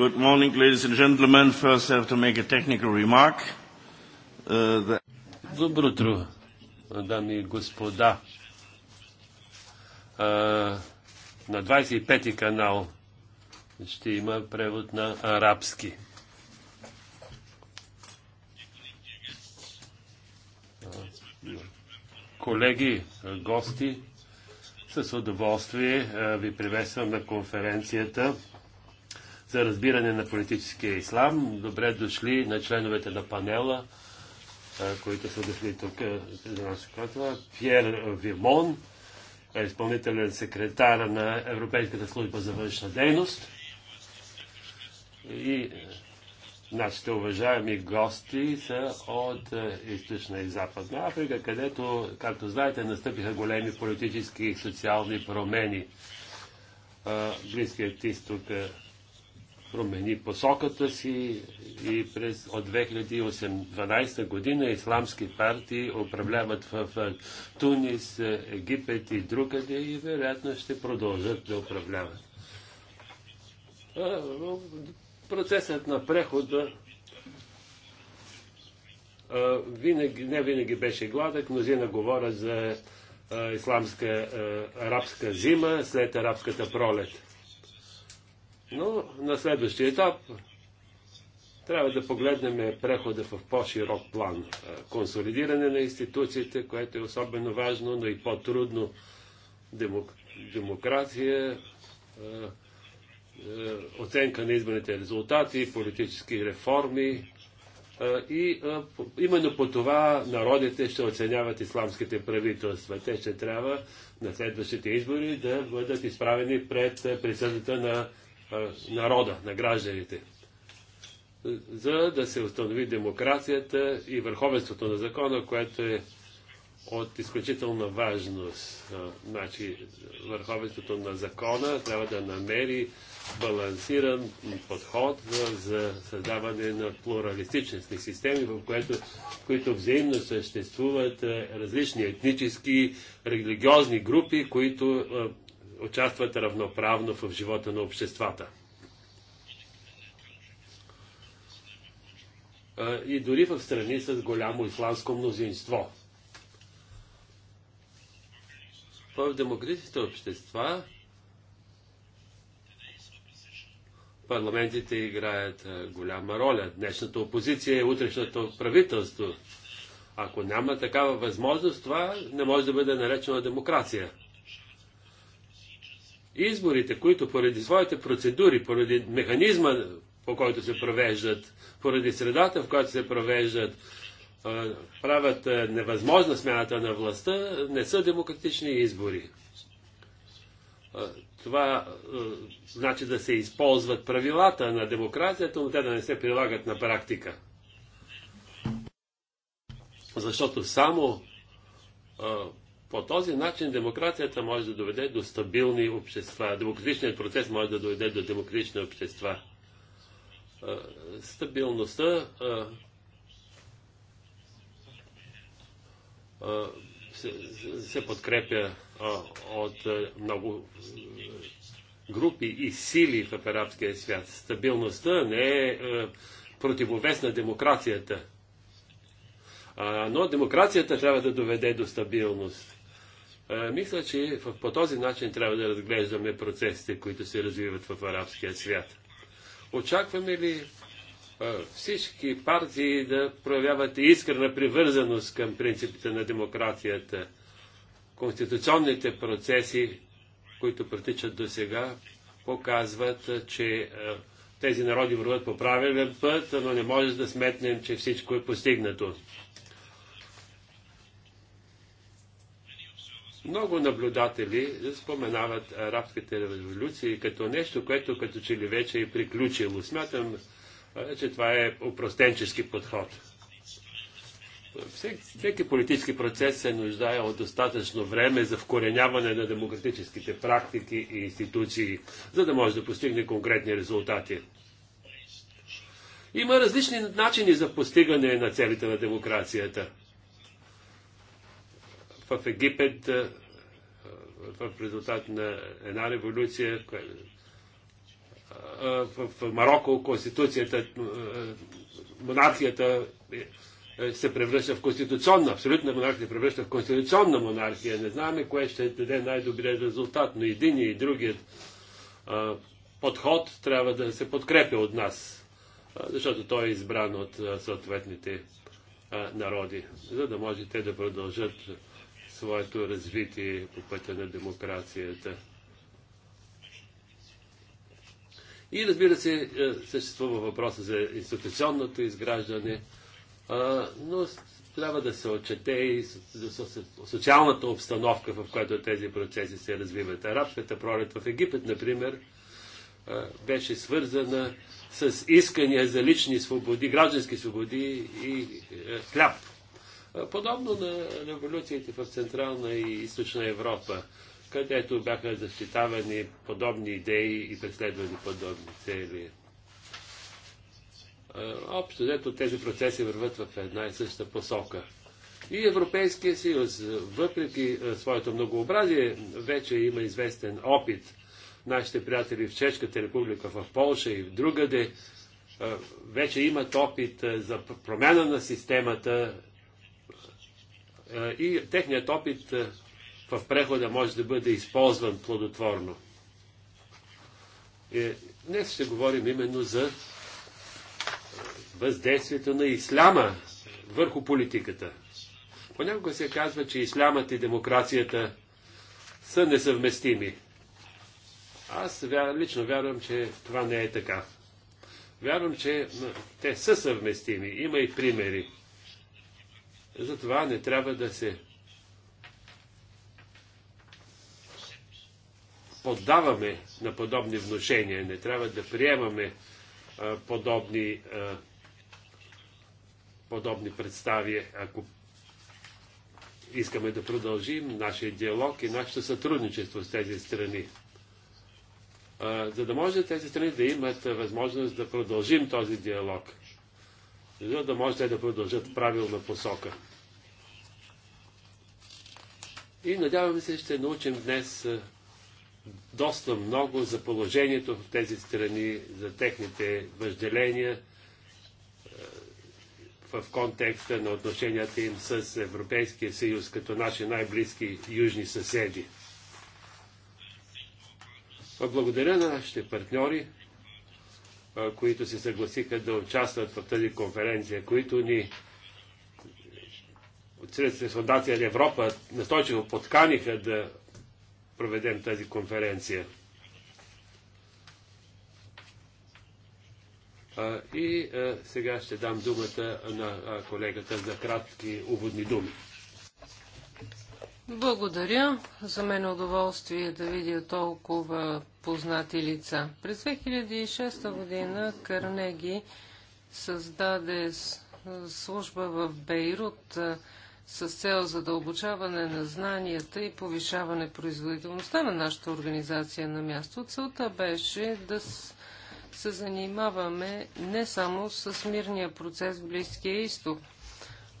Good morning, ladies and gentlemen. First, I have to make a technical remark. Uh, the... Добро утро, дами и господа. на 25-ти канал ще има превод на арабски. колеги, гости, с удоволствие ви приветствам на конференцията за разбиране на политическия ислам. Добре дошли на членовете на панела, които са дошли тук за нас. Е Пьер Вимон, е изпълнителен секретар на Европейската служба за външна дейност. И нашите уважаеми гости са от източна и западна Африка, където, както знаете, настъпиха големи политически и социални промени. Близкият изток промени посоката си и през от 2012 година исламски партии управляват в Тунис, Египет и другаде и вероятно ще продължат да управляват. Процесът на прехода винаги, не винаги беше гладък, мнозина говоря за исламска арабска зима след арабската пролет. Но на следващия етап трябва да погледнем прехода в по-широк план. Консолидиране на институциите, което е особено важно, но и по-трудно. Демок... Демокрация, оценка на изборните резултати, политически реформи. И именно по това народите ще оценяват исламските правителства. Те ще трябва на следващите избори да бъдат изправени пред присъдата на народа, на гражданите, за да се установи демокрацията и върховенството на закона, което е от изключителна важност. Значи, върховенството на закона трябва да намери балансиран подход за, създаване на плуралистични системи, в което, които взаимно съществуват различни етнически, религиозни групи, които участват равноправно в живота на обществата. И дори в страни с голямо исландско мнозинство. В демократичните общества парламентите играят голяма роля. Днешната опозиция е утрешното правителство. Ако няма такава възможност, това не може да бъде наречено демокрация изборите, които поради своите процедури, поради механизма, по който се провеждат, поради средата, в която се провеждат, правят невъзможна смяната на властта, не са демократични избори. Това значи да се използват правилата на демокрацията, но те да не се прилагат на практика. Защото само по този начин демокрацията може да доведе до стабилни общества, демократичният процес може да доведе до демократични общества. Стабилността се, подкрепя от много групи и сили в арабския свят. Стабилността не е противовес на демокрацията. Но демокрацията трябва да доведе до стабилност. Мисля, че по този начин трябва да разглеждаме процесите, които се развиват в арабския свят. Очакваме ли всички партии да проявяват искрена привързаност към принципите на демокрацията, конституционните процеси, които протичат до сега, показват, че тези народи върват по правилен път, но не може да сметнем, че всичко е постигнато. Много наблюдатели споменават арабските революции като нещо, което като че ли вече е приключило. Смятам, че това е упростенчески подход. Всеки политически процес се нуждае от достатъчно време за вкореняване на демократическите практики и институции, за да може да постигне конкретни резултати. Има различни начини за постигане на целите на демокрацията – в Египет в резултат на една революция, в Марокко конституцията, монархията е, е, се превръща в конституционна, абсолютна монархия се превръща в конституционна монархия. Не знаем кое ще даде най-добрият резултат, но един и другият подход трябва да се подкрепя от нас, защото той е избран от съответните народи, за да може те да продължат своето развитие по пътя на демокрацията. И разбира се, е, съществува въпроса за институционното изграждане, но трябва да се отчете и социалната обстановка, в която тези процеси се развиват. Арабската пролет в Египет, например, беше свързана с искания за лични свободи, граждански свободи и е, хляб. Е, подобно на революциите в Централна и Източна Европа, където бяха защитавани подобни идеи и преследвани подобни цели. Е, общо взето тези процеси върват в една и съща посока. И Европейския съюз, въпреки е, своето многообразие, вече има известен опит. Нашите приятели в Чешката република, в Полша и в другаде вече имат опит за промяна на системата и техният опит е, в прехода може да бъде използван плодотворно. И днес ще говорим именно за е, въздействието на исляма върху политиката. Понякога се казва, че ислямът и демокрацията са несъвместими. Аз лично вярвам, че това не е така. Вярвам, че те са съвместими. Има и примери. Затова не трябва да се поддаваме на подобни вношения, не трябва да приемаме а, подобни, а, подобни представи, ако искаме да продължим нашия диалог и нашето сътрудничество с тези страни. А, за да може тези страни да имат възможност да продължим този диалог, за да може те да продължат правилна посока. И надявам се, ще научим днес е, доста много за положението в тези страни, за техните въжделения е, в контекста на отношенията им с Европейския съюз като наши най-близки южни съседи. Е, благодаря на нашите партньори, които се съгласиха да участват в тази конференция, които ни чрез Фундация Европа настойчиво подканиха да проведем тази конференция. А, и а, сега ще дам думата на а, колегата за кратки уводни думи. Благодаря. За мен е удоволствие да видя толкова познати лица. През 2006 година Карнеги създаде служба в Бейрут, с цел задълбочаване на знанията и повишаване производителността на нашата организация на място. Целта беше да се занимаваме не само с мирния процес в Близкия изток,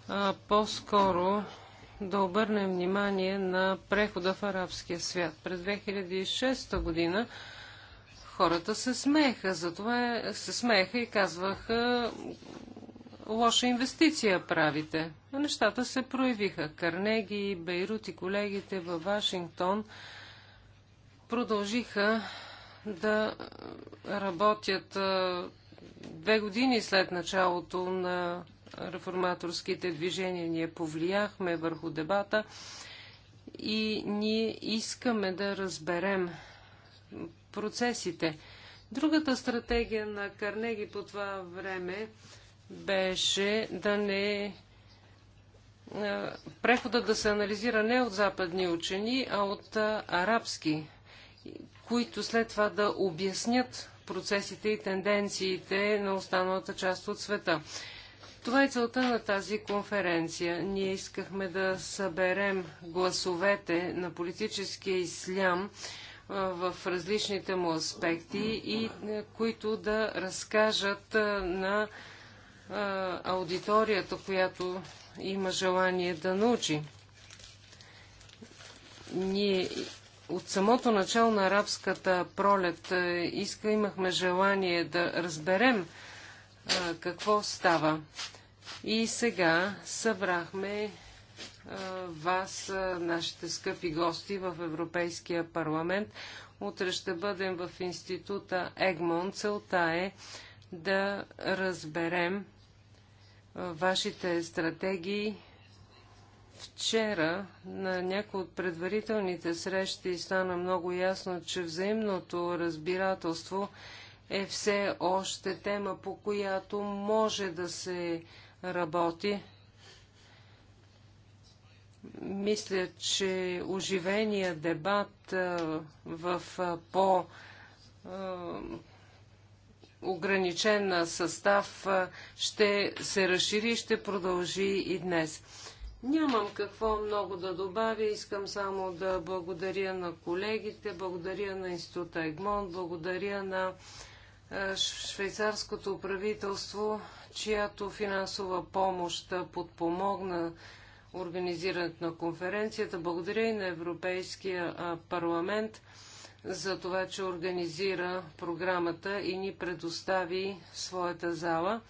а по-скоро да обърнем внимание на прехода в арабския свят. През 2006 година хората се смееха, затова е, се смееха и казваха лоша инвестиция правите. Нещата се проявиха. Карнеги, Бейрут и колегите във Вашингтон продължиха да работят две години след началото на реформаторските движения. Ние повлияхме върху дебата и ние искаме да разберем процесите. Другата стратегия на Карнеги по това време беше да не прехода да се анализира не от западни учени, а от арабски, които след това да обяснят процесите и тенденциите на останалата част от света. Това е целта на тази конференция. Ние искахме да съберем гласовете на политическия ислям в различните му аспекти и които да разкажат на аудиторията, която има желание да научи. Ние от самото начало на арабската пролет иска, имахме желание да разберем какво става. И сега събрахме вас, нашите скъпи гости в Европейския парламент. Утре ще бъдем в института Егмон. Целта е да разберем вашите стратегии. Вчера на някои от предварителните срещи стана много ясно, че взаимното разбирателство е все още тема, по която може да се работи. Мисля, че оживения дебат в по ограничен състав ще се разшири и ще продължи и днес. Нямам какво много да добавя. Искам само да благодаря на колегите, благодаря на Института Егмон, благодаря на швейцарското правителство, чиято финансова помощ подпомогна организирането на конференцията. Благодаря и на Европейския парламент – за това, че организира програмата и ни предостави своята зала.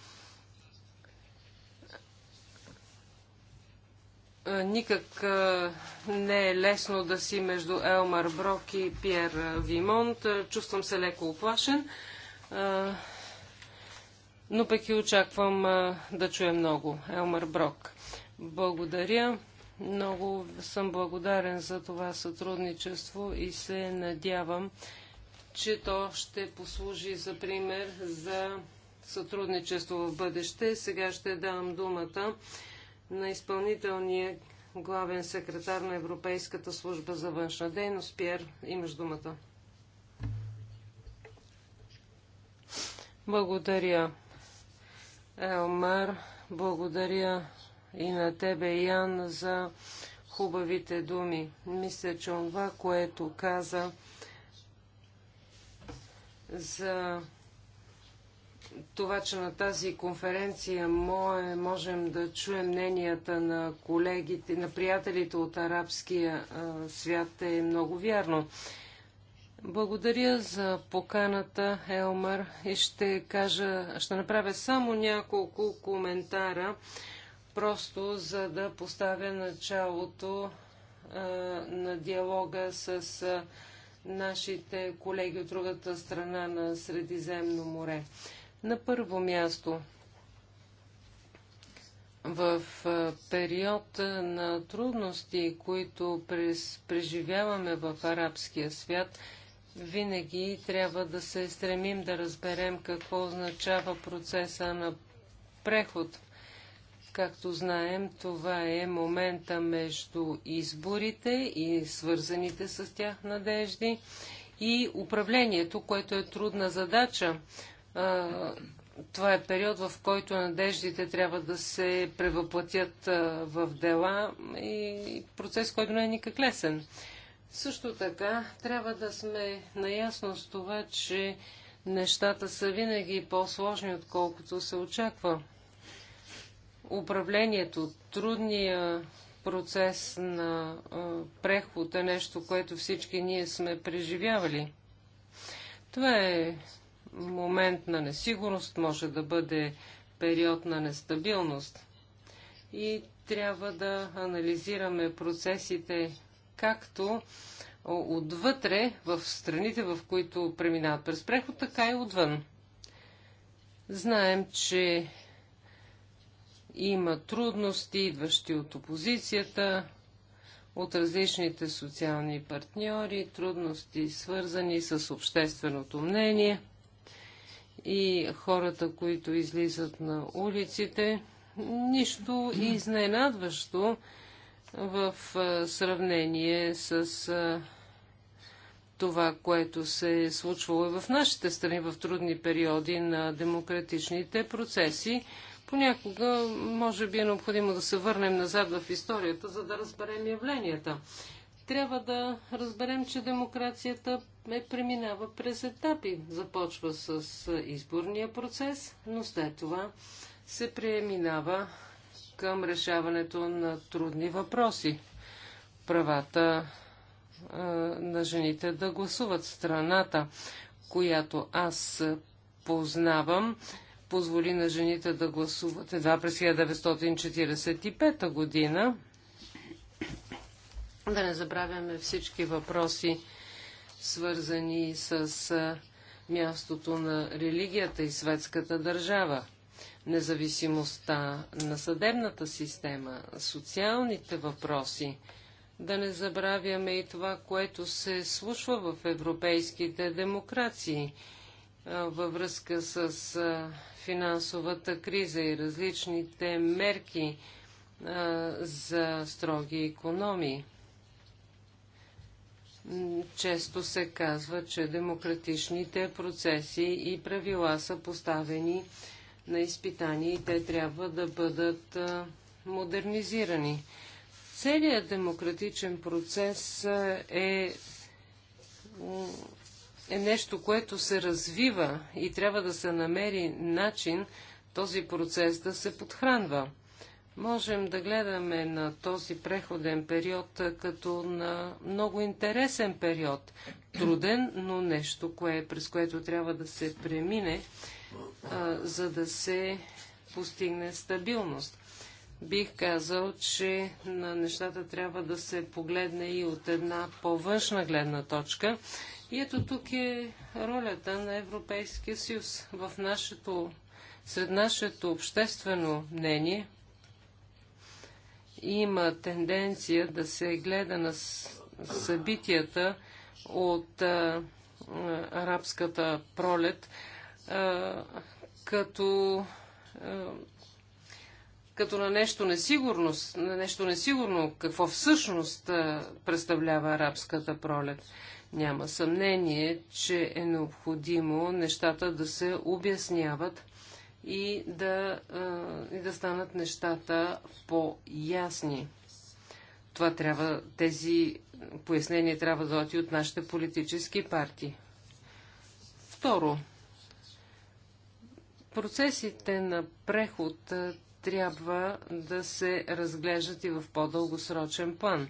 Никак не е лесно да си между Елмар Брок и Пьер Вимонт. Чувствам се леко оплашен, но пък и очаквам да чуя много. Елмар Брок. Благодаря. Много съм благодарен за това сътрудничество и се надявам, че то ще послужи за пример за сътрудничество в бъдеще. Сега ще дам думата на изпълнителния главен секретар на Европейската служба за външна дейност. Пьер, имаш думата. Благодаря, Елмар. Благодаря и на тебе, Ян, за хубавите думи. Мисля, че това, което каза за това, че на тази конференция мое, можем да чуем мненията на колегите, на приятелите от арабския а, свят е много вярно. Благодаря за поканата, Елмар, и ще кажа, ще направя само няколко коментара просто за да поставя началото а, на диалога с а, нашите колеги от другата страна на Средиземно море. На първо място, в а, период на трудности, които през, преживяваме в арабския свят, винаги трябва да се стремим да разберем какво означава процеса на преход – Както знаем, това е момента между изборите и свързаните с тях надежди и управлението, което е трудна задача. това е период, в който надеждите трябва да се превъплатят в дела и процес, който не е никак лесен. Също така, трябва да сме наясно с това, че нещата са винаги по-сложни, отколкото се очаква управлението, трудния процес на преход е нещо, което всички ние сме преживявали. Това е момент на несигурност, може да бъде период на нестабилност. И трябва да анализираме процесите както отвътре в страните, в които преминават през преход, така и отвън. Знаем, че има трудности, идващи от опозицията, от различните социални партньори, трудности свързани с общественото мнение и хората, които излизат на улиците. Нищо изненадващо в сравнение с това, което се е случвало и в нашите страни в трудни периоди на демократичните процеси. Понякога може би е необходимо да се върнем назад в историята, за да разберем явленията. Трябва да разберем, че демокрацията е преминава през етапи. Започва с изборния процес, но след това се преминава към решаването на трудни въпроси. Правата а, на жените да гласуват страната, която аз познавам, позволи на жените да гласуват едва през 1945 година. Да не забравяме всички въпроси, свързани с мястото на религията и светската държава, независимостта на съдебната система, социалните въпроси. Да не забравяме и това, което се случва в европейските демокрации – във връзка с финансовата криза и различните мерки за строги економии. Често се казва, че демократичните процеси и правила са поставени на изпитание и те трябва да бъдат модернизирани. Целият демократичен процес е е нещо, което се развива и трябва да се намери начин този процес да се подхранва. Можем да гледаме на този преходен период като на много интересен период. Труден, но нещо, кое, през което трябва да се премине, а, за да се постигне стабилност. Бих казал, че на нещата трябва да се погледне и от една по-външна гледна точка и ето тук е ролята на Европейския съюз в нашето, сред нашето обществено мнение. Има тенденция да се гледа на събитията от а, арабската пролет а, като а, като на нещо несигурност, на нещо несигурно какво всъщност представлява арабската пролет. Няма съмнение, че е необходимо нещата да се обясняват и да, и да станат нещата по-ясни. Това трябва, тези пояснения трябва да дойдат и от нашите политически партии. Второ, процесите на преход трябва да се разглеждат и в по-дългосрочен план.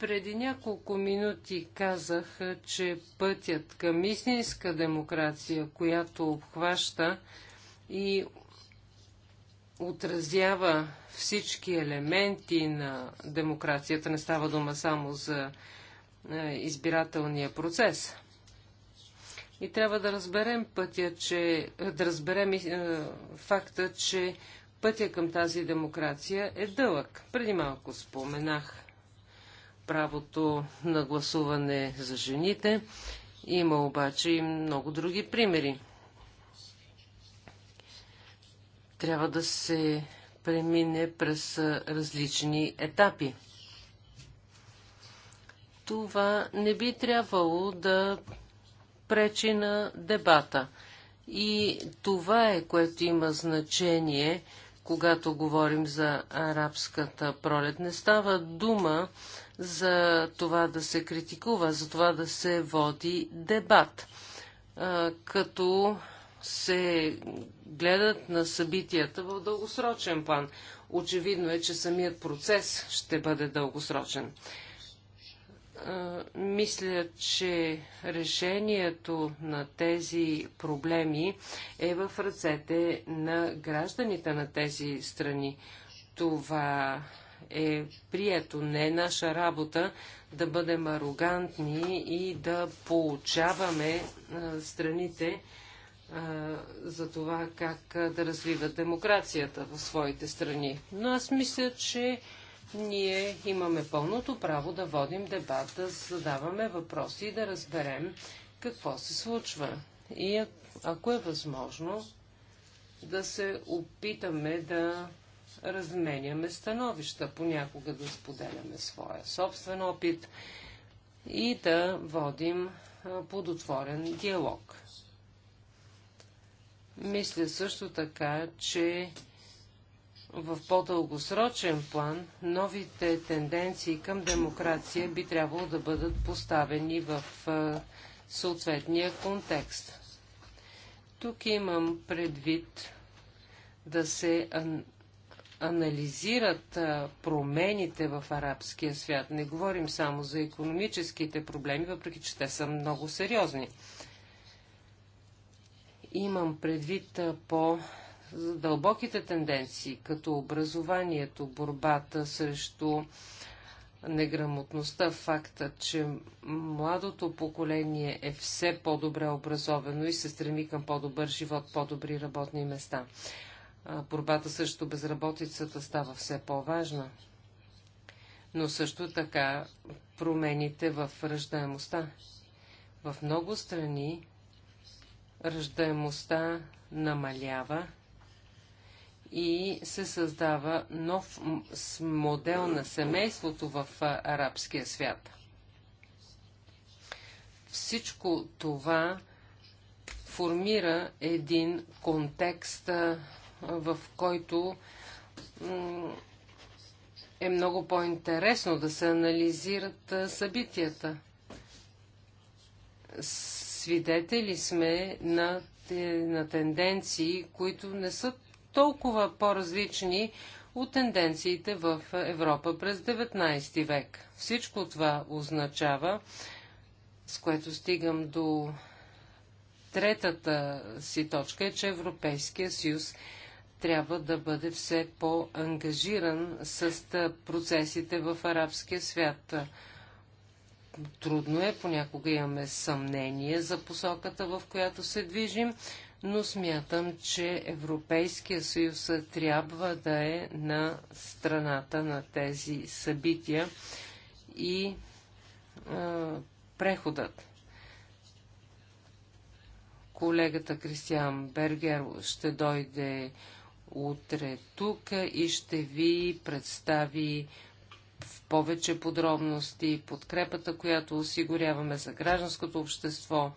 Преди няколко минути казах, че пътят към истинска демокрация, която обхваща и отразява всички елементи на демокрацията, не става дума само за е, избирателния процес. И трябва да разберем пътя, че е, да разберем е, факта, че пътя към тази демокрация е дълъг. Преди малко споменах правото на гласуване за жените. Има обаче и много други примери. Трябва да се премине през различни етапи. Това не би трябвало да пречи на дебата. И това е, което има значение, когато говорим за арабската пролет. Не става дума за това да се критикува, за това да се води дебат, като се гледат на събитията в дългосрочен план. Очевидно е, че самият процес ще бъде дългосрочен. Мисля, че решението на тези проблеми е в ръцете на гражданите на тези страни. Това е прието. Не е наша работа да бъдем арогантни и да получаваме страните за това как да развиват демокрацията в своите страни. Но аз мисля, че ние имаме пълното право да водим дебат, да задаваме въпроси и да разберем какво се случва. И ако е възможно, да се опитаме да разменяме становища, понякога да споделяме своя собствен опит и да водим плодотворен диалог. Мисля също така, че в по-дългосрочен план новите тенденции към демокрация би трябвало да бъдат поставени в съответния контекст. Тук имам предвид да се анализират промените в арабския свят. Не говорим само за економическите проблеми, въпреки че те са много сериозни. Имам предвид по дълбоките тенденции, като образованието, борбата срещу неграмотността, факта, че младото поколение е все по-добре образовано и се стреми към по-добър живот, по-добри работни места борбата срещу безработицата става все по-важна. Но също така промените в ръждаемостта. В много страни ръждаемостта намалява и се създава нов модел на семейството в арабския свят. Всичко това формира един контекст в който е много по-интересно да се анализират събитията. Свидетели сме на, на тенденции, които не са толкова по-различни от тенденциите в Европа през 19 век. Всичко това означава, с което стигам до третата си точка, е, че Европейския съюз трябва да бъде все по-ангажиран с процесите в арабския свят. Трудно е, понякога имаме съмнение за посоката, в която се движим, но смятам, че Европейския съюз трябва да е на страната на тези събития и а, преходът. Колегата Кристиан Бергер ще дойде утре тук и ще ви представи в повече подробности подкрепата, която осигуряваме за гражданското общество,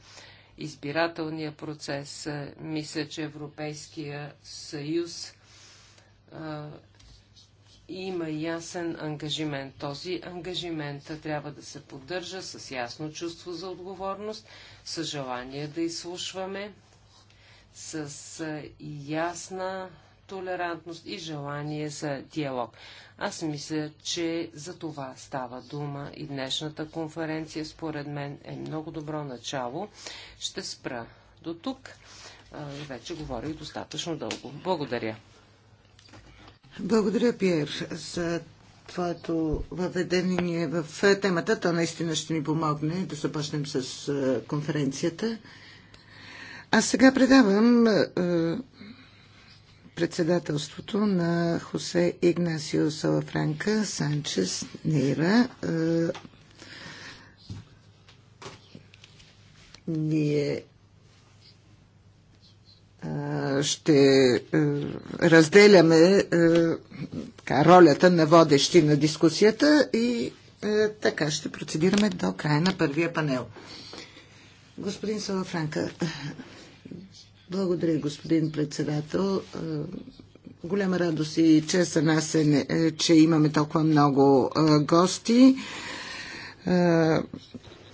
избирателния процес. Мисля, че Европейския съюз а, има ясен ангажимент. Този ангажимент трябва да се поддържа с ясно чувство за отговорност, с желание да изслушваме, с ясна толерантност и желание за диалог. Аз мисля, че за това става дума и днешната конференция, според мен, е много добро начало. Ще спра до тук. Вече говорих достатъчно дълго. Благодаря. Благодаря, Пиер, за твоето въведение в темата. То наистина ще ни помогне да започнем с конференцията. А сега предавам председателството на Хосе Игнасио Салафранка Санчес Нейра. Е, ние е, ще е, разделяме така, ролята на водещи на дискусията и така ще процедираме до края на първия панел. Господин Салафранка, благодаря, господин председател. Е, голяма радост и чест за нас е, е че имаме толкова много е, гости.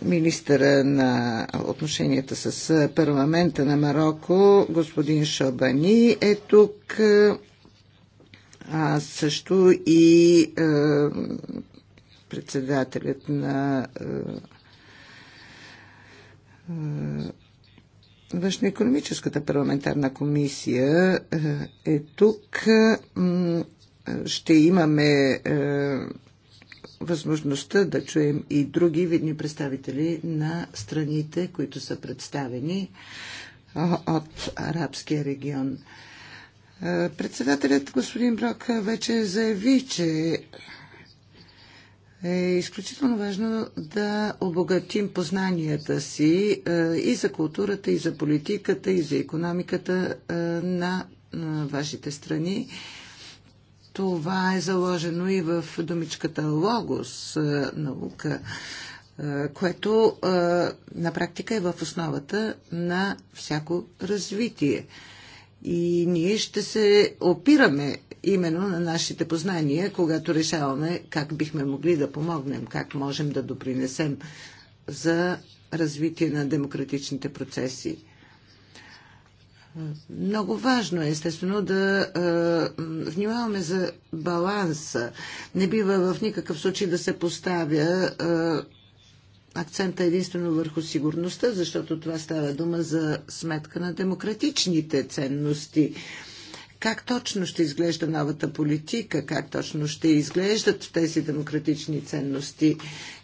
Министъра на отношенията с парламента на Марокко, господин Шабани, е тук. А също и председателят на Външноекономическата парламентарна комисия е, е тук. Ще имаме е, възможността да чуем и други видни представители на страните, които са представени от арабския регион. Е, председателят господин Брок вече заяви, че е изключително важно да обогатим познанията си е, и за културата, и за политиката, и за економиката е, на вашите страни. Това е заложено и в думичката логос е, наука, което на практика е в основата на всяко развитие. И ние ще се опираме именно на нашите познания, когато решаваме как бихме могли да помогнем, как можем да допринесем за развитие на демократичните процеси. Много важно е, естествено, да е, внимаваме за баланса. Не бива в никакъв случай да се поставя е, акцента единствено върху сигурността, защото това става дума за сметка на демократичните ценности. Е, как точно ще изглежда новата политика, как точно ще изглеждат тези демократични ценности,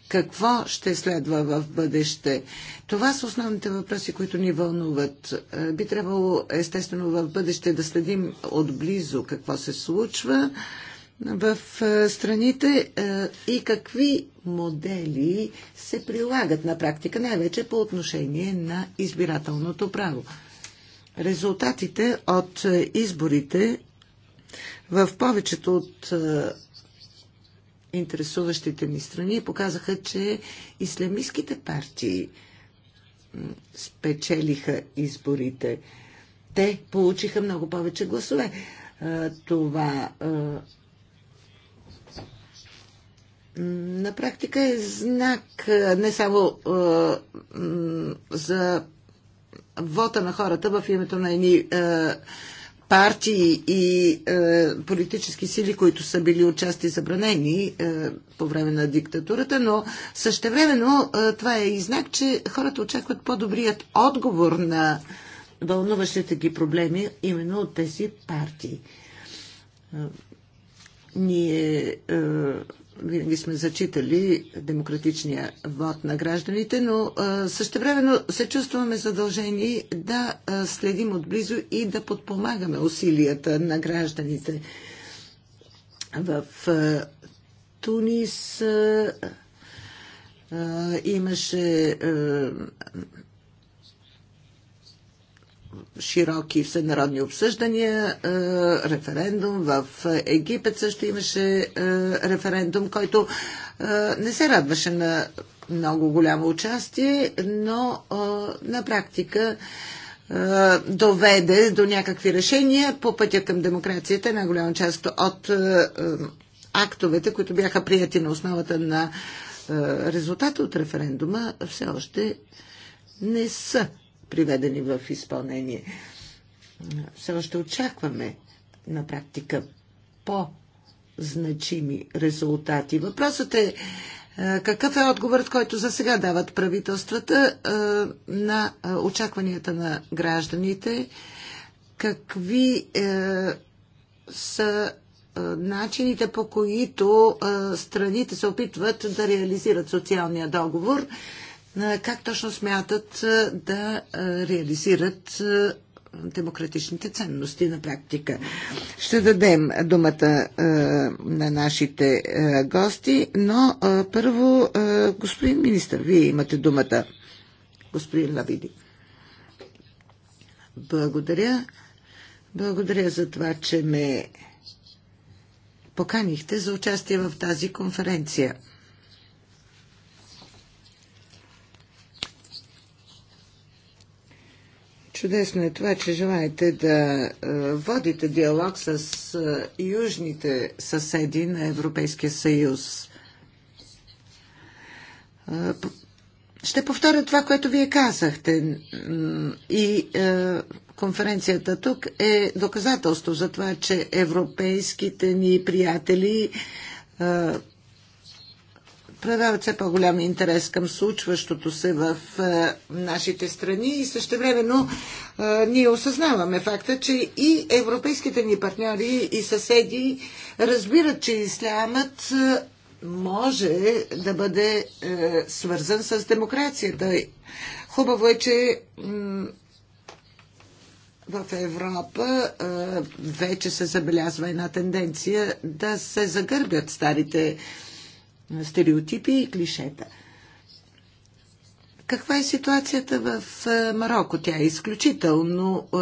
какво ще следва в бъдеще. Това са основните въпроси, които ни вълнуват. Е, би трябвало, естествено, в бъдеще да следим отблизо какво се случва в е, страните е, и какви модели се прилагат на практика, най-вече по отношение на избирателното право. Резултатите от е, изборите в повечето от е, интересуващите ни страни показаха, че ислямистските партии спечелиха изборите. Те получиха много повече гласове. Е, това на практика е знак не само за вота на хората в името на едни е, партии и е, политически сили, които са били отчасти забранени е, по време на диктатурата, но същевременно е, това е и знак, че хората очакват по-добрият отговор на вълнуващите ги проблеми именно от тези партии. Е, ние е, винаги сме зачитали демократичния вод на гражданите, но същевременно се чувстваме задължени да следим отблизо и да подпомагаме усилията на гражданите. В Тунис имаше широки всенародни обсъждания, е, референдум. В Египет също имаше е, референдум, който е, не се радваше на много голямо участие, но на практика доведе до някакви решения по пътя към демокрацията на голяма част от актовете, които бяха прияти на основата на резултата от референдума, все още не са приведени в изпълнение. Все още очакваме на практика по-значими резултати. Въпросът е какъв е отговорът, който за сега дават правителствата на очакванията на гражданите? Какви са начините по които страните се опитват да реализират социалния договор? как точно смятат да реализират демократичните ценности на практика. Ще дадем думата на нашите гости, но първо, господин министр, вие имате думата. Господин Лавиди. Благодаря. Благодаря за това, че ме поканихте за участие в тази конференция. Чудесно е това, че желаете да е, водите диалог с е, южните съседи на Европейския съюз. Е, ще повторя това, което вие казахте. И е, конференцията тук е доказателство за това, че европейските ни приятели е, проявяват все по-голям интерес към случващото се в е, нашите страни и същевременно е, ние осъзнаваме факта, че и европейските ни партньори и съседи разбират, че ислямът е, може да бъде е, свързан с демокрацията. Хубаво е, че в Европа е, вече се забелязва една тенденция да се загърбят старите стереотипи и клишета. Каква е ситуацията в е, Марокко? Тя е изключително е,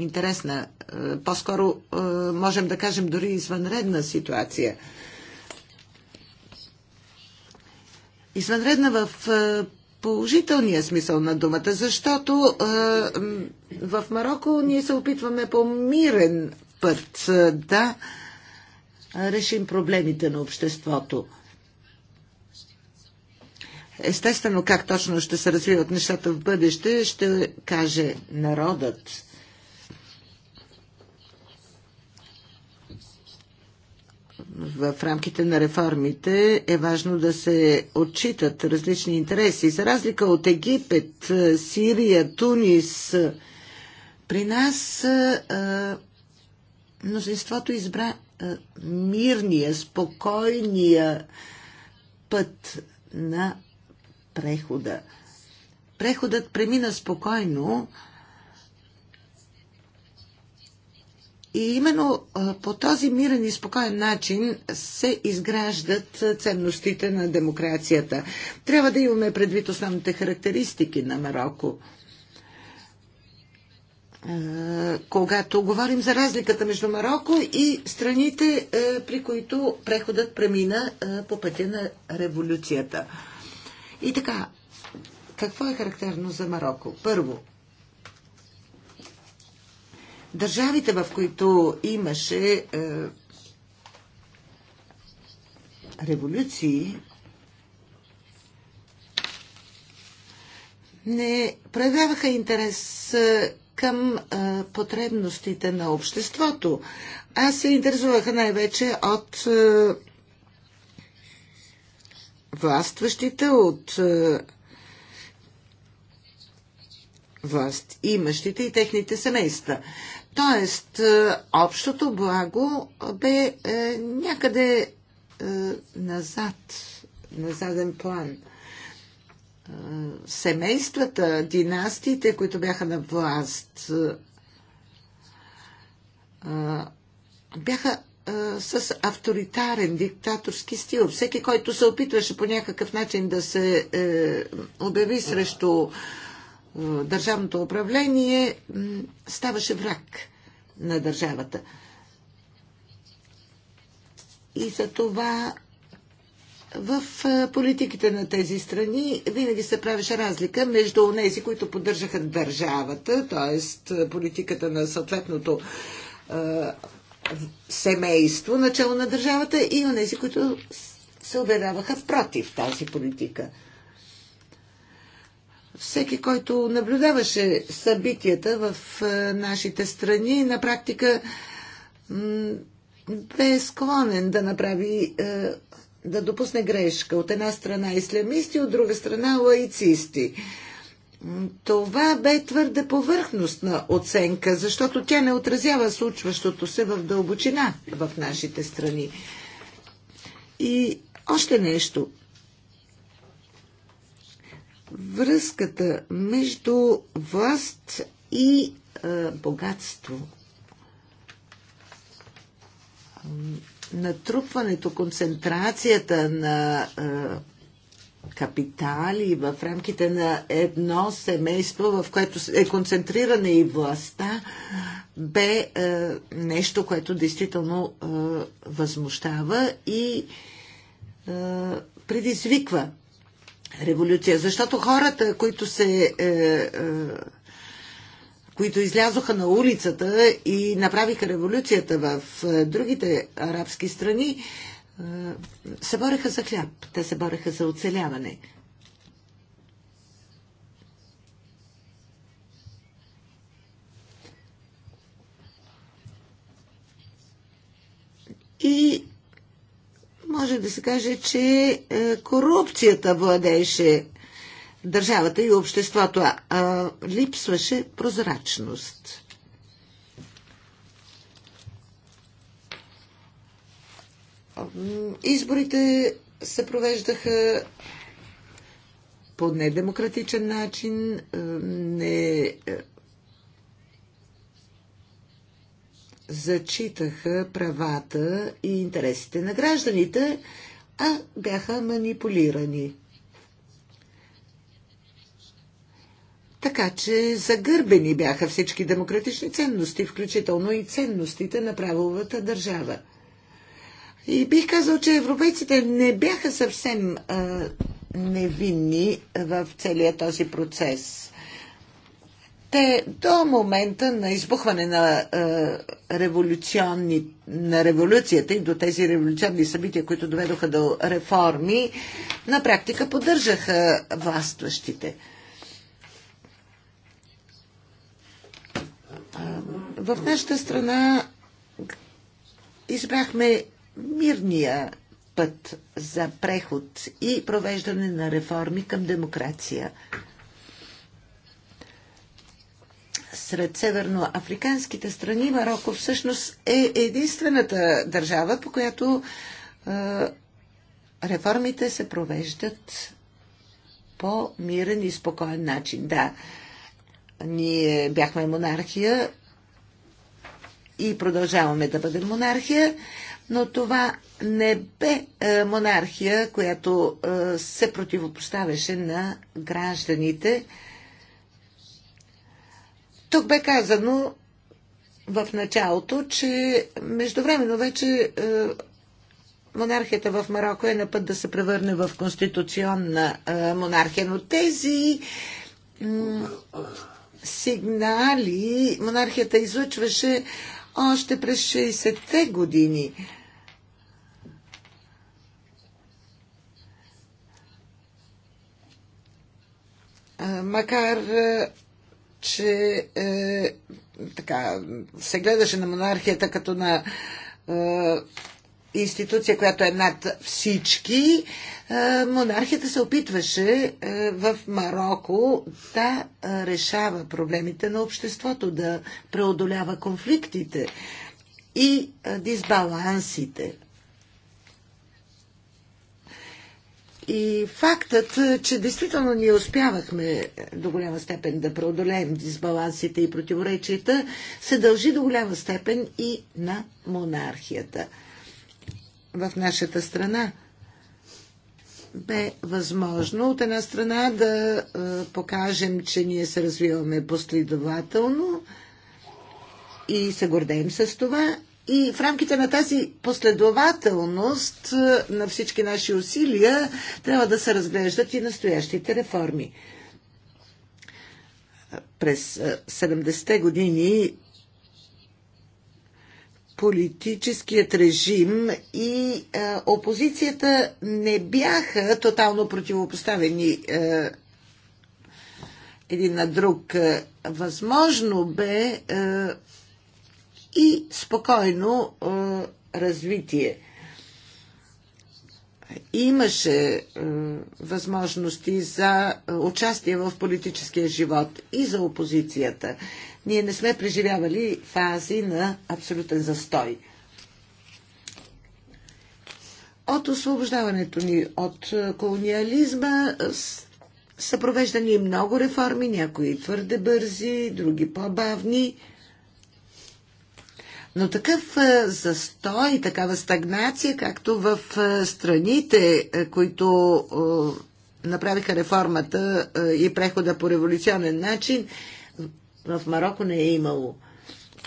интересна. Е, по-скоро е, можем да кажем дори извънредна ситуация. Извънредна в е, положителния смисъл на думата, защото е, в Марокко ние се опитваме по мирен път е, да е, решим проблемите на обществото. Естествено, как точно ще се развиват нещата в бъдеще, ще каже народът. в рамките на реформите е важно да се отчитат различни интереси. За разлика от Египет, Сирия, Тунис, при нас мнозинството избра е, мирния, спокойния път на прехода. Преходът премина спокойно и именно е, по този мирен и спокоен начин се изграждат е, ценностите на демокрацията. Трябва да имаме предвид основните характеристики на Марокко – когато говорим за разликата между Марокко и страните, при които преходът премина по пътя на революцията. И така, какво е характерно за Марокко? Първо, държавите, в които имаше е, революции, не проявяваха интерес е, към а, потребностите на обществото. Аз се интересуваха най-вече от а, властващите, от а, власт имащите и техните семейства. Тоест, а, общото благо бе а, е, някъде а, назад, на заден план. А, семействата, династиите, които бяха на власт, бяха с авторитарен диктаторски стил. Всеки, който се опитваше по някакъв начин да се е, обяви срещу е, държавното управление, ставаше враг на държавата. И за това в политиките на тези страни винаги се правеше разлика между тези, които поддържаха държавата, т.е. политиката на съответното семейство, начало на държавата и онези, които се обявяваха против тази политика. Всеки, който наблюдаваше събитията в нашите страни, на практика бе склонен да направи да допусне грешка. От една страна ислямисти, от друга страна лаицисти. Това бе твърде повърхностна оценка, защото тя не отразява случващото се в дълбочина в нашите страни. И още нещо. Връзката между власт и е, богатство натрупването, концентрацията на е, капитали в рамките на едно семейство, в което е концентрирана и властта, бе е, нещо, което действително е, възмущава и е, предизвиква революция. Защото хората, които се е, е, които излязоха на улицата и направиха революцията в е, другите арабски страни, е, се бореха за хляб. Те се бореха за оцеляване. И може да се каже, че е, корупцията владееше държавата и обществото, а липсваше прозрачност. Изборите се провеждаха по недемократичен начин, не зачитаха правата и интересите на гражданите, а бяха манипулирани. Така че загърбени бяха всички демократични ценности, включително и ценностите на правовата държава. И бих казал, че европейците не бяха съвсем а, невинни в целия този процес. Те до момента на избухване на, а, революционни, на революцията и до тези революционни събития, които доведоха до реформи, на практика поддържаха властващите. В нашата страна избрахме мирния път за преход и провеждане на реформи към демокрация. Сред северноафриканските страни Марокко всъщност е единствената държава, по която е, реформите се провеждат по мирен и спокоен начин. Да, е, ние бяхме монархия и продължаваме да бъдем монархия, но това не бе е, монархия, която е, се противопоставяше на гражданите. Тук бе казано в началото, че междувременно вече е, монархията в Марокко е на път да се превърне в конституционна монархия, но тези сигнали монархията излъчваше още през 60-те години. Макар, че е, така, се гледаше на монархията като на е, институция, която е над всички, монархията се опитваше в Марокко да решава проблемите на обществото, да преодолява конфликтите и дисбалансите. И фактът, че действително ние успявахме до голяма степен да преодолеем дисбалансите и противоречията, се дължи до голяма степен и на монархията – в нашата страна бе възможно от една страна да е, покажем, че ние се развиваме последователно и се гордеем с това. И в рамките на тази последователност е, на всички наши усилия трябва да се разглеждат и настоящите реформи. През 70-те е, години политическият режим и а, е, опозицията не бяха тотално противопоставени а, е, един на друг. Е, възможно бе а, и спокойно а, развитие имаше възможности за участие в политическия живот и за опозицията. Ние не сме преживявали фази на абсолютен застой. От освобождаването ни от е, колониализма е, са провеждани много реформи, някои твърде бързи, други по-бавни. Но такъв е, застой, такава стагнация, както в е, страните, е, които направиха реформата и прехода по революционен начин, в Марокко не е имало.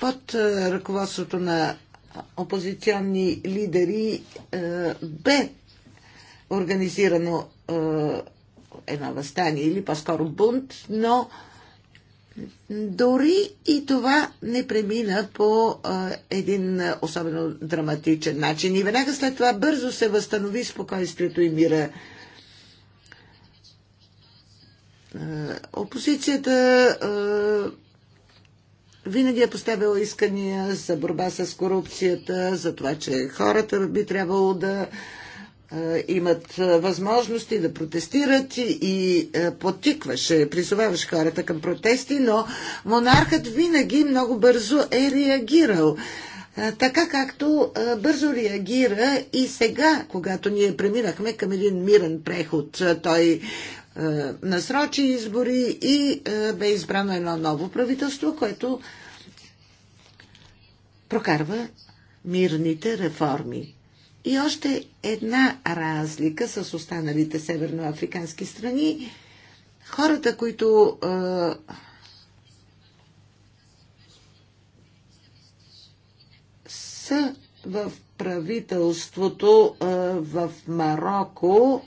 Под ръководството на опозиционни лидери бе организирано едно възстание или по-скоро бунт, но дори и това не премина по а, един а, особено драматичен начин. И веднага след това бързо се възстанови спокойствието и мира. опозицията винаги е поставила искания за борба с корупцията, за това, че хората би трябвало да а, е, имат е, възможности да протестират и е, потикваше, призоваваше хората към протести, но монархът винаги много бързо е реагирал. Така както бързо реагира и сега, когато ние преминахме към един мирен преход. Той насрочи избори и бе избрано едно ново правителство, което прокарва мирните реформи. И още една разлика с останалите северноафрикански страни. Хората, които е, са в правителството е, в Марокко,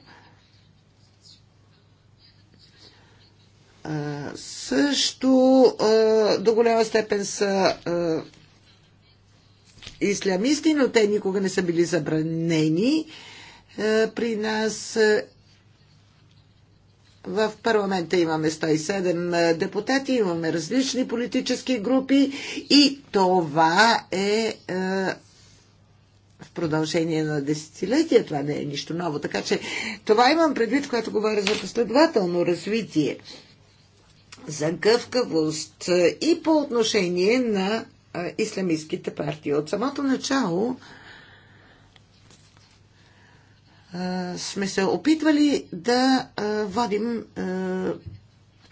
е, също е, до голяма степен са. Е, ислямисти, но те никога не са били забранени е, при нас. Е, в парламента имаме 107 е, депутати, имаме различни политически групи и това е в продължение на десетилетия. Това не е нищо ново. Така че това имам предвид, когато говоря за последователно развитие, за гъвкавост и по отношение на исламистските партии. От самото начало сме се опитвали да водим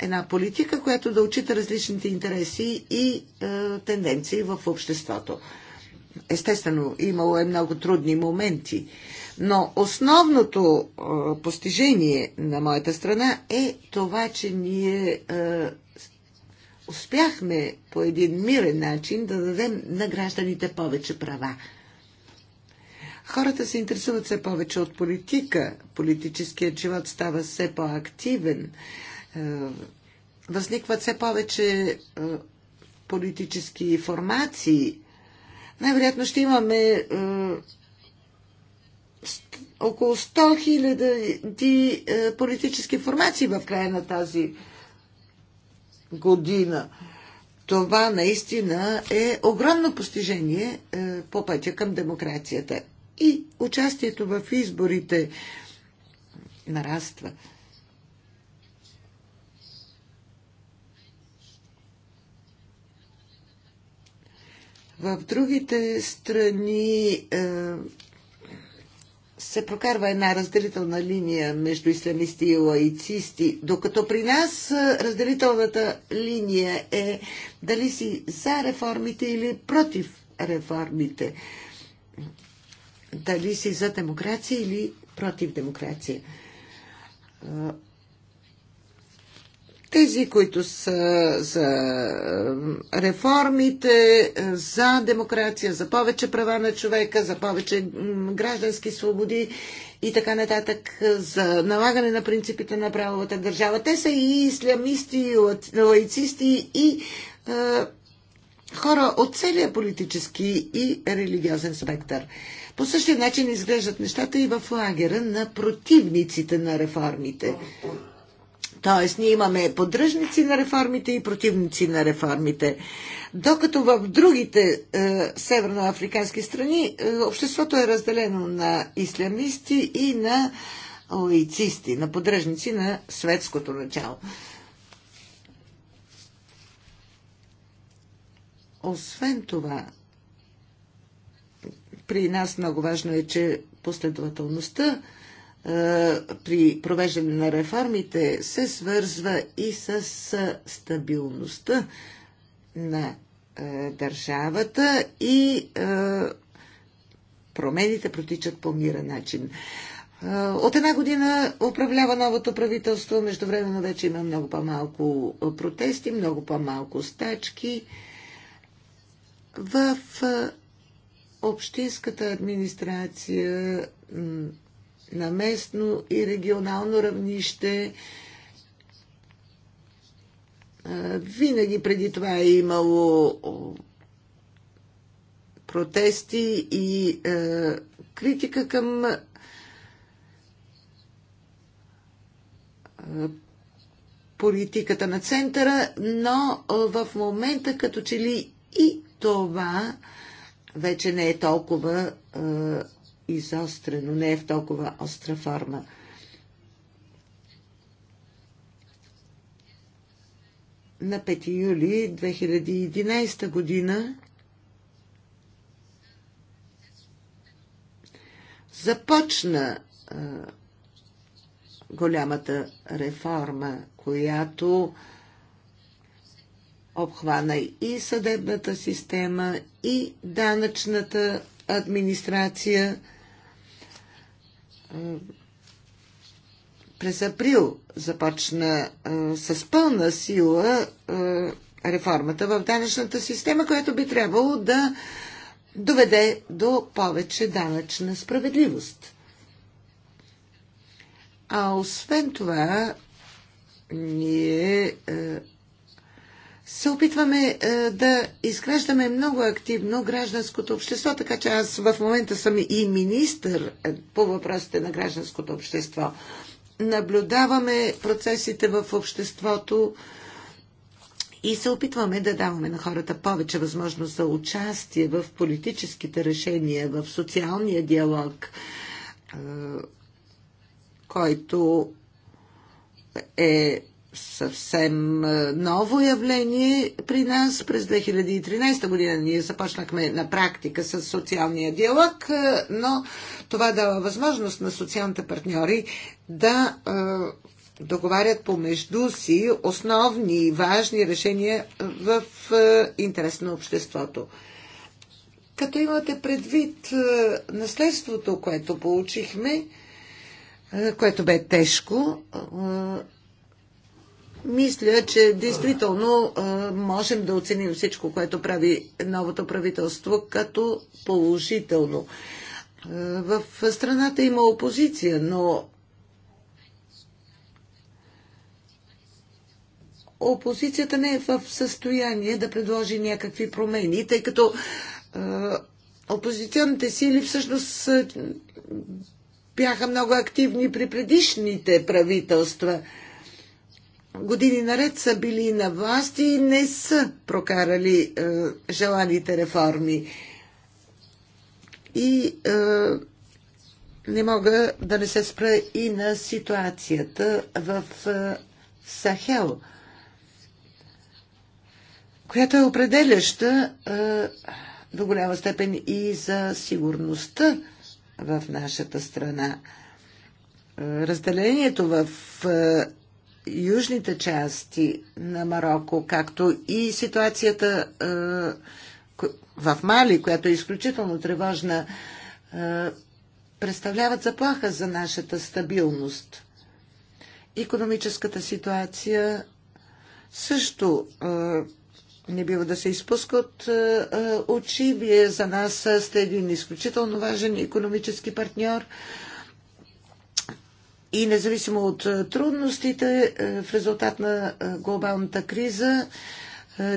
една политика, която да отчита различните интереси и тенденции в обществото. Естествено, имало е много трудни моменти, но основното постижение на моята страна е това, че ние успяхме по един мирен начин да дадем на гражданите повече права. Хората се интересуват все повече от политика. Политическият живот става все по-активен. Е, възникват все повече е, политически формации. Най-вероятно ще имаме е, около 100 000 политически формации в края на тази година. Това наистина е огромно постижение е, по пътя към демокрацията. И участието в изборите нараства. В другите страни е, се прокарва една разделителна линия между исламисти и лаицисти, докато при нас разделителната линия е дали си за реформите или против реформите. Дали си за демокрация или против демокрация. Тези, които са за реформите, за демокрация, за повече права на човека, за повече граждански свободи и така нататък, за налагане на принципите на правовата държава. Те са и ислямисти, и лаицисти, и е, хора от целия политически и религиозен спектър. По същия начин изглеждат нещата и в лагера на противниците на реформите. Тоест, ние имаме поддръжници на реформите и противници на реформите. Докато в другите е, северноафрикански страни е, обществото е разделено на ислямисти и на лаицисти, на поддръжници на светското начало. Освен това, при нас много важно е, че последователността е, при провеждане на реформите се свързва и с е, стабилността на е, държавата и промените протичат по мира начин. От една година управлява новото правителство, междувременно вече има много по-малко протести, много по-малко стачки. В общинската администрация на местно и регионално равнище. Винаги преди това е имало протести и е, критика към е, политиката на центъра, но в момента като че ли и това вече не е толкова е, изострено, не е в толкова остра форма. На 5 юли 2011 година започна а, голямата реформа, която обхвана и съдебната система, и данъчната администрация – през април започна а, с пълна сила а, реформата в данъчната система, която би трябвало да доведе до повече данъчна справедливост. А освен това, ние а, се опитваме е, да изграждаме много активно гражданското общество, така че аз в момента съм и министър е, по въпросите на гражданското общество. Наблюдаваме процесите в обществото и се опитваме да даваме на хората повече възможност за участие в политическите решения, в социалния диалог, е, който е съвсем ново явление при нас. През 2013 година ние започнахме на практика с социалния диалог, но това дава възможност на социалните партньори да договарят помежду си основни и важни решения в интерес на обществото. Като имате предвид наследството, което получихме, което бе тежко, мисля, че действително можем да оценим всичко, което прави новото правителство като положително. В страната има опозиция, но опозицията не е в състояние да предложи някакви промени, тъй като опозиционните сили всъщност бяха много активни при предишните правителства години наред са били на власт и не са прокарали е, желаните реформи. И е, не мога да не се спра и на ситуацията в е, Сахел, която е определяща е, до голяма степен и за сигурността в нашата страна разделението в е, южните части на Марокко, както и ситуацията е, в Мали, която е изключително тревожна, е, представляват заплаха за нашата стабилност. Икономическата ситуация също е, не бива да се изпуска от очи. Вие за нас сте един изключително важен економически партньор. И независимо от е, трудностите е, в резултат на е, глобалната криза,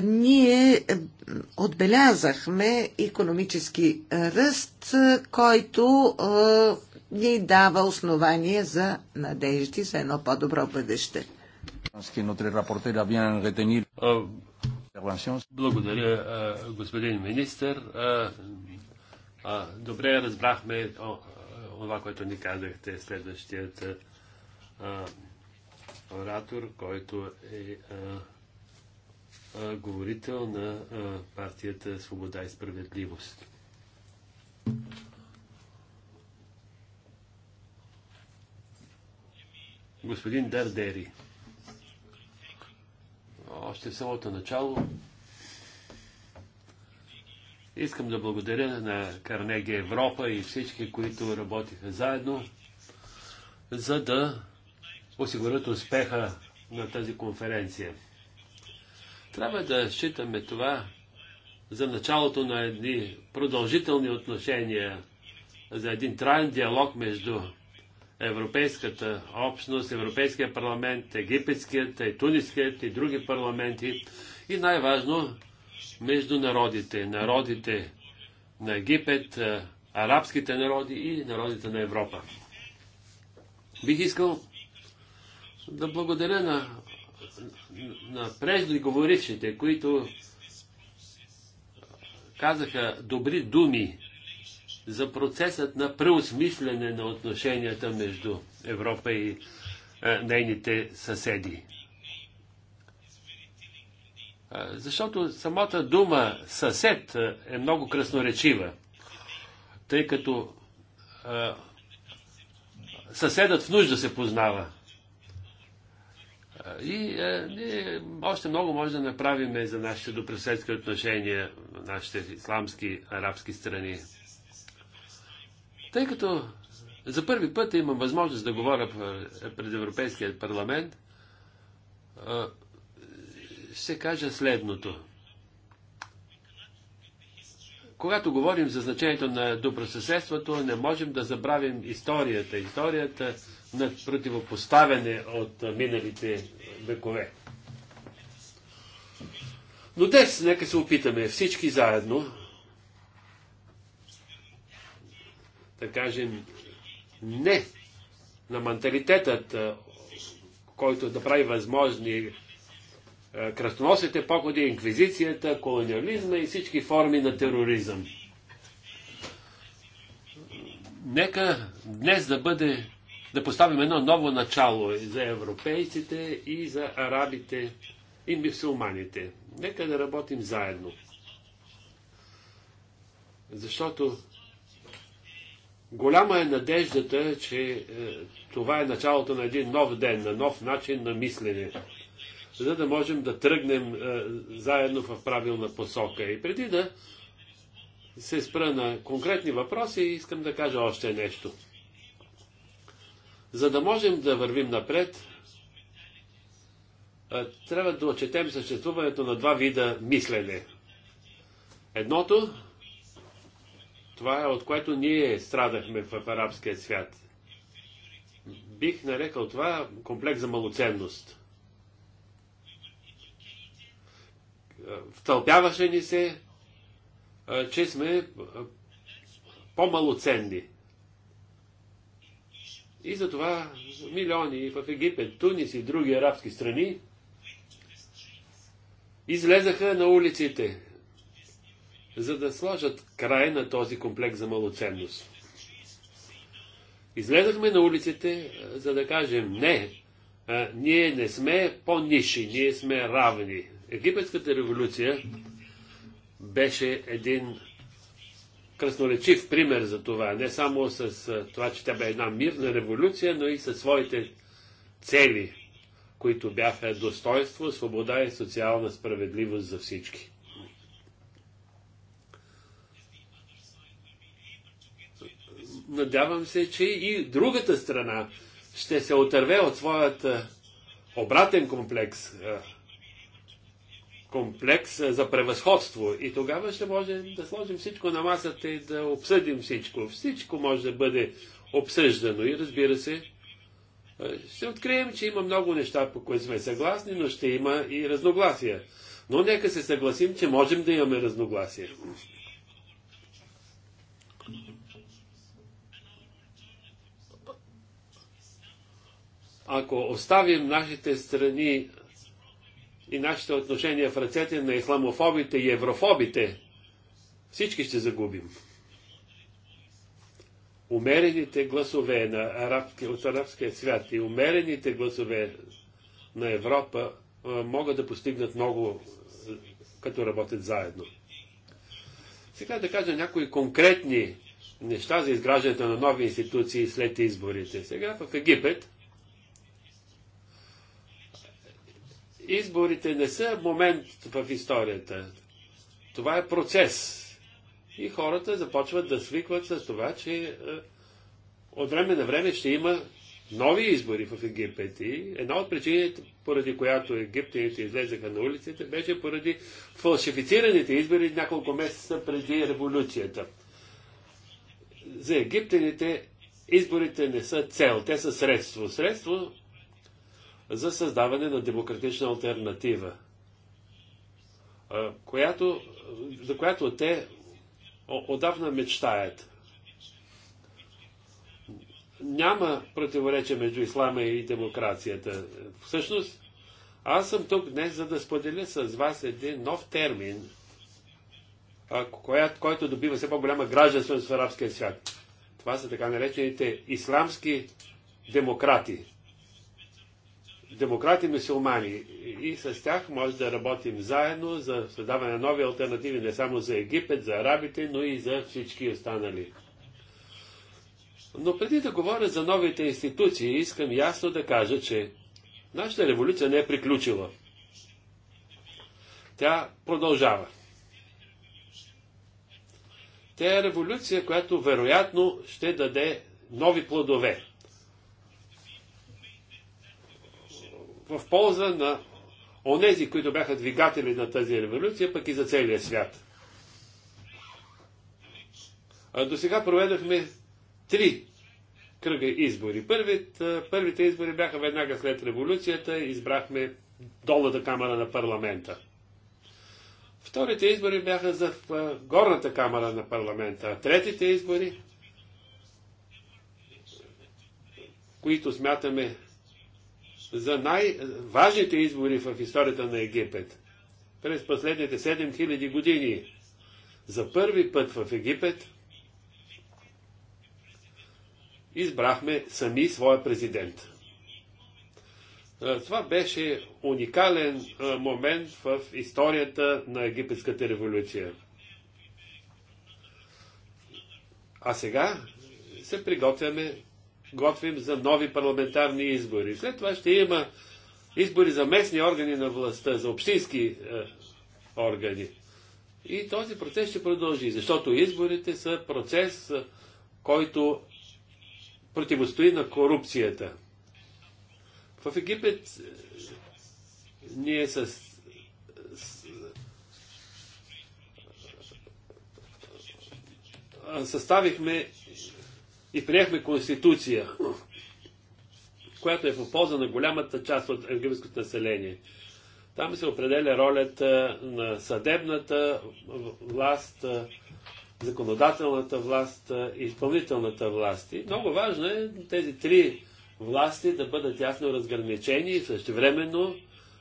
ние отбелязахме економически ръст, който ни дава основание за надежди за едно по-добро бъдеще. Благодаря, господин министр. Добре разбрахме това, което ни казахте, е следващият а, оратор, който е а, а, говорител на а, партията Свобода и справедливост. Господин Дардери. Още в самото начало Искам да благодаря на Карнеги Европа и всички, които работиха заедно, за да осигурят успеха на тази конференция. Трябва да считаме това за началото на едни продължителни отношения, за един траен диалог между Европейската общност, Европейския парламент, Египетският, и Туниският и други парламенти и най-важно между народите, народите на Египет, арабските народи и народите на Европа. Бих искал да благодаря на, на преждеговорившите, които казаха добри думи за процесът на преосмислене на отношенията между Европа и нейните съседи. Защото самата дума съсед е много красноречива, тъй като а, съседът в нужда се познава. И а, ние още много може да направим за нашите добросъседски отношения, нашите исламски, арабски страни. Тъй като за първи път имам възможност да говоря пред Европейския парламент, ще кажа следното. Когато говорим за значението на добросъседството, не можем да забравим историята. Историята на противопоставяне от миналите векове. Но днес нека се опитаме всички заедно да кажем не на менталитетът, който да прави възможни е, кръстоносните походи, инквизицията, колониализма и всички форми на тероризъм. Нека днес да бъде да поставим едно ново начало за европейците и за арабите и мисулманите. Нека да работим заедно. Защото голяма е надеждата, че е, това е началото на един нов ден, на нов начин на мислене за да можем да тръгнем е, заедно в правилна посока. И преди да се спра на конкретни въпроси, искам да кажа още нещо. За да можем да вървим напред, е, трябва да отчетем съществуването на два вида мислене. Едното, това е от което ние страдахме в арабския свят. Бих нарекал това комплекс за малоценност. втълпяваше ни се, че сме по-малоценни. И затова милиони в Египет, Тунис и други арабски страни излезаха на улиците, за да сложат край на този комплекс за малоценност. Излезахме на улиците, за да кажем не, ние не сме по-ниши, ние сме равни. Египетската революция беше един красноречив пример за това. Не само с това, че тя бе една мирна революция, но и със своите цели, които бяха достоинство, свобода и социална справедливост за всички. Надявам се, че и другата страна ще се отърве от своят обратен комплекс комплекс е, за превъзходство. И тогава ще можем да сложим всичко на масата и да обсъдим всичко. Всичко може да бъде обсъждано и разбира се, е, ще открием, че има много неща, по които сме съгласни, но ще има и разногласия. Но нека се съгласим, че можем да имаме разногласия. Ако оставим нашите страни и нашите отношения в ръцете на исламофобите и еврофобите, всички ще загубим. Умерените гласове на арабски, от арабския свят и умерените гласове на Европа могат да постигнат много, като работят заедно. Сега да кажа някои конкретни неща за изграждането на нови институции след изборите. Сега в Египет изборите не са момент в историята. Това е процес. И хората започват да свикват с това, че е, от време на време ще има нови избори в Египет. И една от причините, поради която египтяните излезаха на улиците, беше поради фалшифицираните избори няколко месеца преди революцията. За египтяните изборите не са цел, те са средство. Средство за създаване на демократична альтернатива, която, за която те отдавна мечтаят. Няма противоречие между ислама и демокрацията. Всъщност, аз съм тук днес, за да споделя с вас един нов термин, коя, който добива все по-голяма гражданственост в арабския свят. Това са така наречените исламски демократи демократи мусулмани и с тях може да работим заедно за създаване на нови альтернативи не само за Египет, за арабите, но и за всички останали. Но преди да говоря за новите институции, искам ясно да кажа, че нашата революция не е приключила. Тя продължава. Тя е революция, която вероятно ще даде нови плодове. в полза на онези, които бяха двигатели на тази революция, пък и за целия свят. До сега проведохме три кръга избори. Първит, първите избори бяха веднага след революцията, избрахме долната камера на парламента. Вторите избори бяха за горната камера на парламента, а третите избори, които смятаме за най-важните избори в историята на Египет. През последните 7000 години за първи път в Египет избрахме сами своя президент. Това беше уникален момент в историята на египетската революция. А сега се приготвяме готвим за нови парламентарни избори. След това ще има избори за местни органи на властта, за общински е, органи. И този процес ще продължи, защото изборите са процес, е, който противостои на корупцията. В Египет е, ние с, с е, съставихме и приехме конституция, която е в полза на голямата част от английското население. Там се определя ролята на съдебната власт, законодателната власт и изпълнителната власт. И много важно е тези три власти да бъдат ясно разграничени и същевременно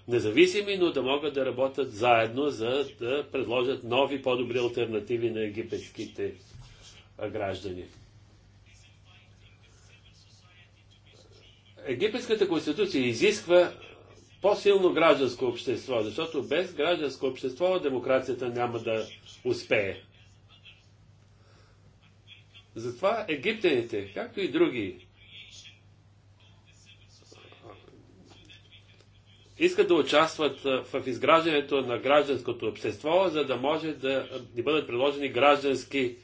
независими, но да могат да работят заедно, за да предложат нови, по-добри альтернативи на египетските граждани. Египетската конституция изисква по-силно гражданско общество, защото без гражданско общество демокрацията няма да успее. Затова египтяните, както и други, искат да участват в изграждането на гражданското общество, за да може да ни бъдат предложени граждански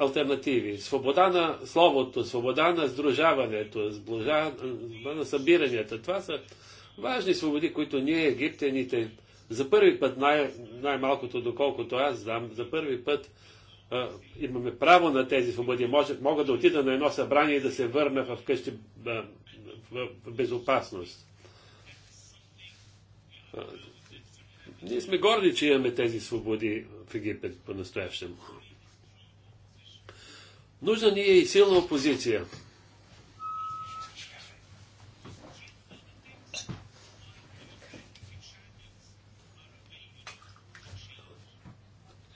альтернативи. Свобода на словото, свобода на сдружаването, свобода на събиранията. Това са важни свободи, които ние, египтяните, за първи път, най- най-малкото доколкото аз знам, за първи път а, имаме право на тези свободи. Може, мога да отида на едно събрание и да се върна в къщи в, в безопасност. А, ние сме горди, че имаме тези свободи в Египет по-настоящему. Нужна ни е и силна опозиция.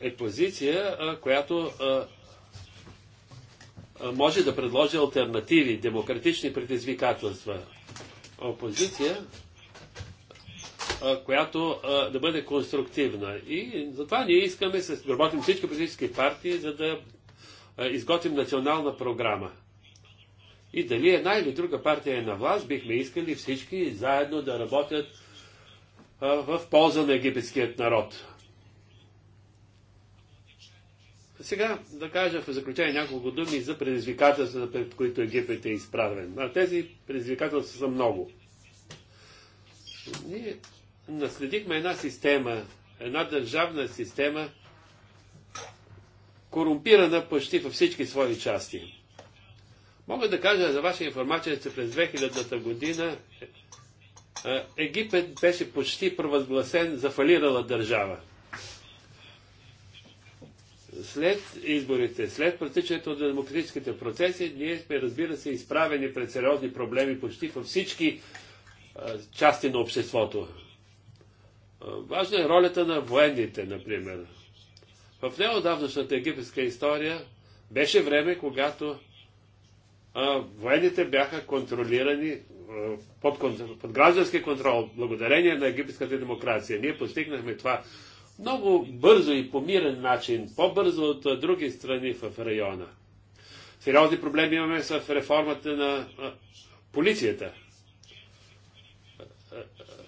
Е позиция, която може да предложи альтернативи, демократични предизвикателства. Опозиция, която да бъде конструктивна. И затова ние искаме, работим всички политически партии, за да изготвим национална програма. И дали една или друга партия е на власт, бихме искали всички заедно да работят в полза на египетският народ. Сега да кажа в заключение няколко думи за предизвикателствата, пред които Египет е изправен. А тези предизвикателства са много. Ние наследихме една система, една държавна система, корумпирана почти във всички свои части. Мога да кажа за ваша информация, че през 2000-та година Египет беше почти провъзгласен за фалирала държава. След изборите, след протичането на демократическите процеси, ние сме, разбира се, изправени пред сериозни проблеми почти във всички части на обществото. Важна е ролята на военните, например. В неодавнашната египетска история беше време, когато военните бяха контролирани под, под граждански контрол, благодарение на египетската демокрация. Ние постигнахме това много бързо и по мирен начин, по-бързо от други страни в района. Сериозни проблеми имаме с реформата на полицията.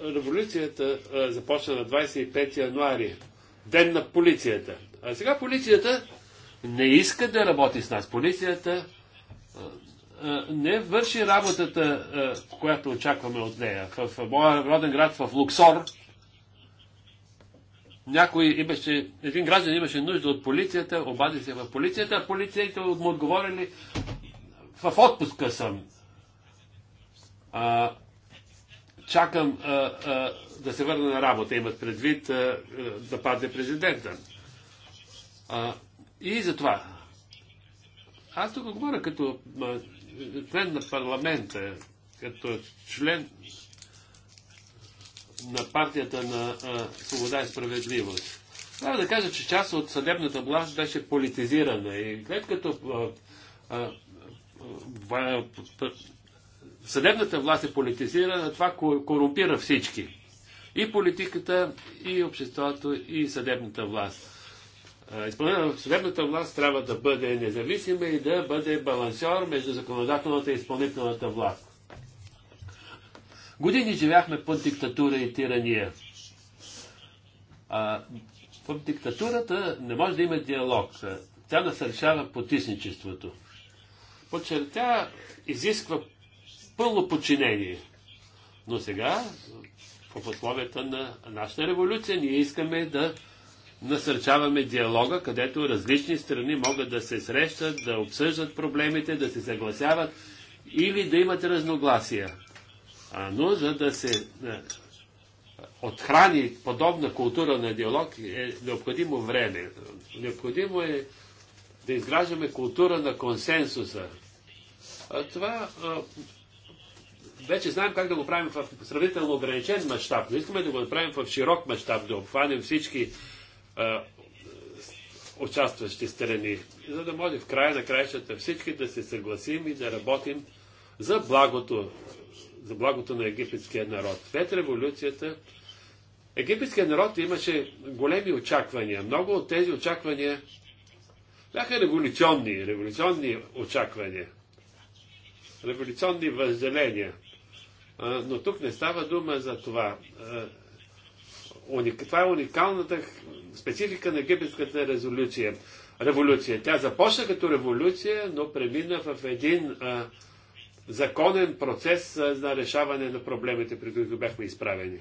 Революцията започна на 25 януари, ден на полицията. А сега полицията не иска да работи с нас. Полицията не върши работата, която очакваме от нея. В моя роден град, в Луксор, някой имаше, един граждан имаше нужда от полицията, обади се в полицията, а полицията му отговорили в отпуска съм. А, чакам а, а, да се върна на работа, имат предвид а, да падне президента. А, и това, аз тук говоря като член на парламента, като член на партията на а, Свобода и справедливост. Трябва да кажа, че част от съдебната власт беше политизирана и след като а, а, съдебната власт е политизирана, това корумпира всички. И политиката, и обществото, и съдебната власт. Съдебната власт трябва да бъде независима и да бъде балансьор между законодателната и изпълнителната власт. Години живяхме под диктатура и тирания. А, под диктатурата не може да има диалог. Тя насърчава потисничеството. Подчертя изисква пълно подчинение. Но сега, в условията на нашата революция, ние искаме да насърчаваме диалога, където различни страни могат да се срещат, да обсъждат проблемите, да се съгласяват или да имат разногласия. А, но за да се а, е, отхрани подобна култура на диалог е необходимо време. Необходимо е да изграждаме култура на консенсуса. А, това а, вече знаем как да го правим в сравнително ограничен мащаб, но искаме да го направим в широк мащаб, да обхванем всички участващи страни, за да може в края на краищата всички да се съгласим и да работим за благото, за благото на египетския народ. След революцията египетския народ имаше големи очаквания. Много от тези очаквания бяха революционни, революционни очаквания, революционни възделения. Но тук не става дума за това това е уникалната специфика на египетската резолюция. Революция. Тя започна като революция, но премина в един а, законен процес а, на решаване на проблемите, при които бяхме изправени.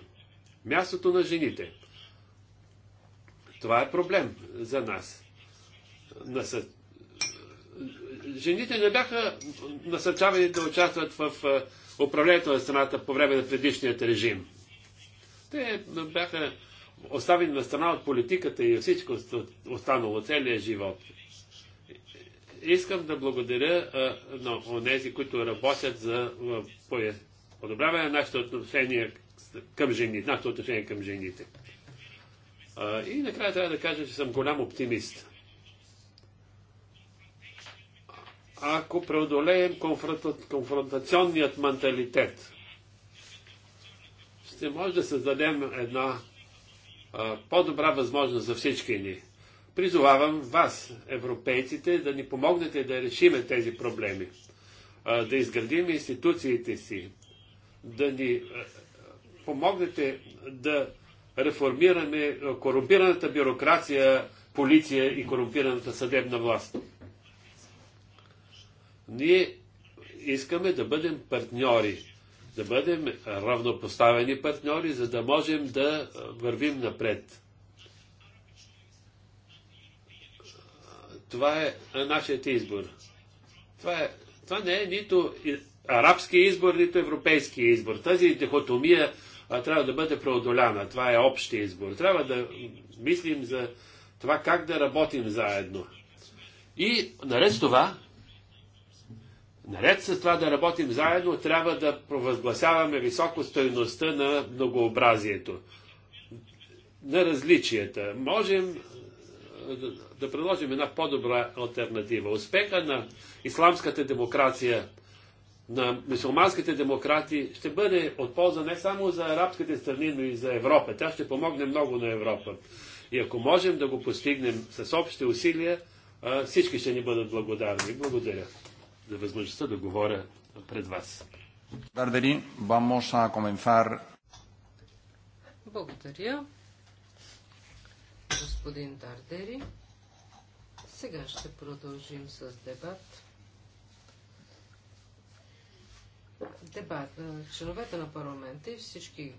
Мястото на жените. Това е проблем за нас. Насъ... Жените не бяха насърчавани да участват в управлението на страната по време на предишният режим. Те бяха оставени на страна от политиката и всичко останало, целият живот. Искам да благодаря а, на тези, които работят за подобряване на нашето отношение към жените, нашето отношение към жените. А, и накрая трябва да кажа, че съм голям оптимист. Ако преодолеем конфронта... конфронтационният менталитет, ще може да създадем една по-добра възможност за всички ни. Призовавам вас, европейците, да ни помогнете да решиме тези проблеми, а, да изградим институциите си, да ни а, помогнете да реформираме корумпираната бюрокрация, полиция и корумпираната съдебна власт. Ние искаме да бъдем партньори да бъдем равнопоставени партньори, за да можем да вървим напред. Това е нашият избор. Това, е, това не е нито арабски избор, нито европейски избор. Тази дихотомия а, трябва да бъде преодоляна. Това е общия избор. Трябва да мислим за това как да работим заедно. И наред с това, Наред с това да работим заедно, трябва да провъзгласяваме високо стоеността на многообразието, на различията. Можем да предложим една по-добра альтернатива. Успеха на исламската демокрация, на мусулманските демократи ще бъде от полза не само за арабските страни, но и за Европа. Тя ще помогне много на Европа. И ако можем да го постигнем с общите усилия, всички ще ни бъдат благодарни. Благодаря за възможността да говоря пред вас. Благодаря, господин Дардери. Сега ще продължим с дебат. Дебат. Членовете на парламента и всички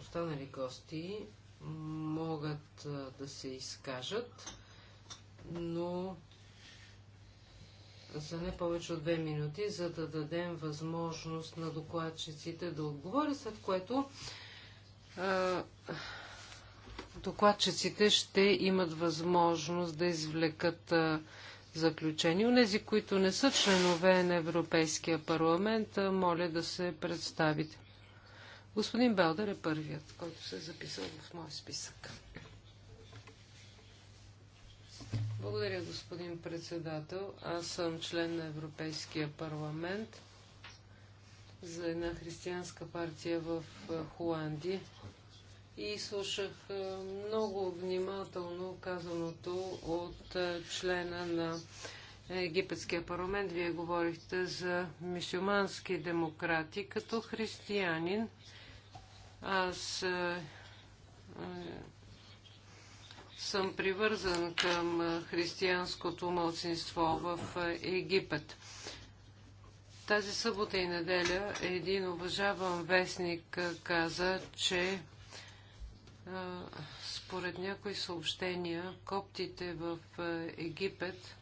останали гости могат да се изкажат, но за не повече от две минути, за да дадем възможност на докладчиците да отговори, след което а, докладчиците ще имат възможност да извлекат а, заключения. Унези, които не са членове на Европейския парламент, а, моля да се представите. Господин Белдер е първият, който се е записал в моят списък. Благодаря, господин председател. Аз съм член на Европейския парламент за една християнска партия в Холандия и слушах много внимателно казаното от члена на Египетския парламент. Вие говорихте за мисюмански демократи. Като християнин аз съм привързан към християнското мълцинство в Египет. Тази събота и неделя един уважаван вестник каза, че според някои съобщения коптите в Египет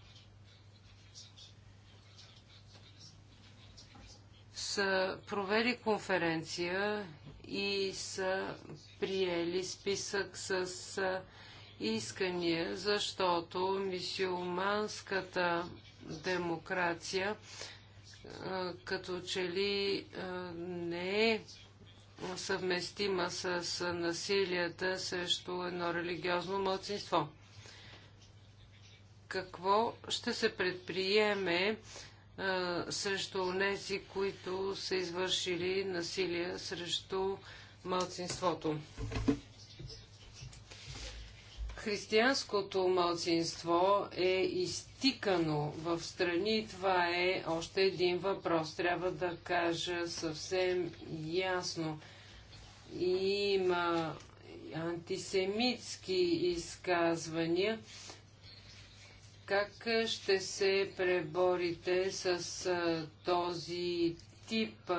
са провели конференция и са приели списък с искания, защото мисиоманската демокрация като че ли не е съвместима с насилията срещу едно религиозно младсинство. Какво ще се предприеме срещу тези, които са извършили насилие срещу младсинството? християнското малцинство е изтикано в страни. Това е още един въпрос. Трябва да кажа съвсем ясно. Има антисемитски изказвания. Как ще се преборите с този тип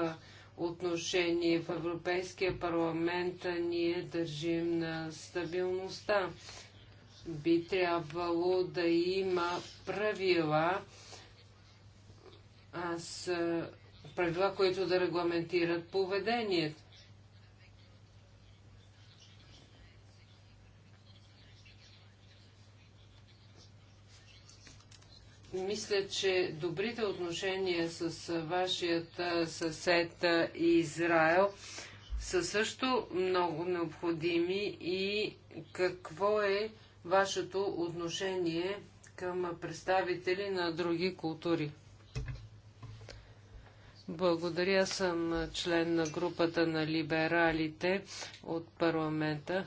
отношение в Европейския парламент, ние държим на стабилността. Би трябвало да има правила, аз, правила, които да регламентират поведението. мисля, че добрите отношения с вашият съсед Израел са също много необходими и какво е вашето отношение към представители на други култури. Благодаря съм член на групата на либералите от парламента.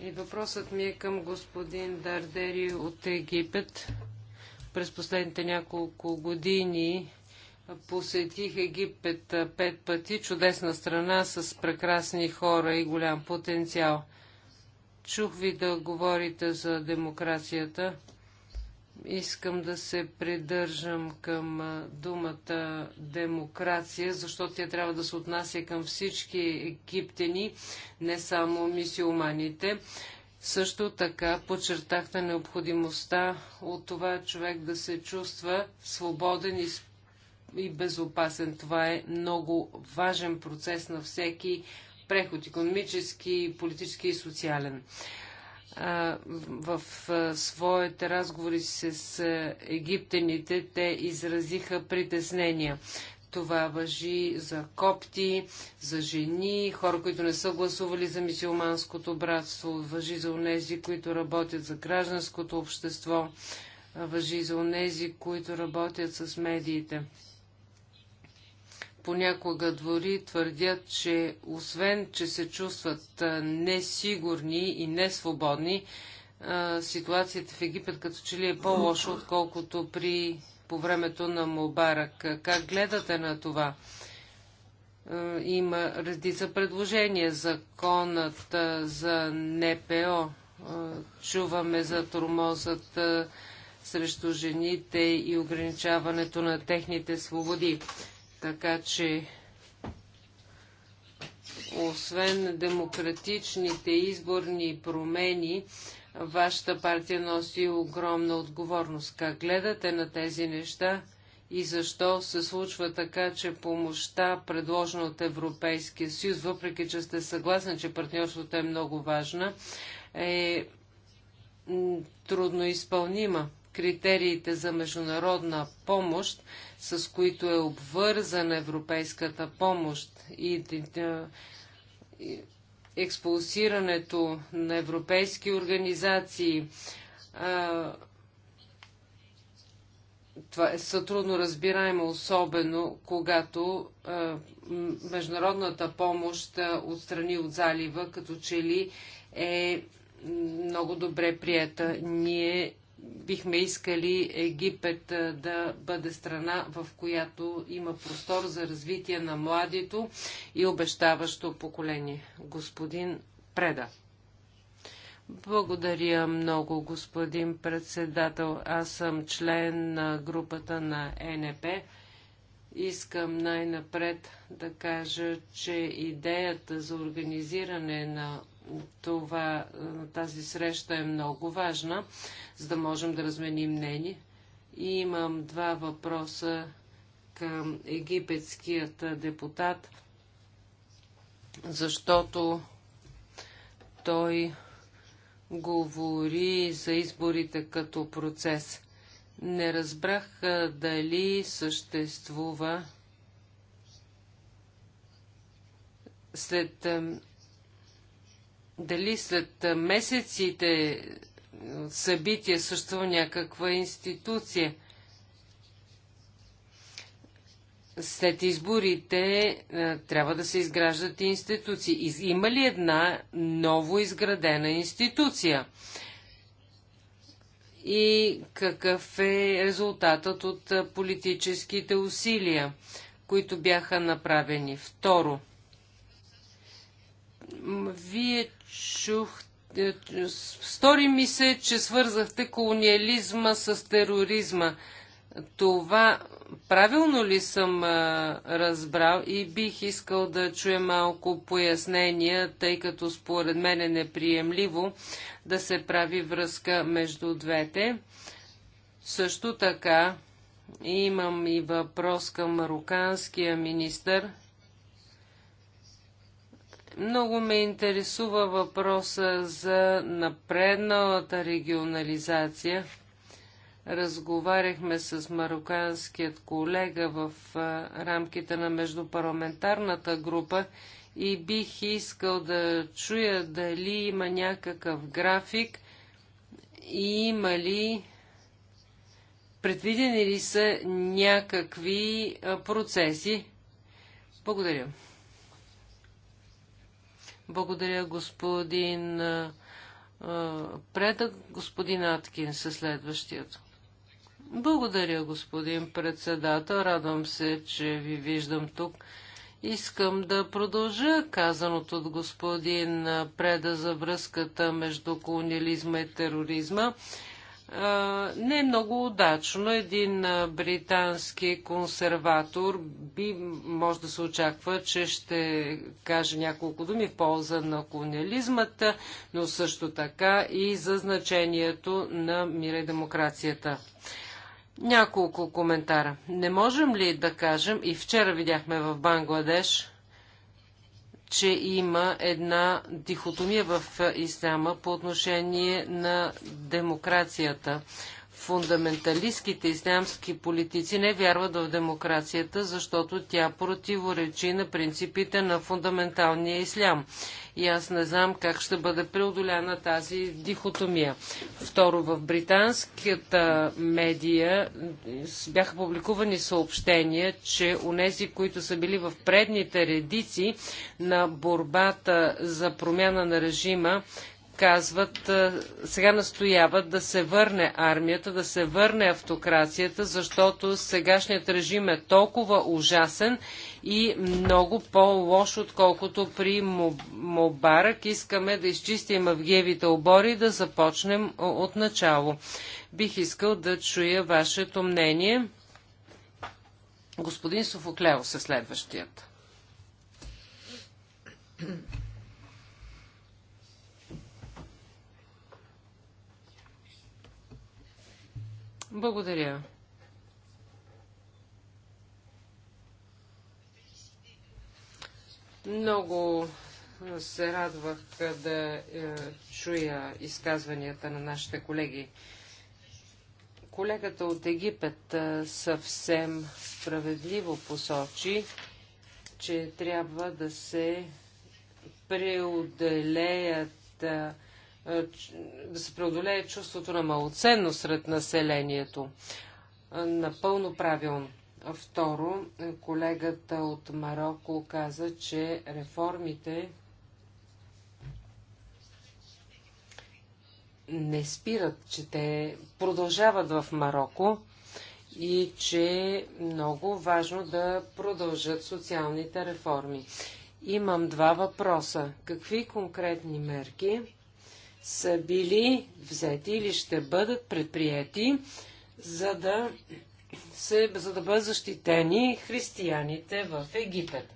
И въпросът ми е към господин Дардери от Египет. През последните няколко години посетих Египет пет пъти. Чудесна страна с прекрасни хора и голям потенциал. Чух ви да говорите за демокрацията. Искам да се придържам към думата демокрация, защото тя трябва да се отнася към всички египтени, не само мисиоманите. Също така подчертахте необходимостта от това човек да се чувства свободен и, и безопасен. Това е много важен процес на всеки преход, економически, политически и социален. В своите разговори с египтяните те изразиха притеснения. Това въжи за копти, за жени, хора, които не са гласували за мисиоманското братство, въжи за онези, които работят за гражданското общество, въжи за онези, които работят с медиите понякога дори твърдят, че освен, че се чувстват несигурни и несвободни, ситуацията в Египет като че ли е по-лоша, отколкото при, по времето на Мубарак. Как гледате на това? Има редица предложения. Законът за НПО. Чуваме за тормозът срещу жените и ограничаването на техните свободи. Така че, освен демократичните изборни промени, вашата партия носи огромна отговорност. Как гледате на тези неща и защо се случва така, че помощта, предложена от Европейския съюз, въпреки че сте съгласни, че партньорството е много важна, е трудно изпълнима? критериите за международна помощ, с които е обвързана европейската помощ и, експулсирането на европейски организации, това е сътрудно разбираемо, особено когато а, международната помощ отстрани от залива, като че ли е много добре прията. Ние бихме искали Египет да бъде страна, в която има простор за развитие на младито и обещаващо поколение. Господин Преда. Благодаря много, господин председател. Аз съм член на групата на НП. Искам най-напред да кажа, че идеята за организиране на това, е, тази среща е много важна, за да можем да разменим мнение. И имам два въпроса към египетският депутат, защото той говори за изборите като процес. Не разбрах е, дали съществува след е, дали след месеците събития съществува някаква институция. След изборите е, трябва да се изграждат институции. Има ли една ново изградена институция? И какъв е резултатът от е, политическите усилия, които бяха направени? Второ – вие чухте Стори ми се, че свързахте колониализма с тероризма. Това правилно ли съм а, е, разбрал и бих искал да чуя малко пояснения, тъй като според мен е неприемливо да се прави връзка между двете. Също така имам и въпрос към мароканския министър много ме интересува въпроса за напредналата регионализация. Разговаряхме с мароканският колега в рамките на междупарламентарната група и бих искал да чуя дали има някакъв график и има ли предвидени ли са някакви процеси. Благодаря. Благодаря, господин Предък. Господин Аткин със следващият. Благодаря, господин председател. Радвам се, че ви виждам тук. Искам да продължа казаното от господин Преда за връзката между колониализма и тероризма не е много удачно. Един британски консерватор би, може да се очаква, че ще каже няколко думи в полза на колониализмата, но също така и за значението на мира и демокрацията. Няколко коментара. Не можем ли да кажем, и вчера видяхме в Бангладеш, че има една дихотомия в исляма по отношение на демокрацията фундаменталистските ислямски политици не вярват в демокрацията, защото тя противоречи на принципите на фундаменталния ислям. И аз не знам как ще бъде преодоляна тази дихотомия. Второ, в британската медия бяха публикувани съобщения, че унези, които са били в предните редици на борбата за промяна на режима, казват, сега настояват да се върне армията, да се върне автокрацията, защото сегашният режим е толкова ужасен и много по-лош, отколкото при Мобарак. Искаме да изчистим авгевите обори и да започнем от начало. Бих искал да чуя вашето мнение. Господин Софоклео се следващият. Благодаря. Много се радвах да е, чуя изказванията на нашите колеги. Колегата от Египет е, съвсем справедливо посочи, че трябва да се преоделеят е, е, да се преодолее чувството на малоценност сред населението. Е, напълно правилно. Второ, е, колегата от Марокко каза, че реформите не спират, че те продължават в Марокко и че е много важно да продължат социалните реформи. Имам два въпроса. Какви конкретни мерки са били взети или ще бъдат предприяти, за да, се, за да бъдат защитени християните в Египет?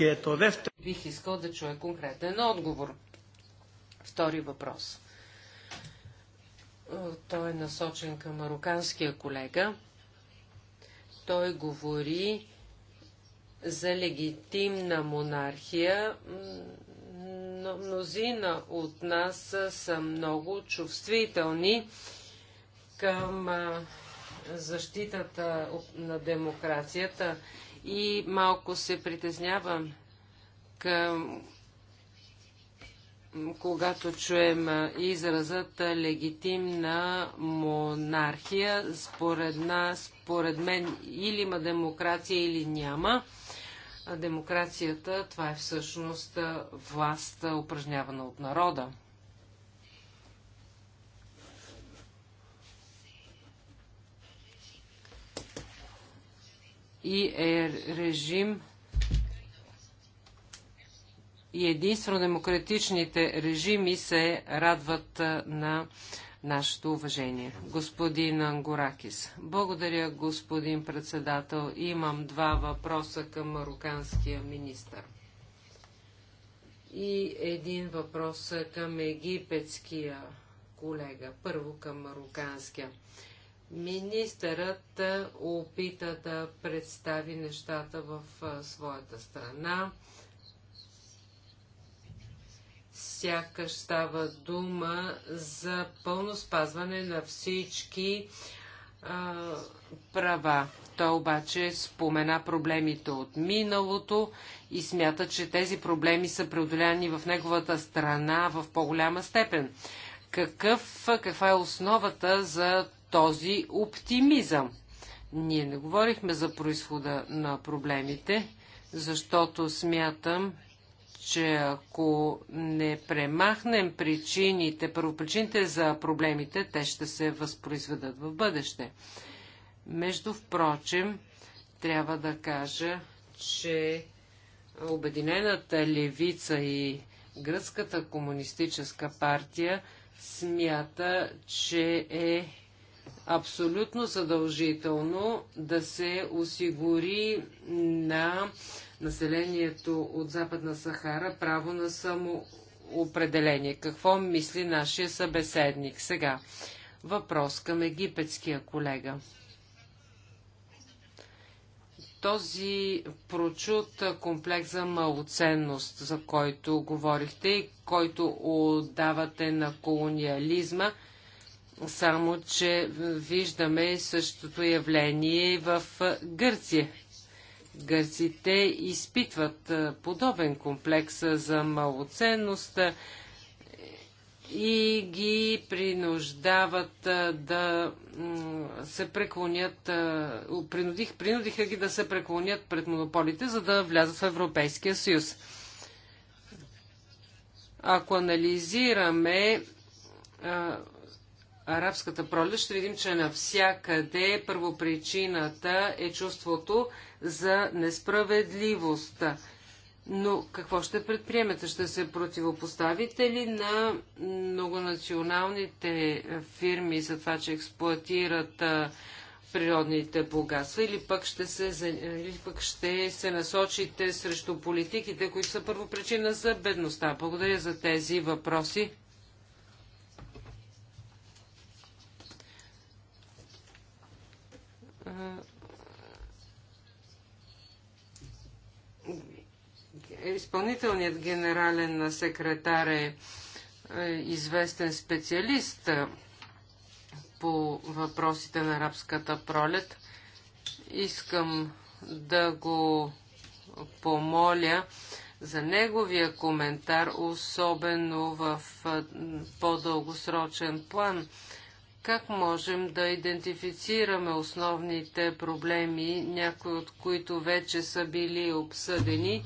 Е Бих искал да чуя конкретен отговор. Втори въпрос. Той е насочен към мароканския колега. Той говори за легитимна монархия мнозина от нас са много чувствителни към защитата на демокрацията и малко се притеснявам към когато чуем изразът легитимна монархия, според нас, според мен или има демокрация или няма демокрацията, това е всъщност власт, упражнявана от народа. И е режим и единствено демократичните режими се радват на нашето уважение. Господин Ангоракис. Благодаря, господин председател. Имам два въпроса към мароканския министр. И един въпрос към египетския колега. Първо към мароканския. Министърът опита да представи нещата в своята страна сякаш става дума за пълно спазване на всички а, права. Той обаче спомена проблемите от миналото и смята, че тези проблеми са преодоляни в неговата страна в по-голяма степен. Какъв, каква е основата за този оптимизъм? Ние не говорихме за происхода на проблемите, защото смятам, че ако не премахнем причините, първопричините за проблемите, те ще се възпроизведат в бъдеще. Между впрочем, трябва да кажа, че Обединената левица и Гръцката комунистическа партия смята, че е абсолютно задължително да се осигури на населението от Западна Сахара право на самоопределение. Какво мисли нашия събеседник сега? Въпрос към египетския колега. Този прочут комплекс за малоценност, за който говорихте и който отдавате на колониализма, само че виждаме същото явление в Гърция. Гърците изпитват подобен комплекс за малоценност и ги принуждават да се преклонят, принудих, принудиха ги да се преклонят пред монополите, за да влязат в Европейския съюз. Ако анализираме арабската пролет, ще видим, че навсякъде първопричината е чувството за несправедливост. Но какво ще предприемете? Ще се противопоставите ли на многонационалните фирми за това, че експлуатират природните богатства или пък ще се, или пък ще се насочите срещу политиките, които са първопричина за бедността? Благодаря за тези въпроси. изпълнителният генерален секретар е, е известен специалист по въпросите на арабската пролет. Искам да го помоля за неговия коментар, особено в по-дългосрочен план как можем да идентифицираме основните проблеми, някои от които вече са били обсъдени?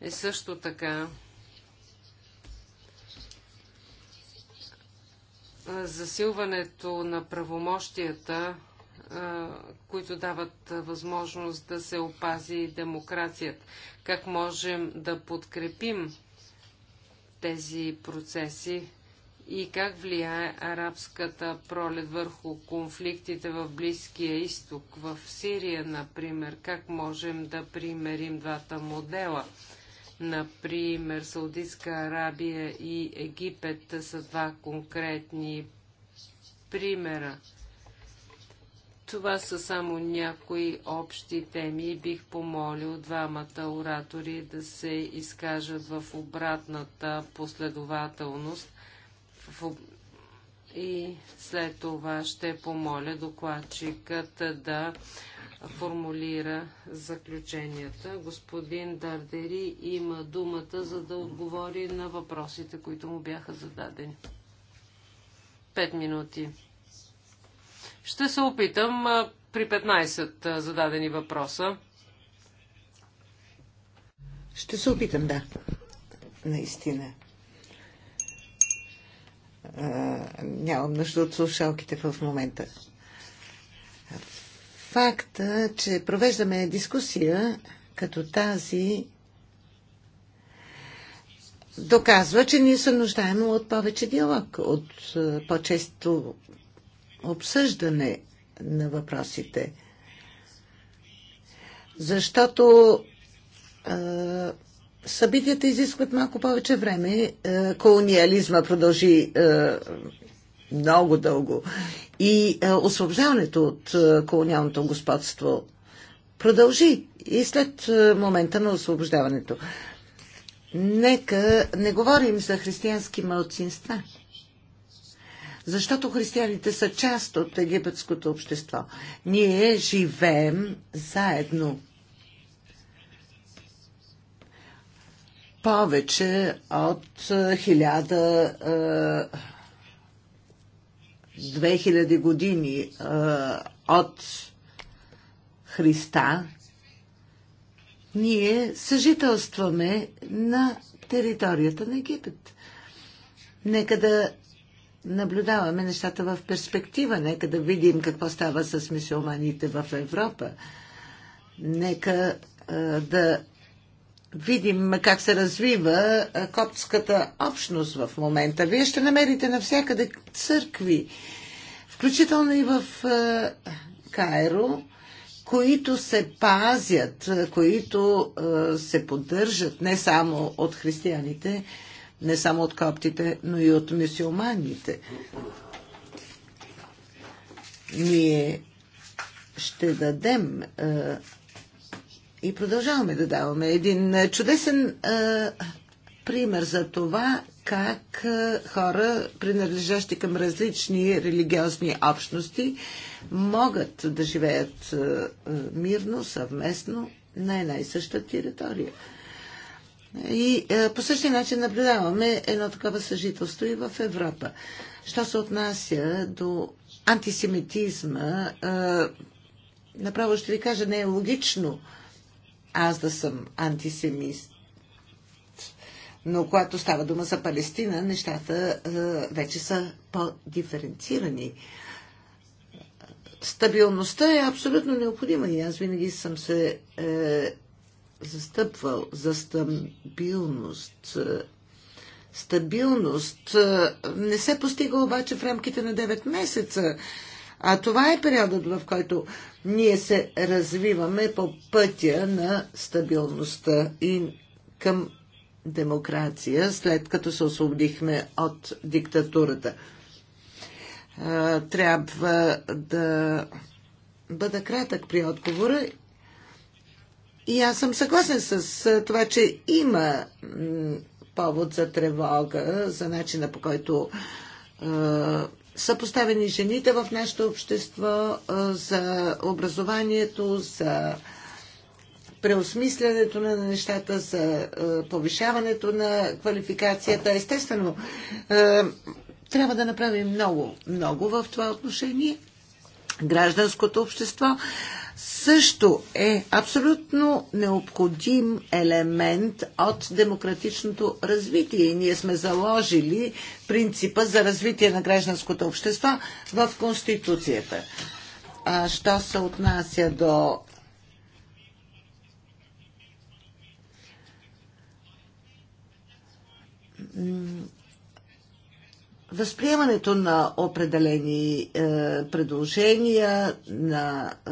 Е също така засилването на правомощията, които дават възможност да се опази демокрацията. Как можем да подкрепим тези процеси? и как влияе арабската пролет върху конфликтите в Близкия изток, в Сирия, например, как можем да примерим двата модела. Например, Саудитска Арабия и Египет са два конкретни примера. Това са само някои общи теми и бих помолил двамата оратори да се изкажат в обратната последователност в... и след това ще помоля докладчикът да формулира заключенията. Господин Дардери има думата, за да отговори на въпросите, които му бяха зададени. Пет минути. Ще се опитам при 15 зададени въпроса. Ще се опитам, да. Наистина нямам нужда от слушалките в момента. Факта, че провеждаме дискусия като тази, доказва, че ние се нуждаем от повече диалог, от е, по-често обсъждане на въпросите. Защото е, събитията изискват малко повече време. Е, колониализма продължи е, много дълго. И е, освобождаването от колониалното господство продължи и след момента на освобождаването. Нека не говорим за християнски мълцинства, защото християните са част от египетското общество. Ние живеем заедно повече от 2000 е, е, години е, от Христа, ние съжителстваме на територията на Египет. Нека да наблюдаваме нещата в перспектива, нека да видим какво става с мисиоманите в Европа. Нека да видим как се развива коптската общност в момента. Вие ще намерите навсякъде църкви, включително и в Кайро, които се пазят, които се поддържат не само от християните, не само от коптите, но и от мюсюлманите. Ние ще дадем и продължаваме да даваме един е, чудесен а, е, пример за това как е, хора, принадлежащи към различни религиозни общности, могат да живеят мирно, съвместно на една и съща територия. И по същия начин наблюдаваме едно такова съжителство и в Европа. Що се отнася до антисемитизма, направо ще ви кажа, не е логично аз да съм антисемист. Но когато става дума за Палестина, нещата е, вече са по-диференцирани. Стабилността е абсолютно необходима и аз винаги съм се е, застъпвал за стабилност. Стабилност е, не се постига обаче в рамките на 9 месеца. А това е периодът, в който ние се развиваме по пътя на стабилността и към демокрация, след като се освободихме от диктатурата. Трябва да бъда кратък при отговора и аз съм съгласен с това, че има повод за тревога, за начина по който са поставени жените в нашето общество за образованието, за преосмислянето на нещата, за повишаването на квалификацията. Естествено, трябва да направим много, много в това отношение. Гражданското общество също е абсолютно необходим елемент от демократичното развитие. Ние сме заложили принципа за развитие на гражданското общество в Конституцията. А, що се отнася до възприемането на определени е, предложения, на е,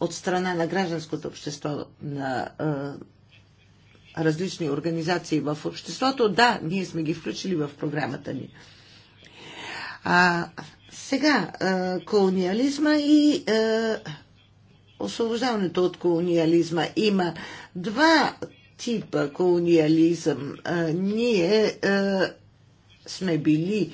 от страна на гражданското общество, на различни организации в обществото. Да, ние сме ги включили в програмата ни. А, сега, колониализма и освобождаването от колониализма има два типа колониализъм. А, ние а, сме били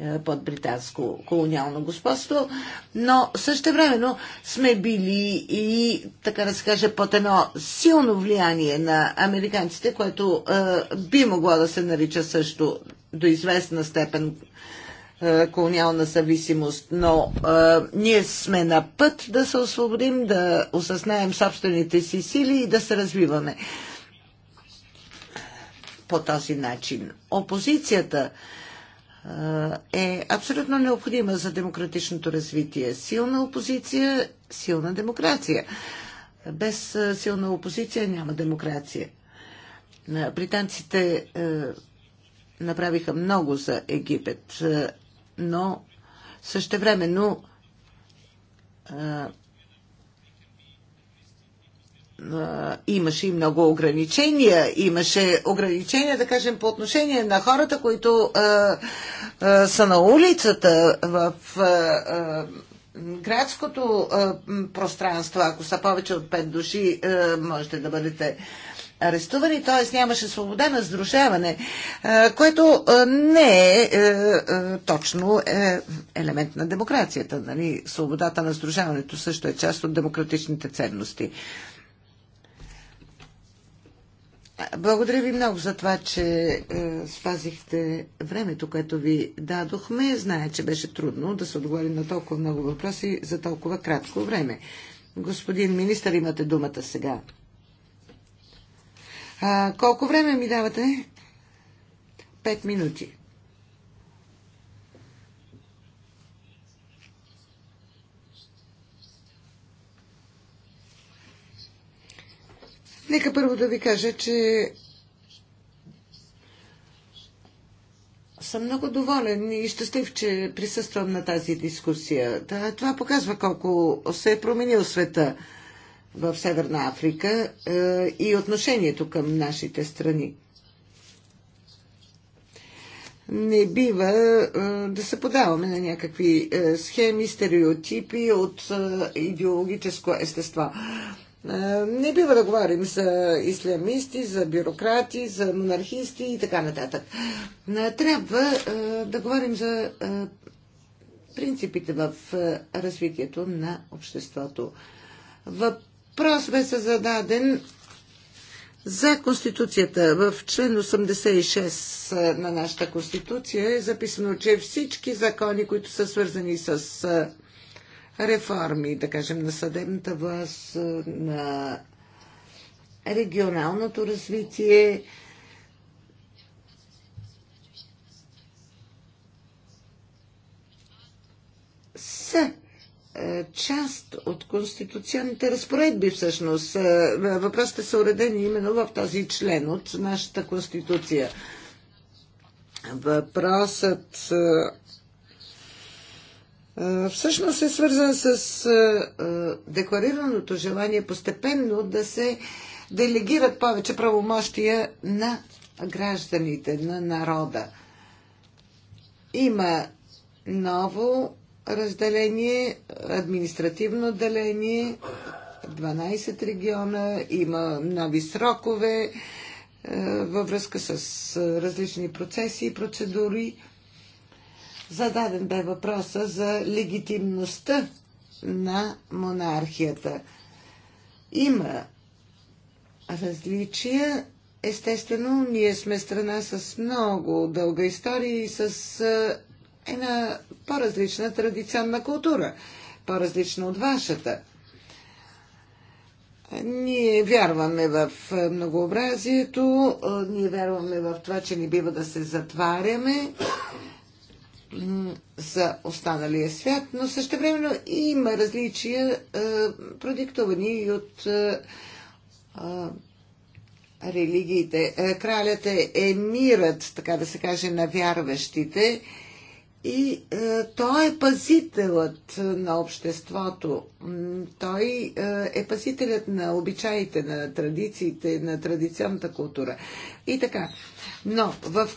е, под британско колониално господство, но също времено сме били и, така да се каже, под едно силно влияние на американците, което е, би могло да се нарича също до известна степен е, колониална зависимост, но е, ние сме на път да се освободим, да осъзнаем собствените си сили и да се развиваме по този начин. Опозицията е, е абсолютно необходима за демократичното развитие. Силна опозиция, силна демокрация. Без силна опозиция няма демокрация. Британците направиха много за Египет, но същевременно имаше и много ограничения. Имаше ограничения, да кажем, по отношение на хората, които а, а, са на улицата в а, а, градското а, пространство. Ако са повече от 5 души, а, можете да бъдете арестувани, т.е. нямаше свобода на сдружаване, което а, не е а, е, е, точно е елемент на демокрацията. Нали? Свободата на сдружаването също е част от демократичните ценности. Благодаря ви много за това, че е, спазихте времето, което ви дадохме. Зная, че беше трудно да се отговори на толкова много въпроси за толкова кратко време. Господин министър, имате думата сега. А, колко време ми давате? Пет минути. Нека първо да ви кажа, че съм много доволен и щастлив, че присъствам на тази дискусия. Да, това показва колко се е променил света в Северна Африка е, и отношението към нашите страни. Не бива е, да се подаваме на някакви е, схеми, стереотипи от е, идеологическо естество. Е, не бива да говорим за ислямисти, за бюрократи, за монархисти и така нататък. Е, трябва е, да говорим за принципите в развитието на обществото. Въпрос бе се зададен за Конституцията. В член 86 на нашата Конституция е записано, че всички закони, които са свързани с реформи, да кажем, на съдебната власт, е, на регионалното развитие. Са е, част от конституционните разпоредби всъщност. Е, въпросите са уредени именно в този член от нашата конституция. Въпросът всъщност е свързан с декларираното желание постепенно да се делегират повече правомощия на гражданите, на народа. Има ново разделение, административно деление, 12 региона, има нови срокове във връзка с различни процеси и процедури. Зададен бе въпроса за легитимността на монархията. Има различия. Естествено, ние сме страна с много дълга история и с една по-различна традиционна култура, по-различна от вашата. Ние вярваме в многообразието, ние вярваме в това, че не бива да се затваряме за останалия свят, но също времено има различия, е, продиктовани и от е, е, религиите. Кралят е мирът, така да се каже, на вярващите и той е пазителът на обществото. Той е пазителят на обичаите, на традициите, на традиционната култура. И така. Но в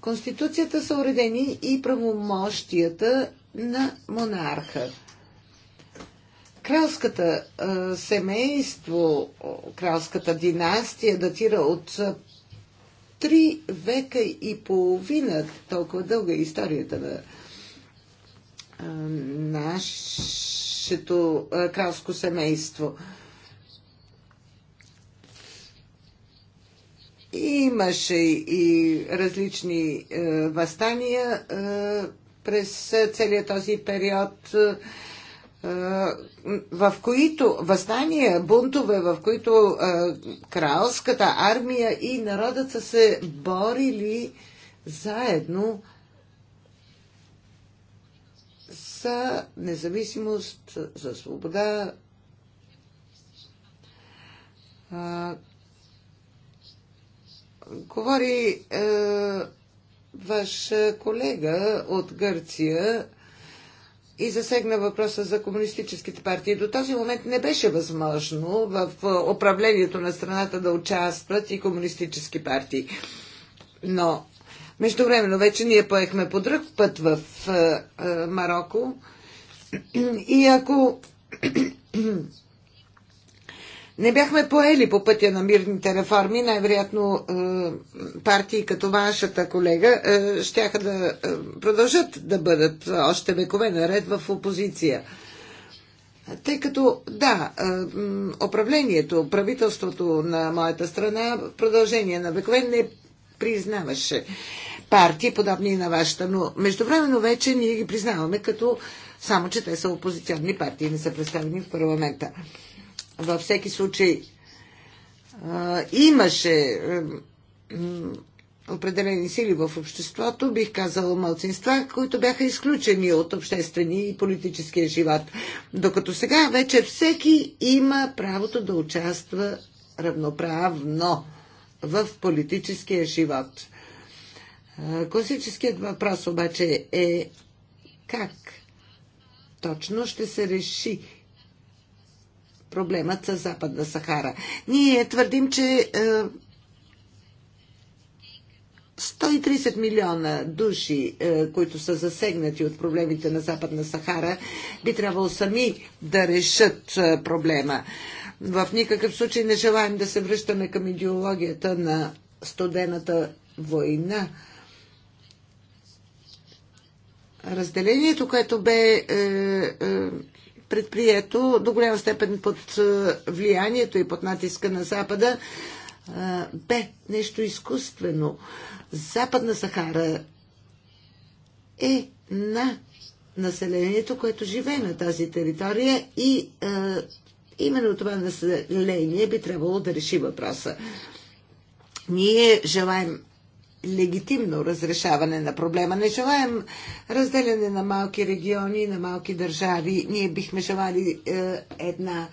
Конституцията са уредени и правомощията на монарха. Кралската е, семейство, кралската династия датира от три века и половина, толкова дълга е историята на е, нашето е, кралско семейство. Е, И Имаше и различни е, възстания е, през целият този период, е, в които възстания, бунтове, в които е, кралската армия и народът са се борили заедно за независимост, за свобода, Говори е, ваш колега от Гърция и засегна въпроса за комунистическите партии. До този момент не беше възможно в е, управлението на страната да участват и комунистически партии. Но междувременно вече ние поехме по друг път в е, е, Марокко и ако не бяхме поели по пътя на мирните реформи, най-вероятно е, партии като вашата колега е, щяха да е, продължат да бъдат още векове наред в опозиция. Тъй като, да, управлението, правителството на моята страна в продължение на векове не признаваше партии, подобни на вашата, но междувременно вече ние ги признаваме като само, че те са опозиционни партии, не са представени в парламента. Във всеки случай имаше определени сили в обществото, бих казала мълцинства, които бяха изключени от обществени и политическия живот. Докато сега вече всеки има правото да участва равноправно в политическия живот. Класическият въпрос обаче е как точно ще се реши проблемът с Западна Сахара. Ние твърдим, че 130 е, милиона души, е, които са засегнати от проблемите на Западна Сахара, би трябвало сами да решат е, проблема. В никакъв случай не желаем да се връщаме към идеологията на студената война. Разделението, което бе е, е, предприето до голяма степен под е, влиянието и под натиска на Запада, е, бе нещо изкуствено. Западна Сахара е на населението, което живее на тази територия и е, именно това население би трябвало да реши въпроса. Ние желаем легитимно разрешаване на проблема. Не желаем разделяне на малки региони, на малки държави. Ние бихме желали е, една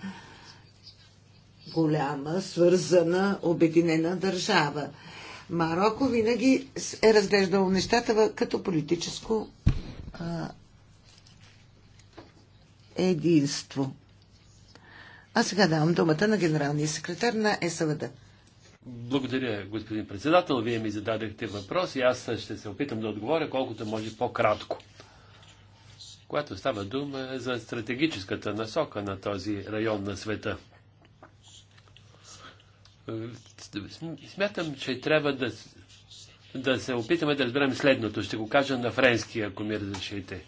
голяма, свързана, обединена държава. Марокко винаги е разглеждало нещата като политическо а, е, единство. А сега давам думата на генералния секретар на СВД. Благодаря, господин председател. Вие ми зададахте въпрос и аз ще се опитам да отговоря колкото може по-кратко. Когато става дума за стратегическата насока на този район на света. Смятам, че трябва да, да се опитаме да разберем следното. Ще го кажа на френски, ако ми разрешите.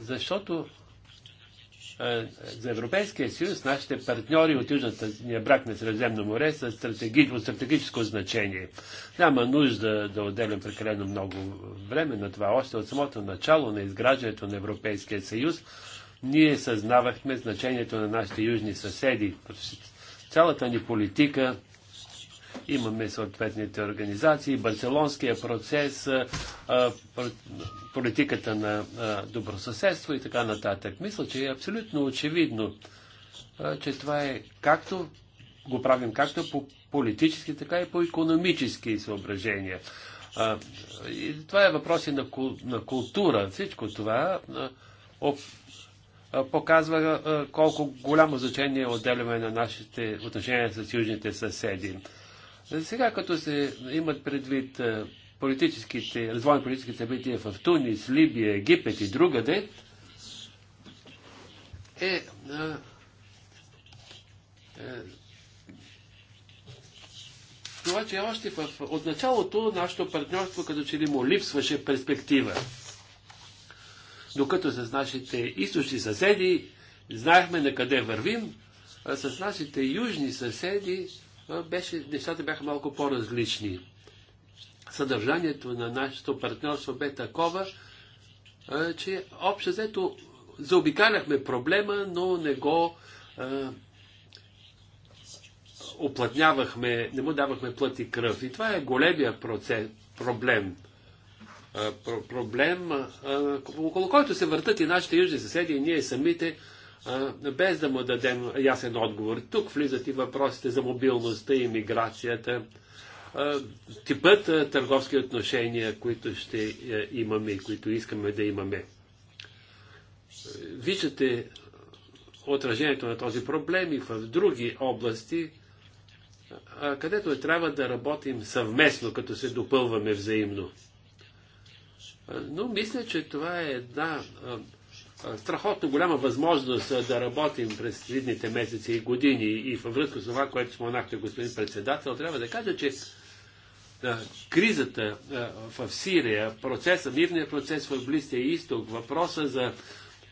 Защото за Европейския съюз нашите партньори от Южната ни брак на Средземно море са стратеги... от стратегическо значение. Няма нужда да отделям прекалено много време на това. Още от самото начало на изграждането на Европейския съюз ние съзнавахме значението на нашите южни съседи. Цялата ни политика Имаме съответните организации, Барселонския процес, политиката на добросъседство и така нататък. Мисля, че е абсолютно очевидно, че това е както го правим както по политически, така и по економически съображения. и това е въпроси на, на култура. Всичко това показва колко голямо значение отделяме на нашите отношения с южните съседи. Сега, като се имат предвид е, политическите, развой политическите събития в Тунис, Либия, Египет и другаде, е, е, е това, че още в, от началото нашето партньорство като че ли му липсваше перспектива. Докато с нашите източни съседи знаехме на къде вървим, а с нашите южни съседи беше, нещата бяха малко по-различни. Съдържанието на нашето партньорство бе такова, че общо взето заобикаляхме проблема, но не го а, оплътнявахме, не му давахме плът и кръв. И това е големия процес, проблем. А, про- проблем, а, около който се въртат и нашите южни съседи, и ние самите, без да му дадем ясен отговор. Тук влизат и въпросите за мобилността и миграцията, типът търговски отношения, които ще е, имаме и които искаме да имаме. Виждате отражението на този проблем и в други области, където трябва да работим съвместно, като се допълваме взаимно. Но мисля, че това е една страхотно голяма възможност да работим през следните месеци и години и във връзка с това, което споменахте, господин председател, трябва да кажа, че кризата в Сирия, процеса, мирният процес в Близкия изток, въпроса за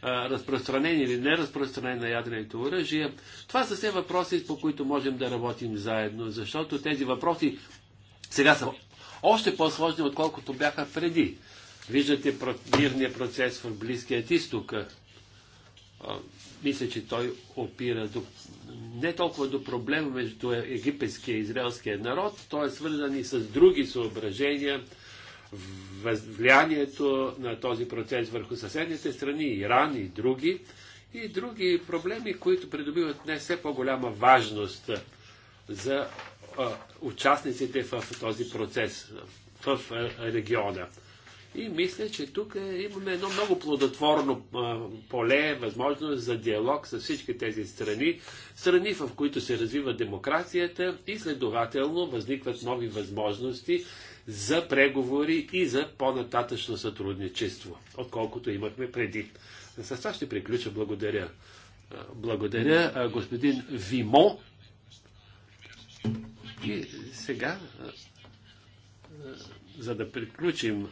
разпространение или неразпространение на ядрените оръжия, това са все въпроси, по които можем да работим заедно, защото тези въпроси сега са още по-сложни, отколкото бяха преди. Виждате мирния процес в Близкият изток. Мисля, че той опира до, не толкова до проблема между египетския и израелския народ, той е свързан и с други съображения, влиянието на този процес върху съседните страни, Иран и други, и други проблеми, които придобиват не все по-голяма важност за участниците в този процес в региона. И мисля, че тук е, имаме едно много плодотворно поле, възможност за диалог с всички тези страни, страни в които се развива демокрацията и следователно възникват нови възможности за преговори и за по-нататъчно сътрудничество, отколкото имахме преди. С това ще приключа. Благодаря. Благодаря, господин Вимо. И сега, за да приключим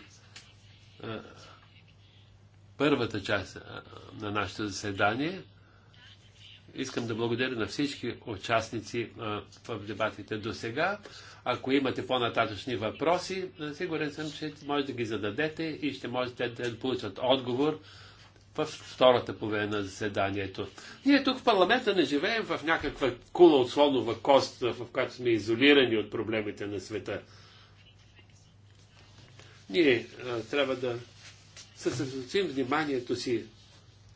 е, първата част е, на нашето заседание. Искам да благодаря на всички участници е, в дебатите до сега. Ако имате по-нататъчни въпроси, сигурен съм, че можете да ги зададете и ще можете да получат отговор в втората половина на заседанието. Ние тук в парламента не живеем в някаква кула от слонова кост, в която сме изолирани от проблемите на света. Ние а, трябва да съсредоточим вниманието си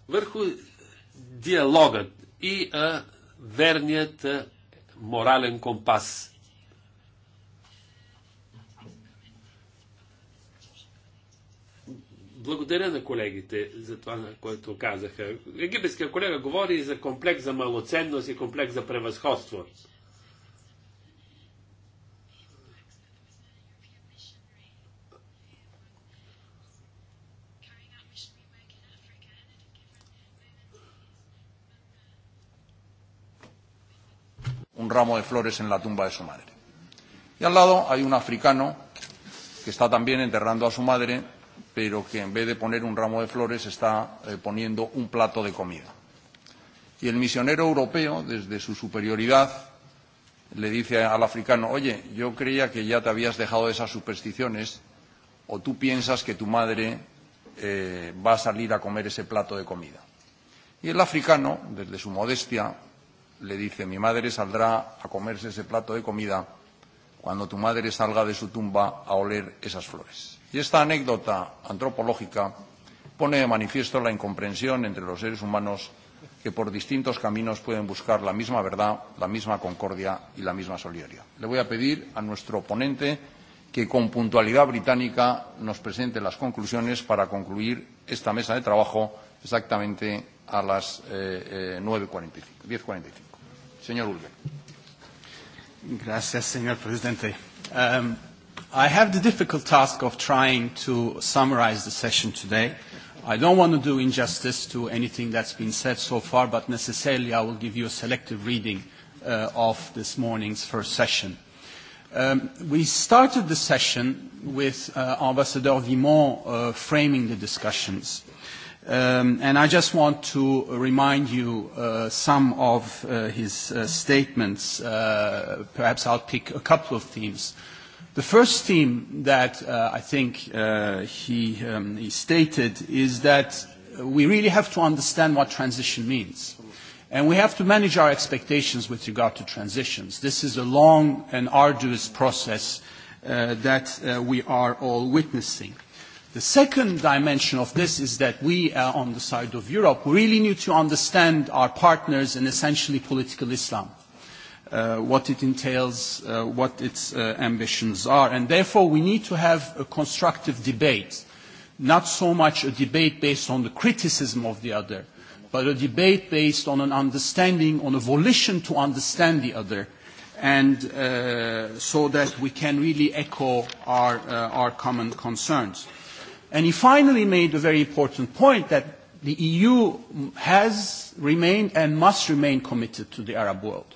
върху диалогът и а, верният а, морален компас. Благодаря на колегите за това, на което казаха. Египетския колега говори за комплекс за малоценност и комплекс за превъзходство. ramo de flores en la tumba de su madre. Y al lado hay un africano que está también enterrando a su madre, pero que en vez de poner un ramo de flores está eh, poniendo un plato de comida. Y el misionero europeo, desde su superioridad, le dice al africano, oye, yo creía que ya te habías dejado de esas supersticiones, o tú piensas que tu madre eh, va a salir a comer ese plato de comida. Y el africano, desde su modestia, le dice, mi madre saldrá a comerse ese plato de comida cuando tu madre salga de su tumba a oler esas flores. Y esta anécdota antropológica pone de manifiesto la incomprensión entre los seres humanos que por distintos caminos pueden buscar la misma verdad, la misma concordia y la misma solidaridad. Le voy a pedir a nuestro ponente que con puntualidad británica nos presente las conclusiones para concluir esta mesa de trabajo exactamente a las eh, eh, 9.45, 10.45. Señor Ulbe. Gracias, señor presidente. Um, I have the difficult task of trying to summarize the session today. I don't want to do injustice to anything that's been said so far, but necessarily I will give you a selective reading uh, of this morning's first session. Um, we started the session with uh, Ambassador Vimon uh, framing the discussions. Uh, and I just want to remind you uh, some of uh, his uh, statements. Uh, perhaps I'll pick a couple of themes. The first theme that uh, I think uh, he, um, he stated is that we really have to understand what transition means. And we have to manage our expectations with regard to transitions. This is a long and arduous process uh, that uh, we are all witnessing. The second dimension of this is that we uh, on the side of Europe really need to understand our partners in essentially political Islam, uh, what it entails, uh, what its uh, ambitions are, and therefore we need to have a constructive debate, not so much a debate based on the criticism of the other, but a debate based on an understanding, on a volition to understand the other, and uh, so that we can really echo our, uh, our common concerns. And he finally made a very important point that the EU has remained and must remain committed to the Arab world.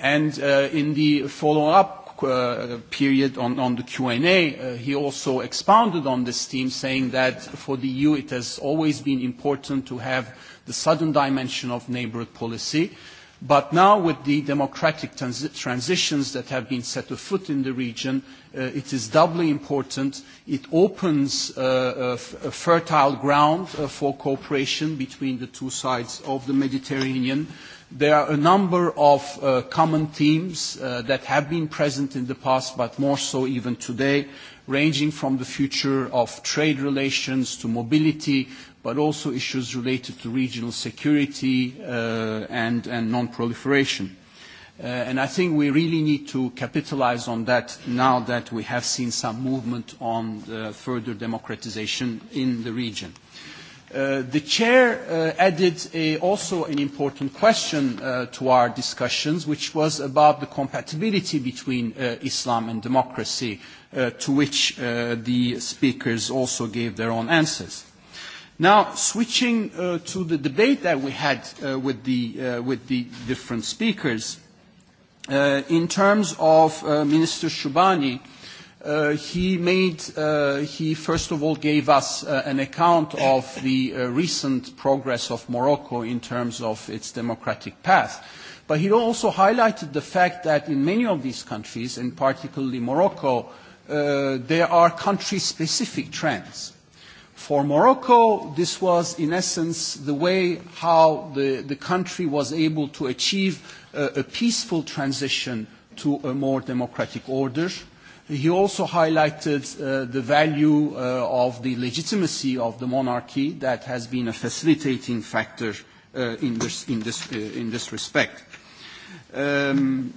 And uh, in the follow-up uh, period on, on the Q&A, uh, he also expounded on this theme, saying that for the EU it has always been important to have the southern dimension of neighborhood policy, uh, But now with the democratic trans transitions that have been set afoot in the region, uh, it is doubly important. It opens uh, a, a fertile ground uh, for cooperation between the two sides of the Mediterranean. There are a number of uh, common themes uh, that have been present in the past, but more so even today ranging from the future of trade relations to mobility, but also issues related to regional security and, and non-proliferation. and I think we really need to capitalize on that now that we have seen some movement on further democratization in the region the chair added also an important question to our discussions, which was about the compatibility between Islam and democracy, to which the speakers also gave their own answers. Now, switching to the debate that we had with, the, with the different speakers, in terms of Minister Shubani, uh, he made, uh, he first of all gave us uh, an account of the uh, recent progress of Morocco in terms of its democratic path. But he also highlighted the fact that in many of these countries, and particularly Morocco, uh, there are country-specific trends. For Morocco, this was in essence the way how the, the country was able to achieve uh, a peaceful transition to a more democratic order He also highlighted uh, the value uh, of the legitimacy of the monarchy that has been a facilitating factor uh, in, this, in, this, uh, in this respect. Um,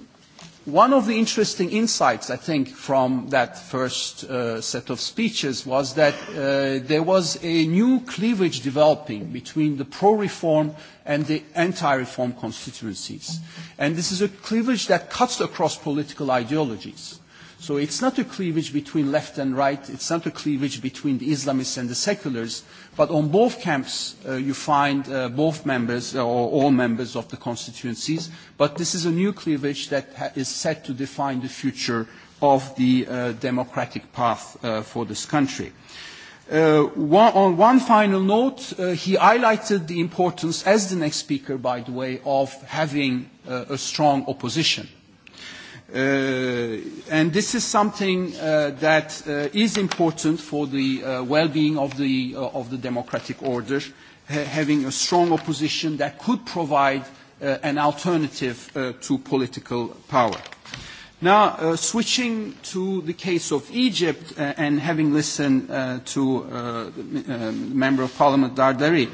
one of the interesting insights, I think, from that first uh, set of speeches was that uh, there was a new cleavage developing between the pro-reform and the anti-reform constituencies. And this is a cleavage that cuts across political ideologies. So it's not a cleavage between left and right, it's not a cleavage between the Islamists and the seculars, but on both camps uh, you find uh, both members or all members of the constituencies, but this is a new cleavage that ha- is set to define the future of the uh, democratic path uh, for this country. Uh, one, on one final note, uh, he highlighted the importance, as the next speaker, by the way, of having uh, a strong opposition and this is something that is important for the well-being of the, of the democratic order, having a strong opposition that could provide an alternative to political power. Now, switching to the case of Egypt and having listened to Member of Parliament Dardari,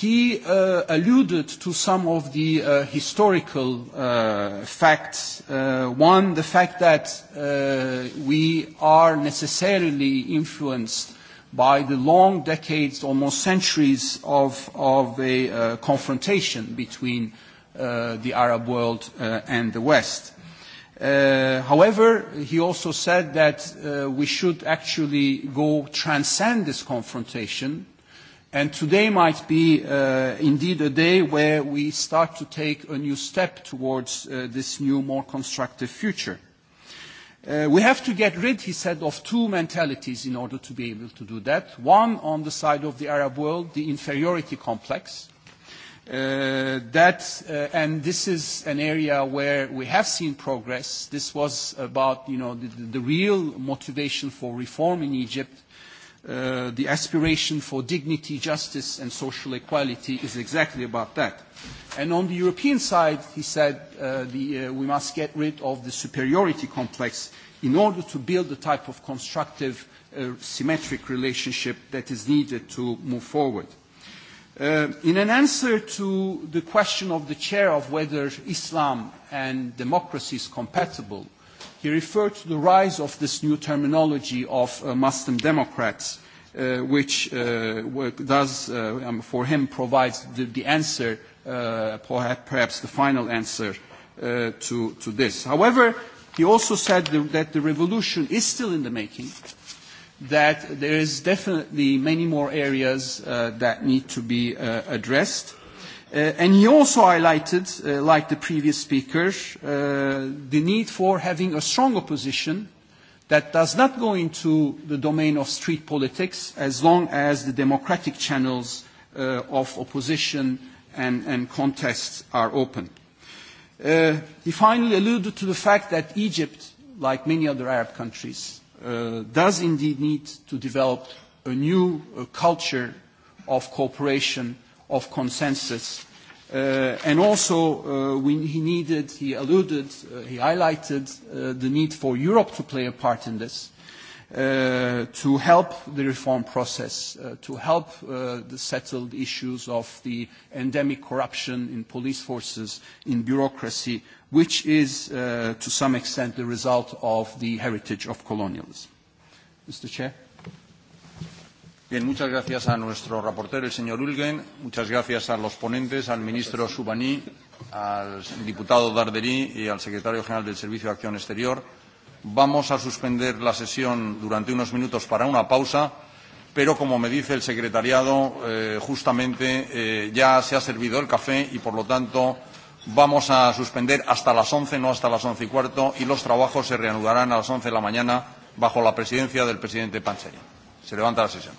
he uh, alluded to some of the uh, historical uh, facts. Uh, one, the fact that uh, we are necessarily influenced by the long decades, almost centuries of, of a uh, confrontation between uh, the Arab world uh, and the West. Uh, however, he also said that uh, we should actually go transcend this confrontation And today might be uh, indeed a day where we start to take a new step towards uh, this new, more constructive future. Uh, we have to get rid, he said, of two mentalities in order to be able to do that. One on the side of the Arab world, the inferiority complex. Uh, that, uh, and this is an area where we have seen progress. This was about, you know, the, the real motivation for reform in Egypt the aspiration for dignity, justice, and social equality is exactly about that. And on the European side, he said uh, the, uh, we must get rid of the superiority complex in order to build the type of constructive, uh, symmetric relationship that is needed to move forward. Uh, in an answer to the question of the chair of whether Islam and democracy is compatible, He referred to the rise of this new terminology of uh, Muslim Democrats, uh, which uh, does, uh, um, for him, provides the, the answer, uh, perhaps the final answer uh, to, to this. However, he also said that the revolution is still in the making, that there is definitely many more areas uh, that need to be uh, addressed, and he also highlighted, uh, like the previous speaker, uh, the need for having a strong opposition that does not go into the domain of street politics as long as the democratic channels uh, of opposition and, and contests are open. Uh, he finally alluded to the fact that Egypt, like many other Arab countries, uh, does indeed need to develop a new uh, culture of cooperation, of consensus, Uh, and also, uh, we, he needed, he alluded, uh, he highlighted uh, the need for Europe to play a part in this, uh, to help the reform process, uh, to help uh, the settled issues of the endemic corruption in police forces, in bureaucracy, which is, uh, to some extent, the result of the heritage of colonialism. Mr. Chair? Bien, muchas gracias a nuestro reporter, el señor Ulgen, muchas gracias a los ponentes, al ministro Subaní, al diputado Darderí y al secretario general del Servicio de Acción Exterior. Vamos a suspender la sesión durante unos minutos para una pausa, pero como me dice el secretariado, eh, justamente eh, ya se ha servido el café y por lo tanto vamos a suspender hasta las once, no hasta las once y cuarto, y los trabajos se reanudarán a las once de la mañana bajo la presidencia del presidente Pancheri. Se levanta la sesión.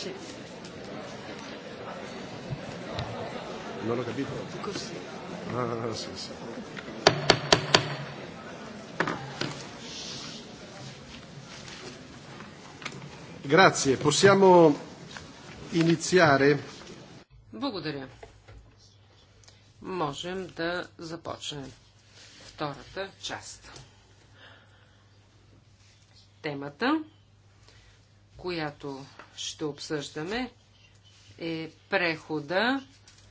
Sì. Non ho capito. Così. Ah, ah, ah, sì, sì. Grazie, possiamo iniziare? Благодаря. Можем да започнем втората част. Темата, която ще обсъждаме, е прехода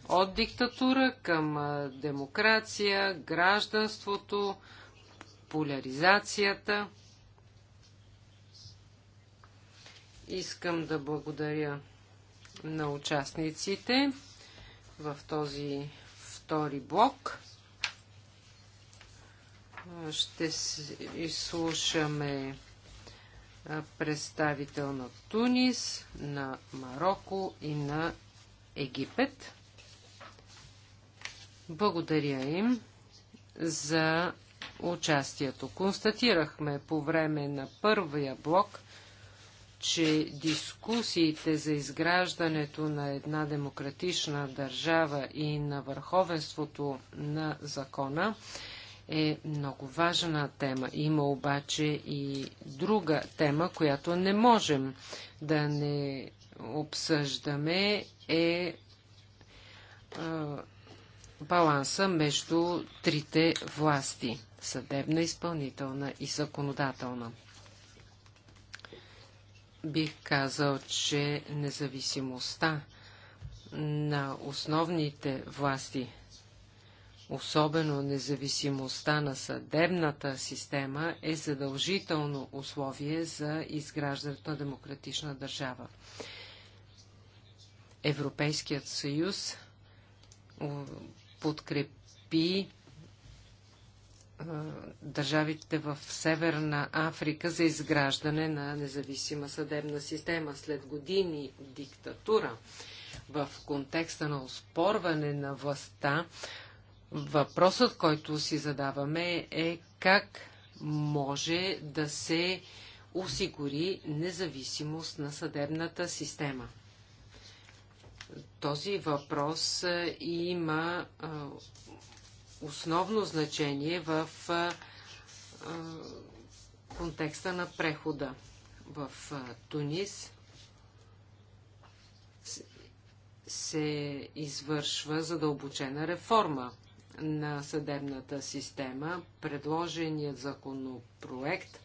от диктатура към демокрация, гражданството, поляризацията. Искам да благодаря на участниците в този втори блок. Ще изслушаме представител на Тунис, на Марокко и на Египет. Благодаря им за участието. Констатирахме по време на първия блок, че дискусиите за изграждането на една демократична държава и на върховенството на закона е много важна тема. Има обаче и друга тема, която не можем да не обсъждаме, е баланса между трите власти съдебна, изпълнителна и законодателна. Бих казал, че независимостта на основните власти особено независимостта на съдебната система, е задължително условие за изграждането на демократична държава. Европейският съюз подкрепи държавите в Северна Африка за изграждане на независима съдебна система след години диктатура. В контекста на оспорване на властта Въпросът, който си задаваме е как може да се осигури независимост на съдебната система. Този въпрос има основно значение в контекста на прехода. В Тунис се извършва задълбочена реформа на съдебната система. Предложеният законопроект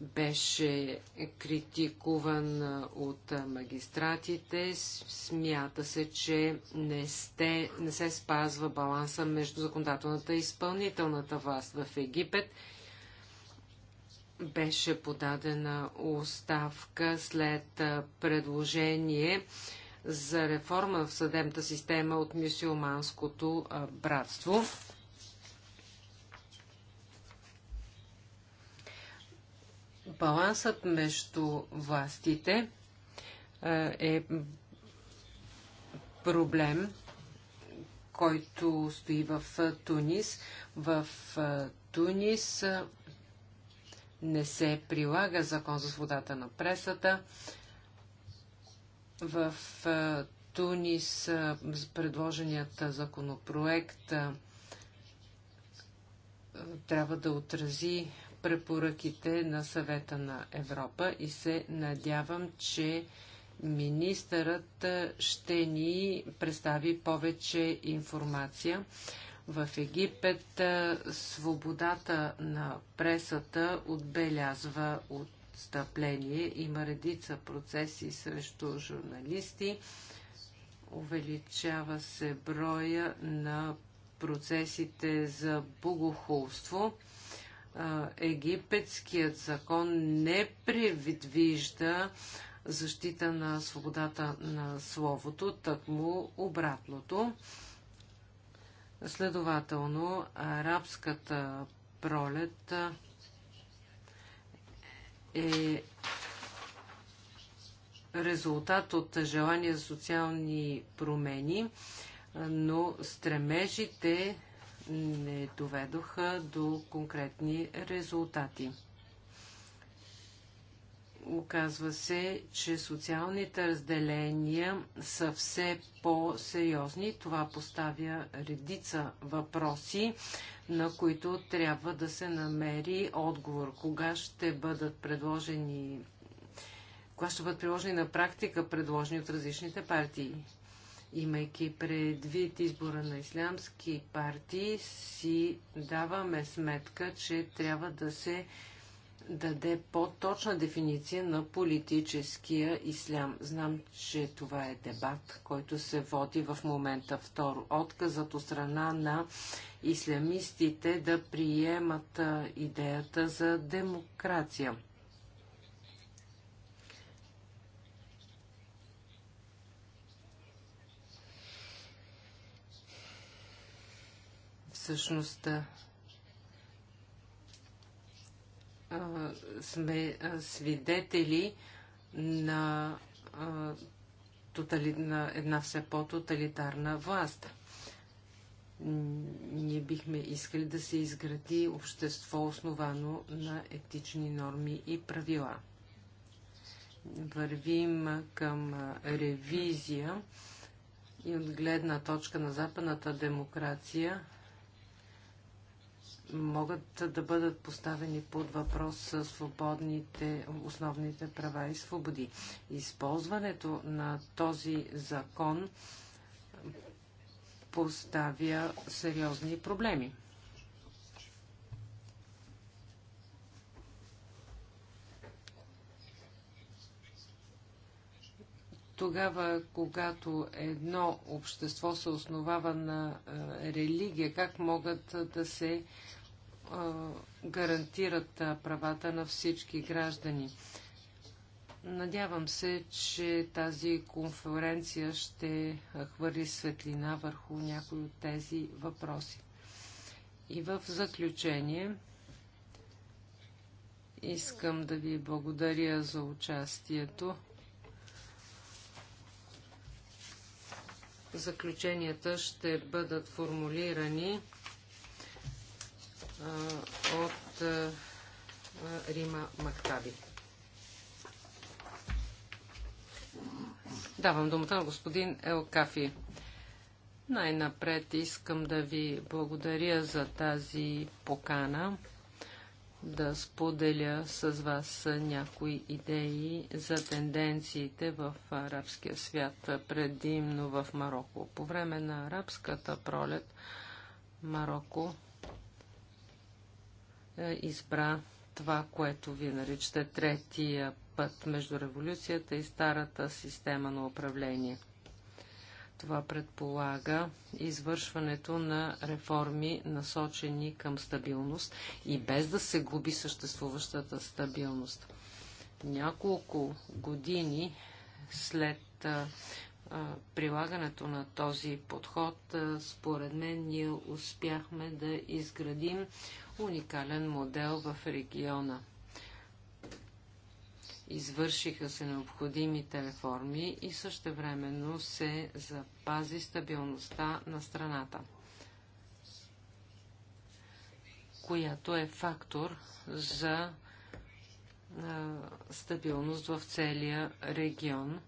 беше критикуван от магистратите. Смята се, че не, сте, не се спазва баланса между законодателната и изпълнителната власт в Египет беше подадена оставка след предложение за реформа в съдебната система от мюсюлманското братство. Балансът между властите е проблем, който стои в Тунис. В Тунис не се прилага закон за свободата на пресата. В Тунис предложеният законопроект трябва да отрази препоръките на съвета на Европа и се надявам, че министърът ще ни представи повече информация. В Египет свободата на пресата отбелязва от престъпление. Има редица процеси срещу журналисти. Увеличава се броя на процесите за богохулство. Египетският закон не предвижда защита на свободата на словото, тъкмо обратното. Следователно, арабската пролет е резултат от желания за социални промени, но стремежите не доведоха до конкретни резултати. Оказва се, че социалните разделения са все по-сериозни. Това поставя редица въпроси, на които трябва да се намери отговор. Кога ще бъдат предложени кога ще бъдат приложени на практика, предложени от различните партии. Имайки предвид избора на ислямски партии, си даваме сметка, че трябва да се даде по-точна дефиниция на политическия ислям. Знам, че това е дебат, който се води в момента. Второ, отказът от страна на ислямистите да приемат идеята за демокрация. Всъщност, сме свидетели на, тотали... на една все по-тоталитарна власт. Ние бихме искали да се изгради общество, основано на етични норми и правила. Вървим към ревизия и от гледна точка на западната демокрация могат да бъдат поставени под въпрос свободните, основните права и свободи. Използването на този закон поставя сериозни проблеми. тогава, когато едно общество се основава на е, религия, как могат да се гарантират правата на всички граждани. Надявам се, че тази конференция ще хвърли светлина върху някои от тези въпроси. И в заключение искам да ви благодаря за участието. Заключенията ще бъдат формулирани от Рима Мактаби. Давам думата на господин Ел Кафи. Най-напред искам да ви благодаря за тази покана да споделя с вас някои идеи за тенденциите в арабския свят, предимно в Марокко. По време на арабската пролет Марокко е, избра това, което вие наричате третия път между революцията и старата система на управление. Това предполага извършването на реформи, насочени към стабилност и без да се губи съществуващата стабилност. Няколко години след а, прилагането на този подход, а, според мен, ние успяхме да изградим уникален модел в региона. Извършиха се необходимите реформи и същевременно се запази стабилността на страната, която е фактор за стабилност в целия регион,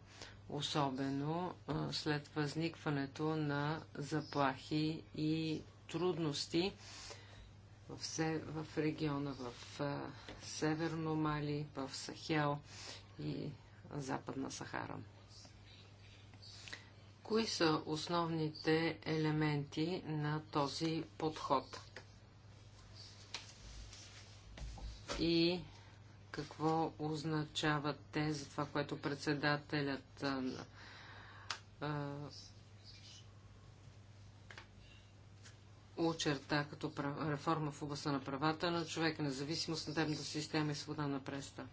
особено след възникването на заплахи и трудности в, в региона, в а, Северно Мали, в Сахел и Западна Сахара. Кои са основните елементи на този подход? И какво означават те за това, което председателят а, а, очерта като реформа в областта на правата на човека, независимост на съдебната система и свобода на преста.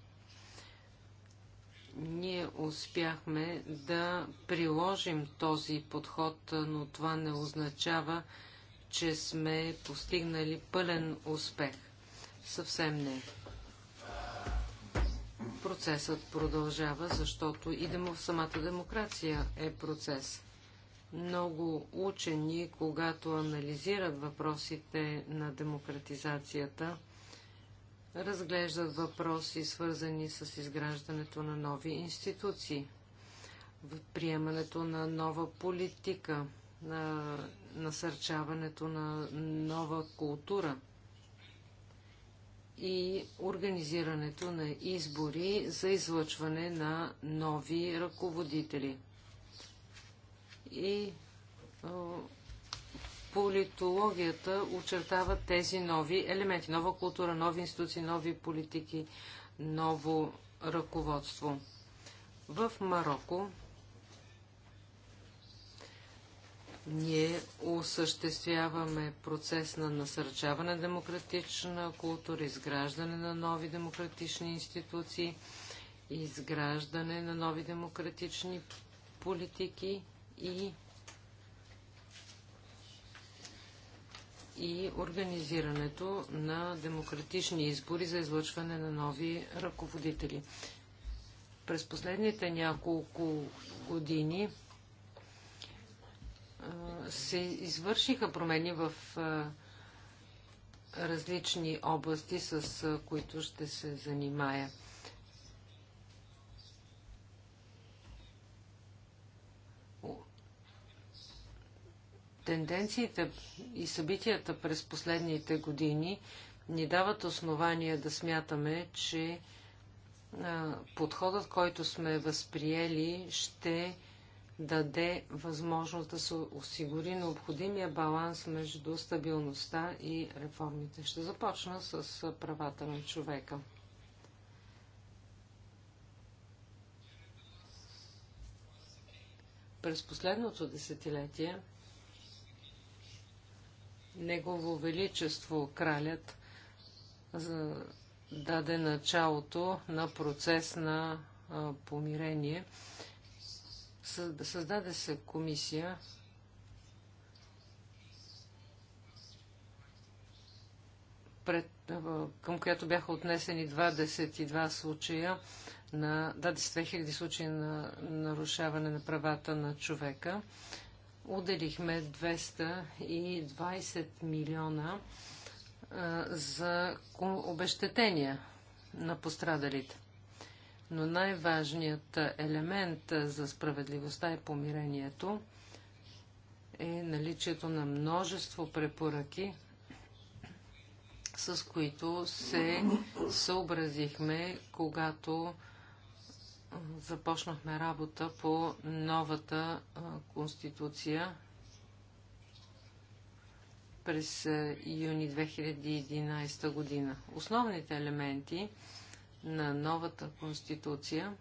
Ние успяхме да приложим този подход, но това не означава, че сме постигнали пълен успех. Съвсем не. Процесът продължава, защото и само самата демокрация е процес – много учени, когато анализират въпросите на демократизацията, разглеждат въпроси, свързани с изграждането на нови институции, приемането на нова политика, на насърчаването на нова култура и организирането на избори за излъчване на нови ръководители – и политологията очертава тези нови елементи, нова култура, нови институции, нови политики, ново ръководство. В Марокко ние осъществяваме процес на насърчаване на демократична култура, изграждане на нови демократични институции, изграждане на нови демократични политики и, и организирането на демократични избори за излъчване на нови ръководители. През последните няколко години се извършиха промени в различни области, с които ще се занимая. Тенденциите и събитията през последните години ни дават основания да смятаме, че подходът, който сме възприели, ще даде възможност да се осигури необходимия баланс между стабилността и реформите. Ще започна с правата на човека. През последното десетилетие Негово Величество Кралят даде началото на процес на помирение. Създаде се комисия, пред, към която бяха отнесени 22 случая на 22 000 случаи на нарушаване на правата на човека. Отделихме 220 милиона за обещетения на пострадалите. Но най-важният елемент за справедливостта и помирението е наличието на множество препоръки, с които се съобразихме, когато започнахме работа по новата конституция през юни 2011 година. Основните елементи на новата конституция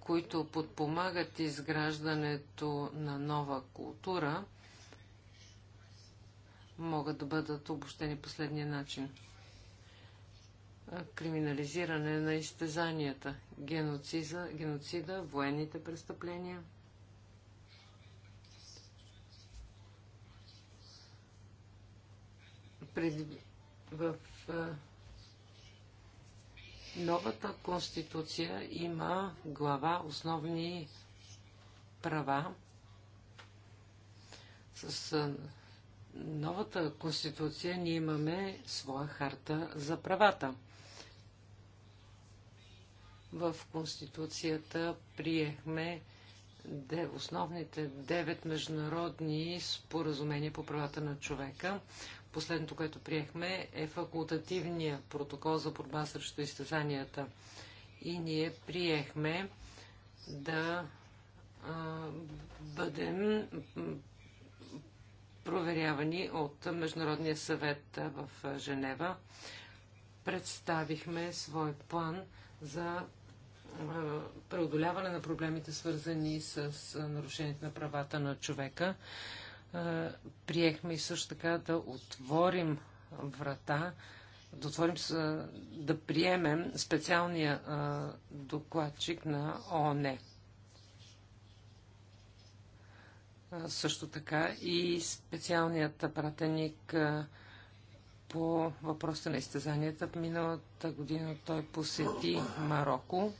които подпомагат изграждането на нова култура, могат да бъдат обобщени последния начин – криминализиране на изтезанията, геноцида, геноцида военните престъпления. Пред, в а, новата конституция има глава основни права. С новата конституция ние имаме своя харта за правата в Конституцията приехме основните девет международни споразумения по правата на човека. Последното, което приехме, е факултативния протокол за борба срещу изтезанията. И ние приехме да а, бъдем проверявани от Международния съвет в Женева. Представихме свой план за преодоляване на проблемите, свързани с нарушението на правата на човека. Приехме и също така да отворим врата, да, отворим, да приемем специалния докладчик на ООН. Също така и специалният пратеник по въпроса на изтезанията. Миналата година той посети Марокко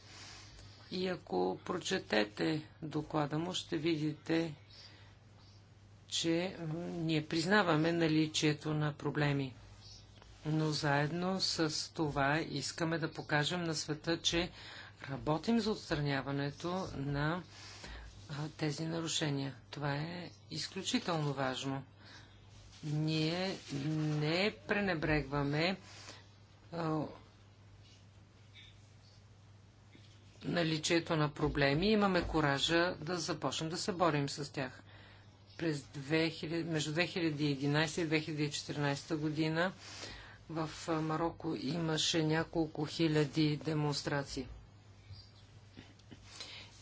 и ако прочетете доклада му, ще видите, че ние признаваме наличието на проблеми. Но заедно с това искаме да покажем на света, че работим за отстраняването на тези нарушения. Това е изключително важно. Ние не пренебрегваме наличието на проблеми, имаме коража да започнем да се борим с тях. През 2000, между 2011 и 2014 година в Марокко имаше няколко хиляди демонстрации.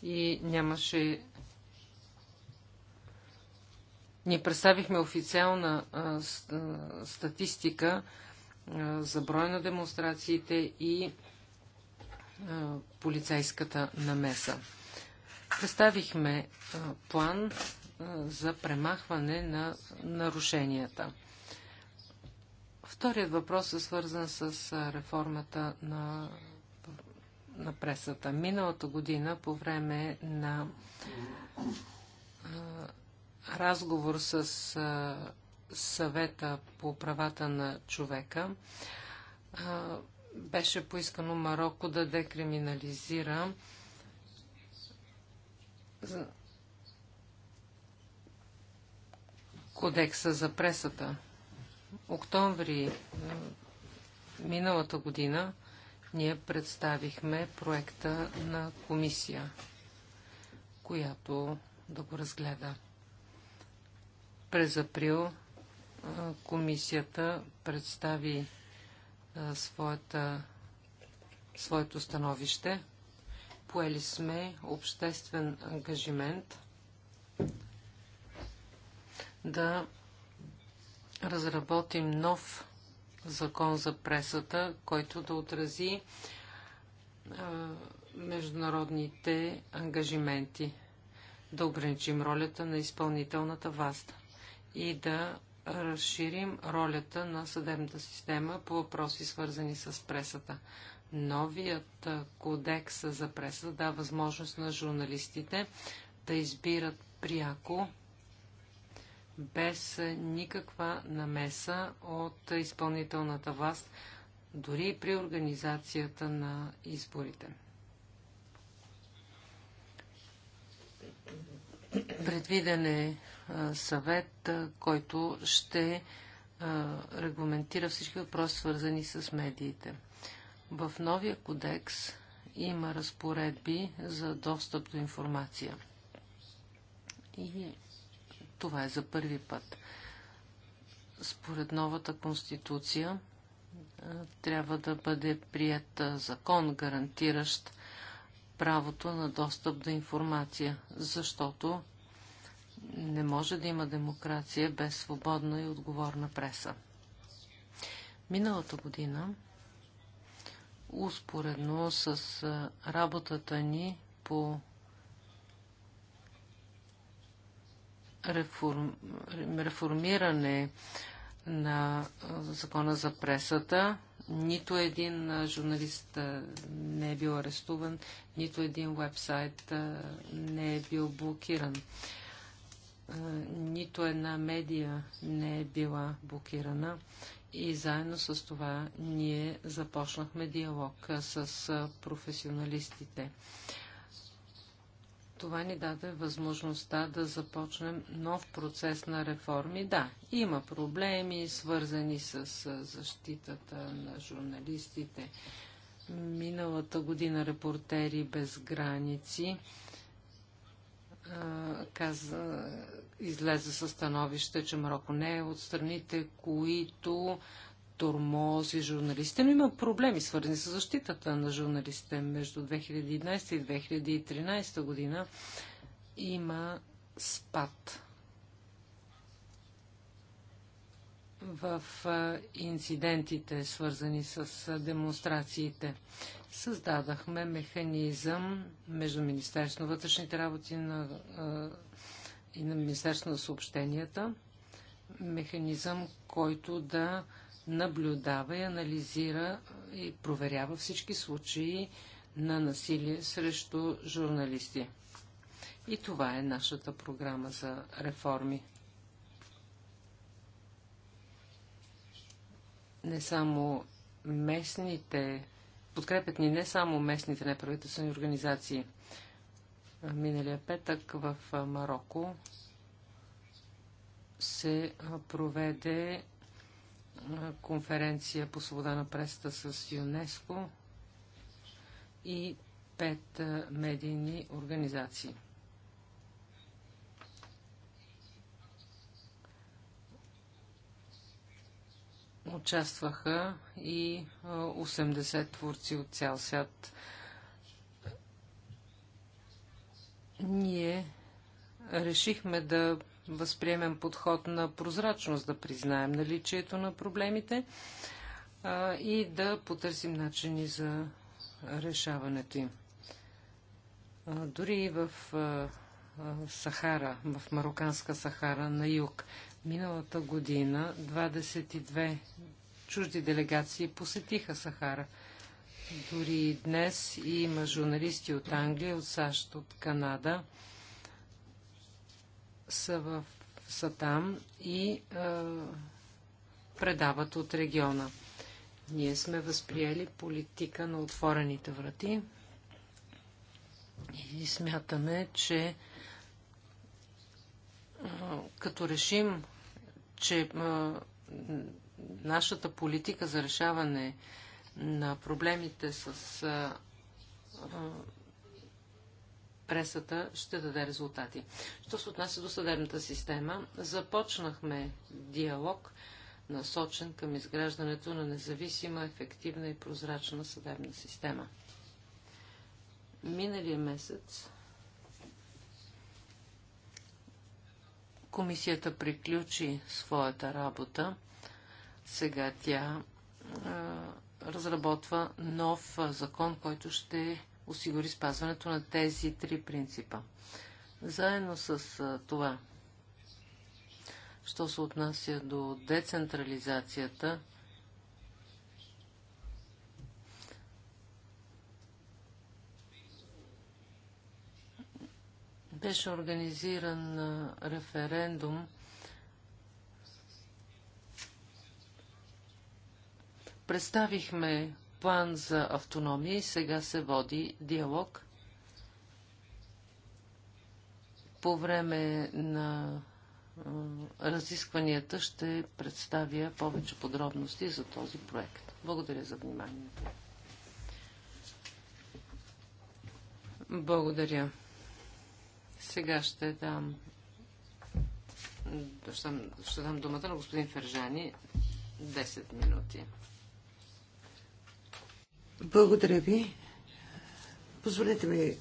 И нямаше. Ние представихме официална а, статистика а, за брой на демонстрациите и полицейската намеса. Представихме план за премахване на нарушенията. Вторият въпрос е свързан с реформата на, на пресата. Миналата година, по време на а, разговор с а, съвета по правата на човека, а, беше поискано Марокко да декриминализира кодекса за пресата. Октомври миналата година ние представихме проекта на комисия, която да го разгледа. През април комисията представи своята, своето становище. Поели сме обществен ангажимент да разработим нов закон за пресата, който да отрази а, международните ангажименти, да ограничим ролята на изпълнителната власт и да разширим ролята на съдебната система по въпроси, свързани с пресата. Новият кодекс за преса дава възможност на журналистите да избират пряко, без никаква намеса от изпълнителната власт, дори при организацията на изборите. Предвиден е съвет, който ще регламентира всички въпроси, свързани с медиите. В новия кодекс има разпоредби за достъп до информация. И това е за първи път. Според новата конституция трябва да бъде прият закон, гарантиращ правото на достъп до информация, защото не може да има демокрация без свободна и отговорна преса. Миналата година, успоредно с работата ни по реформ... реформиране на закона за пресата, нито един журналист не е бил арестуван, нито един вебсайт не е бил блокиран нито една медия не е била блокирана и заедно с това ние започнахме диалог с професионалистите. Това ни даде възможността да започнем нов процес на реформи. Да, има проблеми, свързани с защитата на журналистите. Миналата година репортери без граници каза, излезе със становище, че Марокко не е от страните, които тормози журналистите, но има проблеми, свързани с защитата на журналистите. Между 2011 и 2013 година има спад в инцидентите, свързани с демонстрациите създадахме механизъм между Министерство на вътрешните работи на, и на Министерство на съобщенията, механизъм, който да наблюдава и анализира и проверява всички случаи на насилие срещу журналисти. И това е нашата програма за реформи. Не само местните подкрепят ни не само местните неправителствени организации. Миналия петък в Марокко се проведе конференция по свобода на пресата с ЮНЕСКО и пет медийни организации. участваха и 80 творци от цял свят. Ние решихме да възприемем подход на прозрачност, да признаем наличието на проблемите и да потърсим начини за решаването им. дори и в Сахара, в Мароканска Сахара на юг, Миналата година 22 чужди делегации посетиха Сахара. Дори и днес има журналисти от Англия, от САЩ, от Канада са, в, са там и е, предават от региона. Ние сме възприели политика на отворените врати и смятаме, че като решим, че нашата политика за решаване на проблемите с пресата ще даде резултати. Що се отнася до съдебната система, започнахме диалог, насочен към изграждането на независима, ефективна и прозрачна съдебна система. Миналия месец Комисията приключи своята работа. Сега тя а, разработва нов закон, който ще осигури спазването на тези три принципа. Заедно с а, това, що се отнася до децентрализацията, Беше организиран референдум Представихме план за автономия и сега се води диалог. По време на разискванията ще представя повече подробности за този проект. Благодаря за вниманието. Благодаря. Сега ще дам, ще, ще дам думата на господин Фержани 10 минути. Благодаря ви. Позволете ми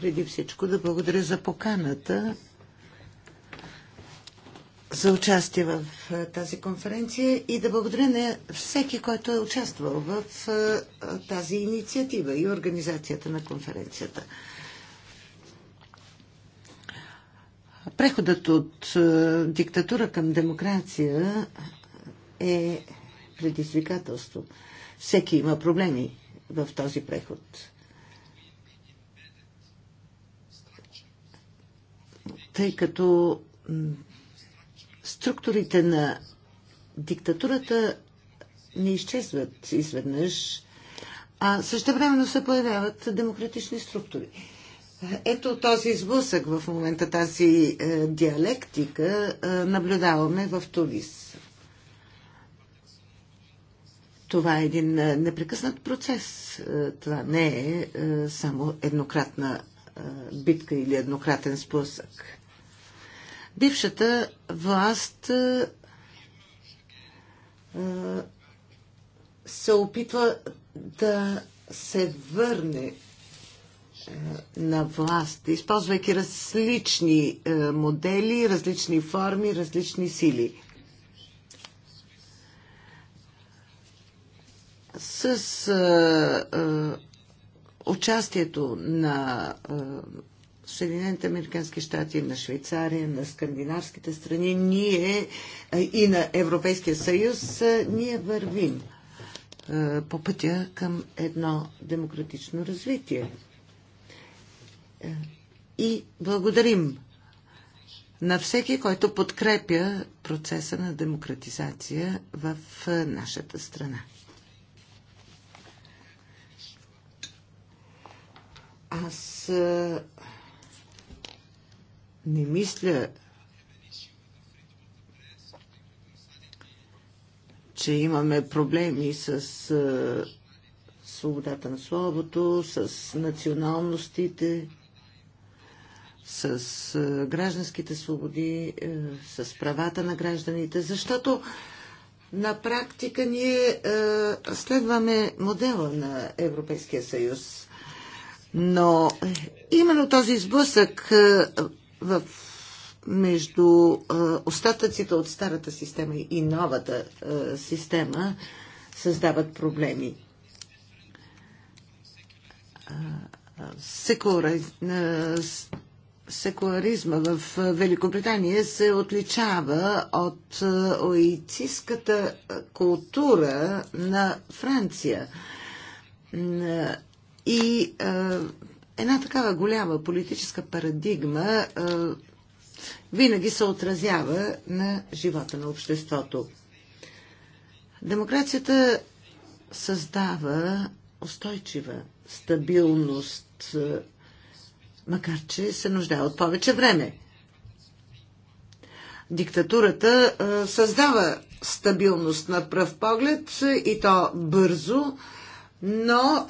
преди всичко да благодаря за поканата за участие в е, тази конференция и да благодаря на всеки, който е участвал в е, е, тази инициатива и организацията на конференцията. Преходът от е, диктатура към демокрация е предизвикателство. Всеки има проблеми в този преход. Тъй като структурите на диктатурата не изчезват изведнъж, а същевременно се появяват демократични структури. Ето този сблъсък в момента, тази е, диалектика е, наблюдаваме в Тунис. Това е един е, непрекъснат процес. Това не е само еднократна битка или еднократен сблъсък. Бившата власт се опитва да се върне е, на власт, използвайки различни е, модели, различни форми, различни сили. С а, е, а, участието на а, Съединените Американски щати, на Швейцария, на скандинавските страни, ние а, и на Европейския съюз, а, ние вървим по пътя към едно демократично развитие и благодарим на всеки, който подкрепя процеса на демократизация в е, нашата страна. Аз е, не мисля, че имаме проблеми с е, свободата на словото, с националностите с гражданските свободи, е, с правата на гражданите, защото на практика ние е, следваме модела на Европейския съюз. Но е, именно този сблъсък в между остатъците от старата система и новата система създават проблеми. Секора секуларизма в Великобритания се отличава от оицистската култура на Франция. И една такава голяма политическа парадигма винаги се отразява на живота на обществото. Демокрацията създава устойчива стабилност макар че се нуждае от повече време. Диктатурата създава стабилност на пръв поглед и то бързо, но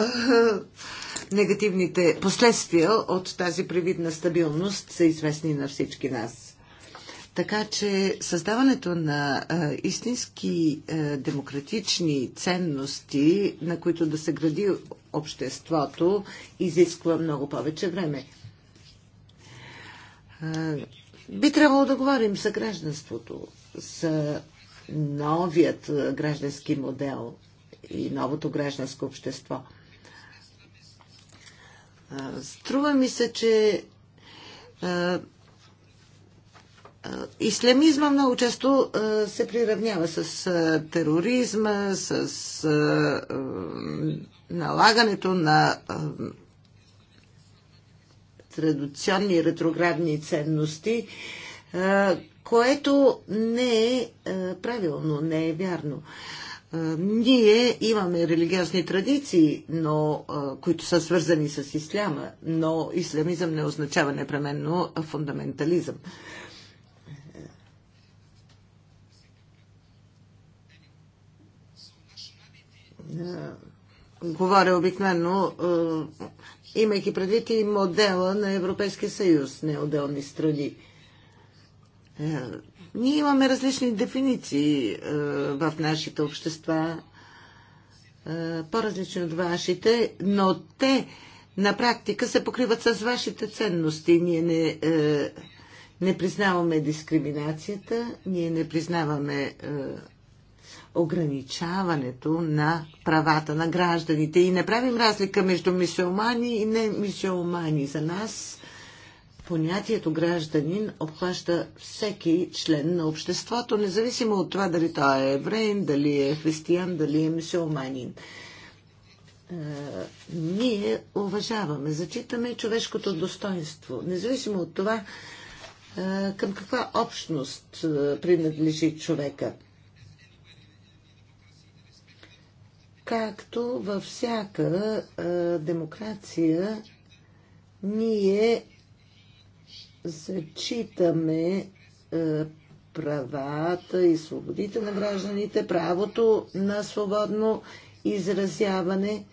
негативните последствия от тази привидна стабилност са известни на всички нас. Така че създаването на а, истински а, демократични ценности, на които да се гради обществото, изисква много повече време. Би трябвало да говорим за гражданството, за новият граждански модел и новото гражданско общество. Струва ми се, че Ислямизма много често се приравнява с тероризма, с налагането на традиционни ретроградни ценности, което не е правилно, не е вярно. Ние имаме религиозни традиции, но, които са свързани с исляма, но ислямизъм не означава непременно фундаментализъм. говоря обикновено имайки предвид и модела на Европейския съюз, не отделни страни. Е, ние имаме различни дефиниции е, в нашите общества, е, по-различни от вашите, но те на практика се покриват с вашите ценности. Ние не, не признаваме дискриминацията, ние не признаваме ограничаването на правата на гражданите. И не правим разлика между мисиомани и не мисиомани. За нас понятието гражданин обхваща всеки член на обществото, независимо от това дали той е евреин, дали е християн, дали е мисиоманин. Е, ние уважаваме, зачитаме човешкото достоинство, независимо от това е, към каква общност е, принадлежи човека – Както във всяка а, демокрация, ние зачитаме а, правата и свободите на гражданите, правото на свободно изразяване.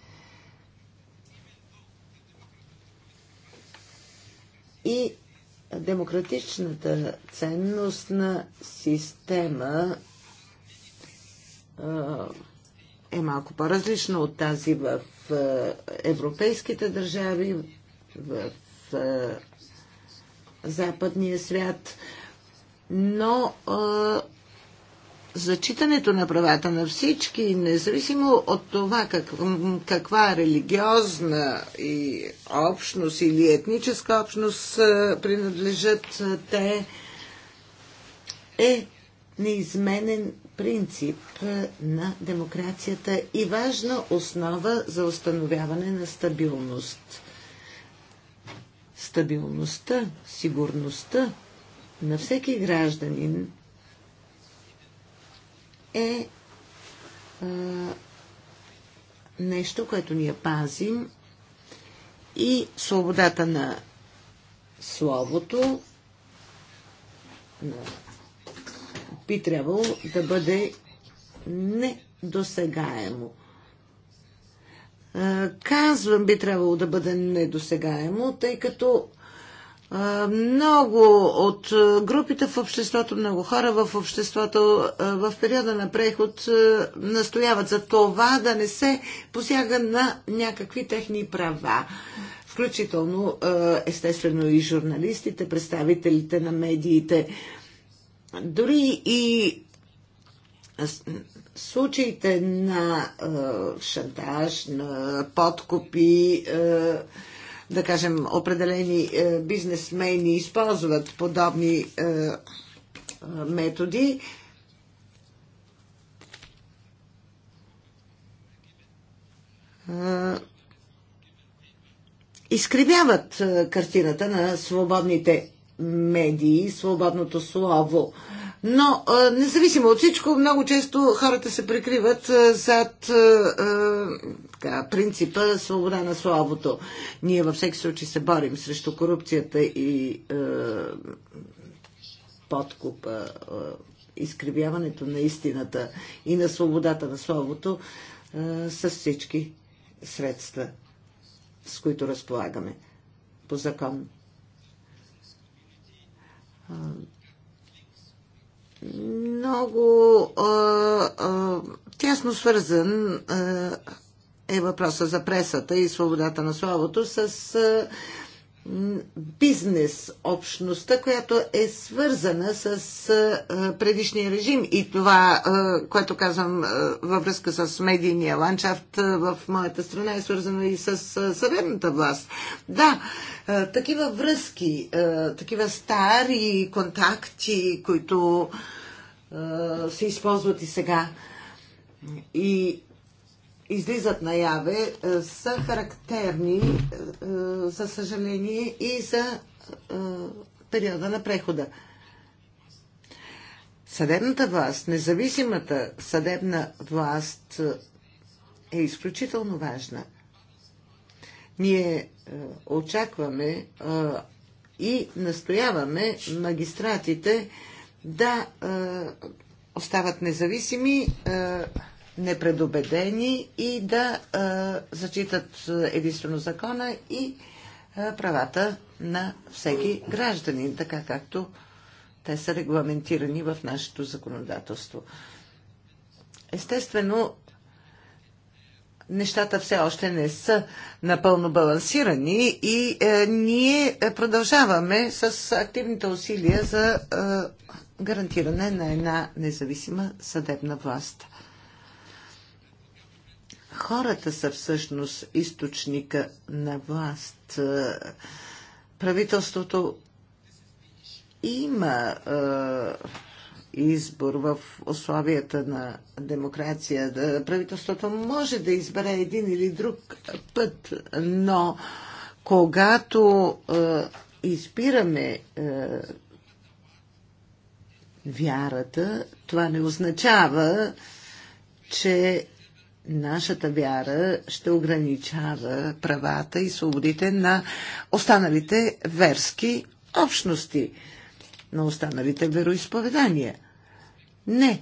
И демократичната ценностна система а, е малко по-различно от тази в е, европейските държави, в е, западния свят. Но е, зачитането на правата на всички, независимо от това как, каква религиозна и общност или етническа общност принадлежат те, е неизменен принцип е, на демокрацията и важна основа за установяване на стабилност. Стабилността, сигурността на всеки гражданин е а, е, нещо, което ние пазим и свободата на словото, на би трябвало да бъде недосегаемо. Казвам, би трябвало да бъде недосегаемо, тъй като много от групите в обществото, много хора в обществото в периода на преход настояват за това да не се посяга на някакви техни права. Включително, естествено, и журналистите, представителите на медиите. Дори и случаите на е, шантаж, на подкупи, е, да кажем, определени е, бизнесмени използват подобни е, е, методи. Е, изкривяват картината на свободните медии, свободното слово. Но, независимо от всичко, много често хората се прикриват зад така, принципа свобода на словото. Ние във всеки случай се борим срещу корупцията и подкупа, изкривяването на истината и на свободата на словото с всички средства, с които разполагаме по закон много а, а, тясно свързан а, е въпроса за пресата и свободата на словото с а, бизнес общността, която е свързана с предишния режим. И това, което казвам във връзка с медийния ландшафт в моята страна, е свързано и с съдебната власт. Да, такива връзки, такива стари контакти, които се използват и сега. И излизат наяве, е, са характерни, е, е, за съжаление, и за периода на прехода. Съдебната власт, независимата съдебна власт е изключително важна. Ние очакваме и настояваме магистратите да остават независими непредобедени и да а, зачитат единствено закона и а, правата на всеки гражданин, така както те са регламентирани в нашето законодателство. Естествено, нещата все още не са напълно балансирани и е, ние продължаваме с активните усилия за е, гарантиране на една независима съдебна власт. Хората са всъщност източника на власт. Е, правителството има е, избор в условията на демокрация. Е, правителството може да избере един или друг път, но когато е, избираме е, вярата, това не означава, че нашата вяра ще ограничава правата и свободите на останалите верски общности, на останалите вероисповедания. Не.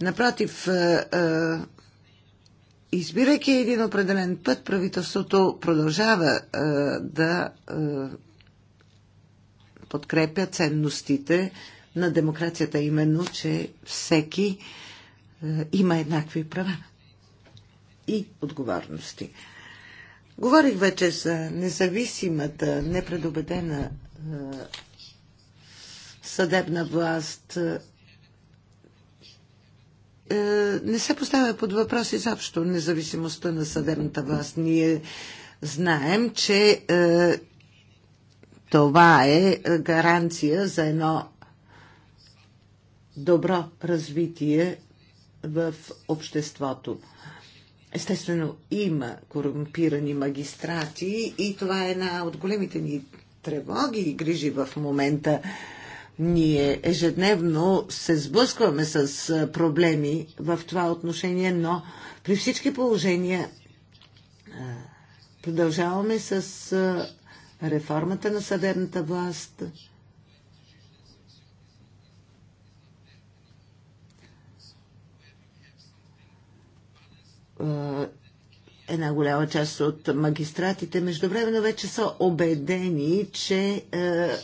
Напротив, е, е, избирайки един определен път, правителството продължава е, да подкрепя ценностите на демокрацията, именно, че всеки има еднакви права и отговорности. Говорих вече за независимата, непредобедена е, съдебна власт. Е, е, не се поставя под въпрос изобщо независимостта на съдебната власт. Ние знаем, че е, това е гаранция за едно добро развитие в обществото. Естествено, има корумпирани магистрати и това е една от големите ни тревоги и грижи в момента. Ние ежедневно се сблъскваме с проблеми в това отношение, но при всички положения продължаваме с реформата на съдебната власт – Е, една голяма част от магистратите междувременно вече са убедени, че е, е,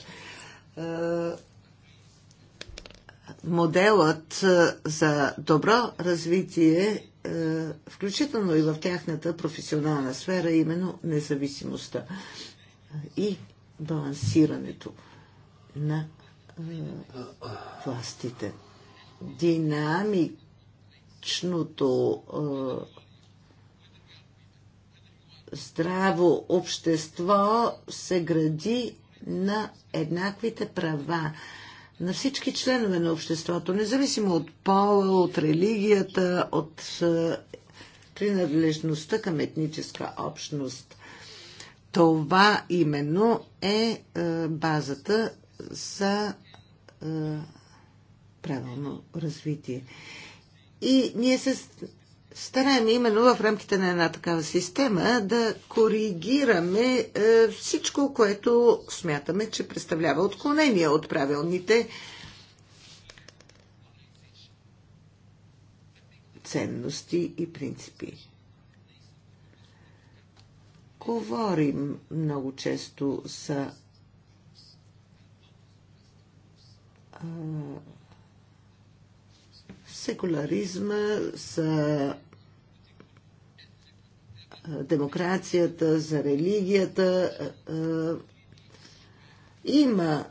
моделът за добро развитие, включително и в тяхната професионална сфера, именно независимостта и балансирането на властите. Динамичното здраво общество се гради на еднаквите права на всички членове на обществото, независимо от пола, от религията, от е, принадлежността към етническа общност. Това именно е, е базата за е, правилно развитие. И ние се стараем именно в рамките на една такава система да коригираме е, всичко, което смятаме, че представлява отклонение от правилните ценности и принципи. Говорим много често за е, секуларизма, за демокрацията, за религията. Е, е, има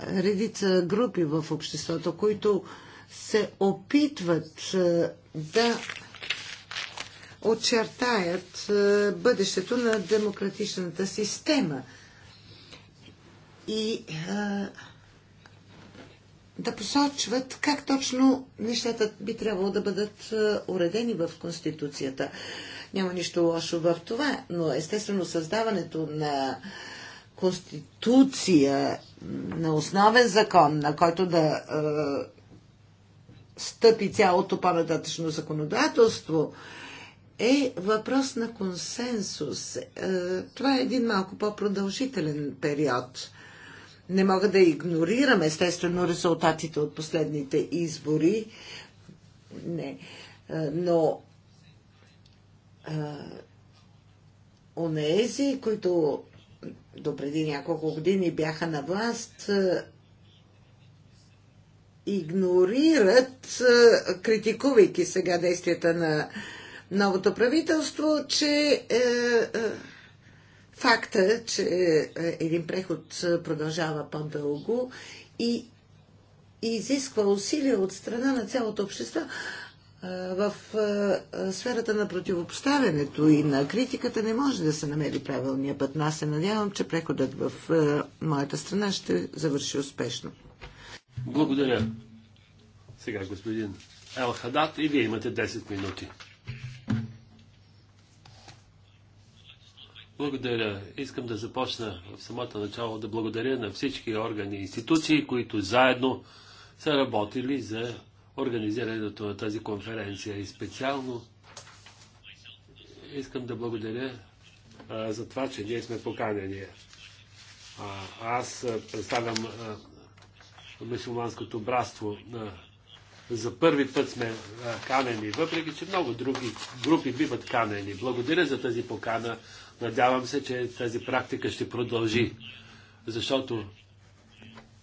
е, редица групи в обществото, които се опитват да очертаят бъдещето на демократичната система. И да посочват как точно нещата би трябвало да бъдат е, уредени в Конституцията. Няма нищо лошо в това, но естествено създаването на Конституция, на основен закон, на който да е, стъпи цялото по-нататъчно законодателство, е въпрос на консенсус. Е, това е един малко по-продължителен период не мога да игнорирам естествено резултатите от последните избори. Не. Но онези, които до преди няколко години бяха на власт, игнорират, критикувайки сега действията на новото правителство, че е, е, факта, че е, един преход е, продължава по-дълго и изисква усилия от страна на цялото общество е, в сферата на противопоставянето и на критиката не може да се намери правилния път. Но аз се надявам, че преходът в моята страна ще завърши успешно. Благодаря. Сега господин Елхадат и вие имате 10 минути. Благодаря. Искам да започна в самото начало да благодаря на всички органи и институции, които заедно са работили за организирането на тази конференция. И специално искам да благодаря а, за това, че ние сме поканени. А, аз представям мусулманското братство. на за първи път сме а, канени, въпреки че много други групи биват канени. Благодаря за тази покана. Надявам се, че тази практика ще продължи, защото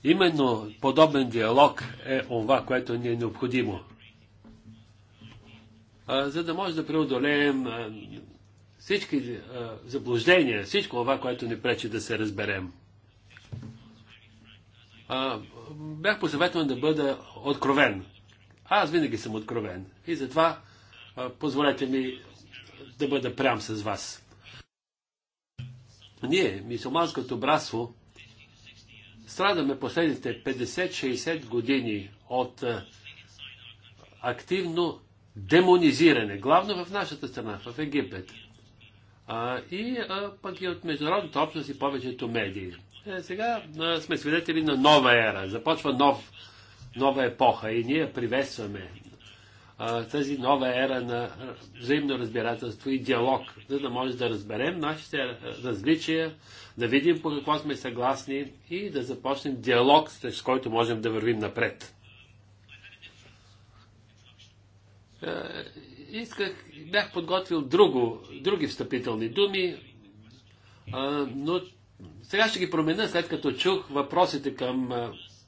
именно подобен диалог е това, което ни е необходимо. За да може да преодолеем всички заблуждения, всичко това, което ни пречи да се разберем. Бях посъветван да бъда откровен. Аз винаги съм откровен. И затова позволете ми да бъда прям с вас. Ние, мисулманското братство, страдаме последните 50-60 години от е, активно демонизиране, главно в нашата страна, в Египет. А, и а, пък и от международната общност и повечето медии. Е, сега а, сме свидетели на нова ера. Започва нов, нова епоха и ние приветстваме тази нова ера на взаимно разбирателство и диалог, за да може да разберем нашите различия, да видим по какво сме съгласни и да започнем диалог, с който можем да вървим напред. Е, исках, бях подготвил друго, други встъпителни думи, но сега ще ги променя, след като чух въпросите към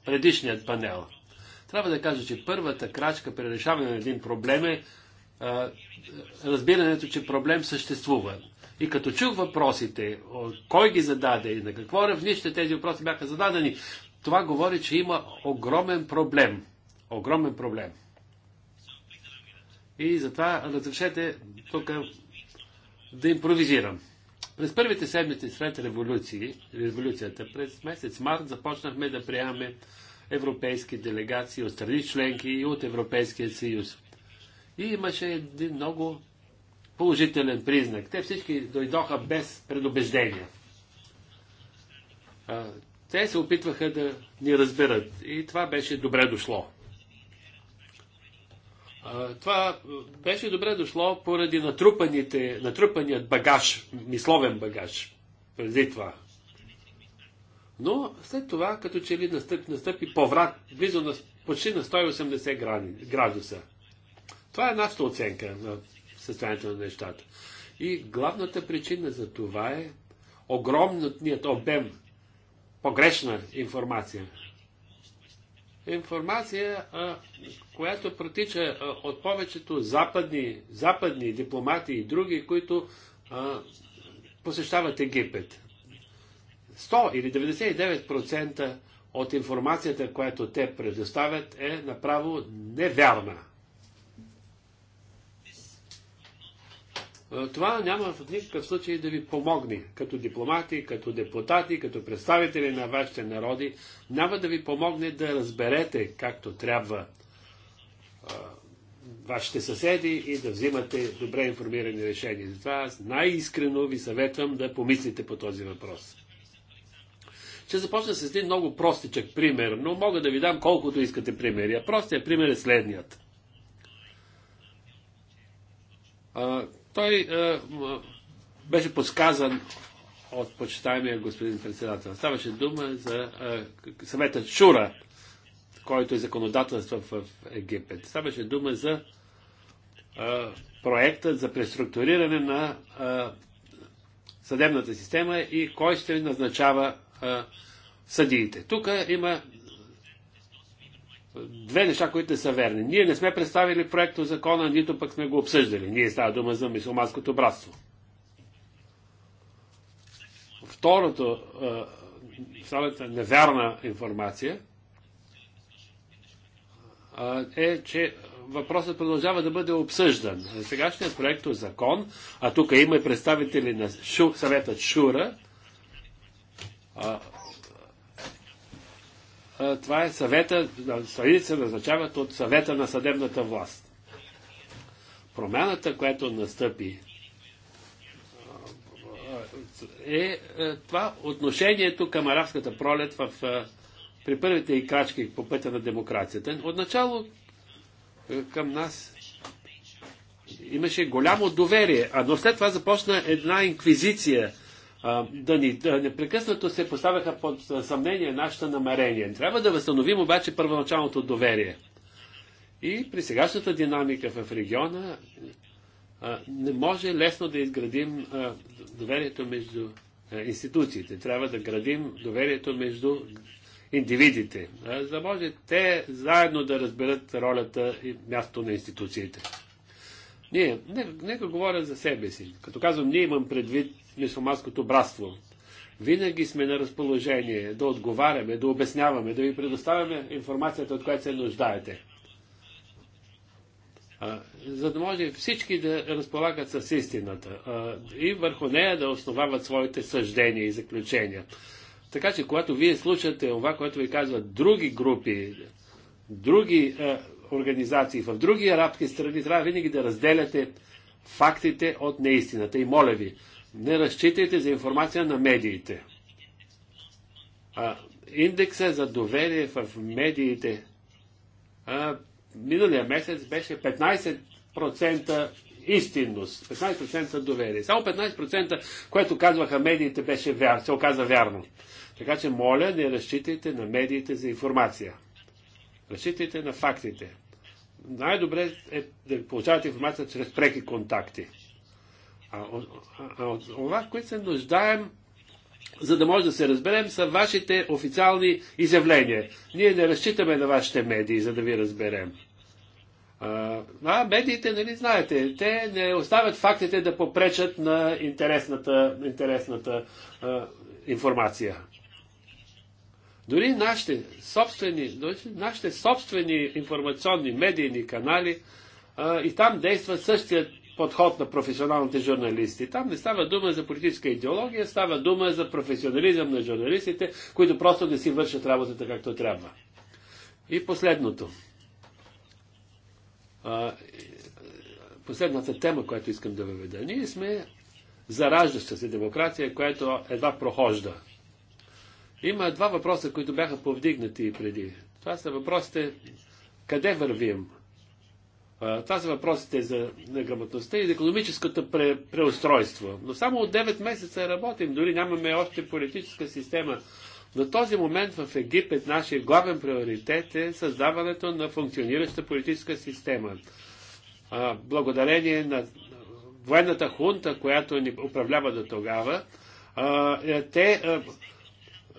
предишният панел. Трябва да кажа, че първата крачка при решаване на един проблем е а, разбирането, че проблем съществува. И като чух въпросите, кой ги зададе и на какво равнище тези въпроси бяха зададени, това говори, че има огромен проблем. Огромен проблем. И затова разрешете тук да импровизирам. През първите седмици след революции, революцията, през месец март започнахме да приемаме европейски делегации от страни членки и от Европейския съюз. И имаше един много положителен признак. Те всички дойдоха без предубеждения. Те се опитваха да ни разберат. И това беше добре дошло. Това беше добре дошло поради натрупаният багаж, мисловен багаж преди това. Но след това, като че ли настъпи, настъпи поврат близо на, почти на 180 градуса. Това е нашата оценка на състоянието на нещата. И главната причина за това е огромният обем погрешна информация. Информация, която протича от повечето западни, западни дипломати и други, които посещават Египет. 100 или 99% от информацията, която те предоставят, е направо невярна. Е, това няма в никакъв случай да ви помогне. Като дипломати, като депутати, като представители на вашите народи, няма да ви помогне да разберете както трябва е, вашите съседи и да взимате добре информирани решения. Затова аз най-искрено ви съветвам да помислите по този въпрос. Ще започна с един много простичък пример, но мога да ви дам колкото искате примери. А простият пример е следният. А, той а, беше подсказан от почитаемия господин председател. Ставаше дума за а, съвета Шура, който е законодателство в Египет. Ставаше дума за а, проекта за преструктуриране на а, съдебната система и кой ще назначава а, съдиите. Тук има две неща, които не са верни. Ние не сме представили проекто закона, нито пък сме го обсъждали. Ние става дума за мисулманското братство. Второто, втората невярна информация а, е, че въпросът продължава да бъде обсъждан. Сегашният проекто закон, а тук има и представители на шу, съветът Шура, това е съвета, съдите се назначават от съвета на съдебната власт. Промяната, която настъпи, е, е това отношението към арабската пролет в, при първите и крачки по пътя на демокрацията. Отначало е, към нас имаше голямо доверие, а но след това започна една инквизиция – да ни да непрекъснато се поставяха под съмнение нашите намерения. Трябва да възстановим обаче първоначалното доверие. И при сегашната динамика в региона не може лесно да изградим доверието между институциите. Трябва да градим доверието между индивидите, за да може те заедно да разберат ролята и мястото на институциите. Ние, нека, нека говоря за себе си. Като казвам, ние имам предвид Мисломанското братство. Винаги сме на разположение да отговаряме, да обясняваме, да ви предоставяме информацията, от която се нуждаете. А, за да може всички да разполагат с истината а, и върху нея да основават своите съждения и заключения. Така че, когато вие слушате това, което ви казват други групи, други а, организации в други арабски страни, трябва винаги да разделяте фактите от неистината. И моля ви, не разчитайте за информация на медиите. А, индекса за доверие в медиите а, миналия месец беше 15% истинност, 15% доверие. Само 15%, което казваха медиите, беше вяр, се оказа вярно. Така че, моля, не разчитайте на медиите за информация. Разчитайте на фактите. Най-добре е да получавате информация чрез преки контакти от това, което се нуждаем, за да може да се разберем, са вашите официални изявления. Ние не разчитаме на вашите медии, за да ви разберем. А, а медиите, нали знаете, те не оставят фактите да попречат на интересната, интересната а, информация. Дори нашите собствени, нашите собствени информационни медийни канали а, и там действа същият подход на професионалните журналисти. Там не става дума за политическа идеология, става дума за професионализъм на журналистите, които просто не си вършат работата както трябва. И последното. Последната тема, която искам да въведа. Ние сме зараждаща се демокрация, която едва прохожда. Има два въпроса, които бяха повдигнати и преди. Това са въпросите къде вървим, това са въпросите за неграмотността и за економическото пре, преустройство. Но само от 9 месеца работим, дори нямаме още политическа система. На този момент в Египет нашия главен приоритет е създаването на функционираща политическа система. А, благодарение на военната хунта, която ни управлява до тогава, а, е, те а,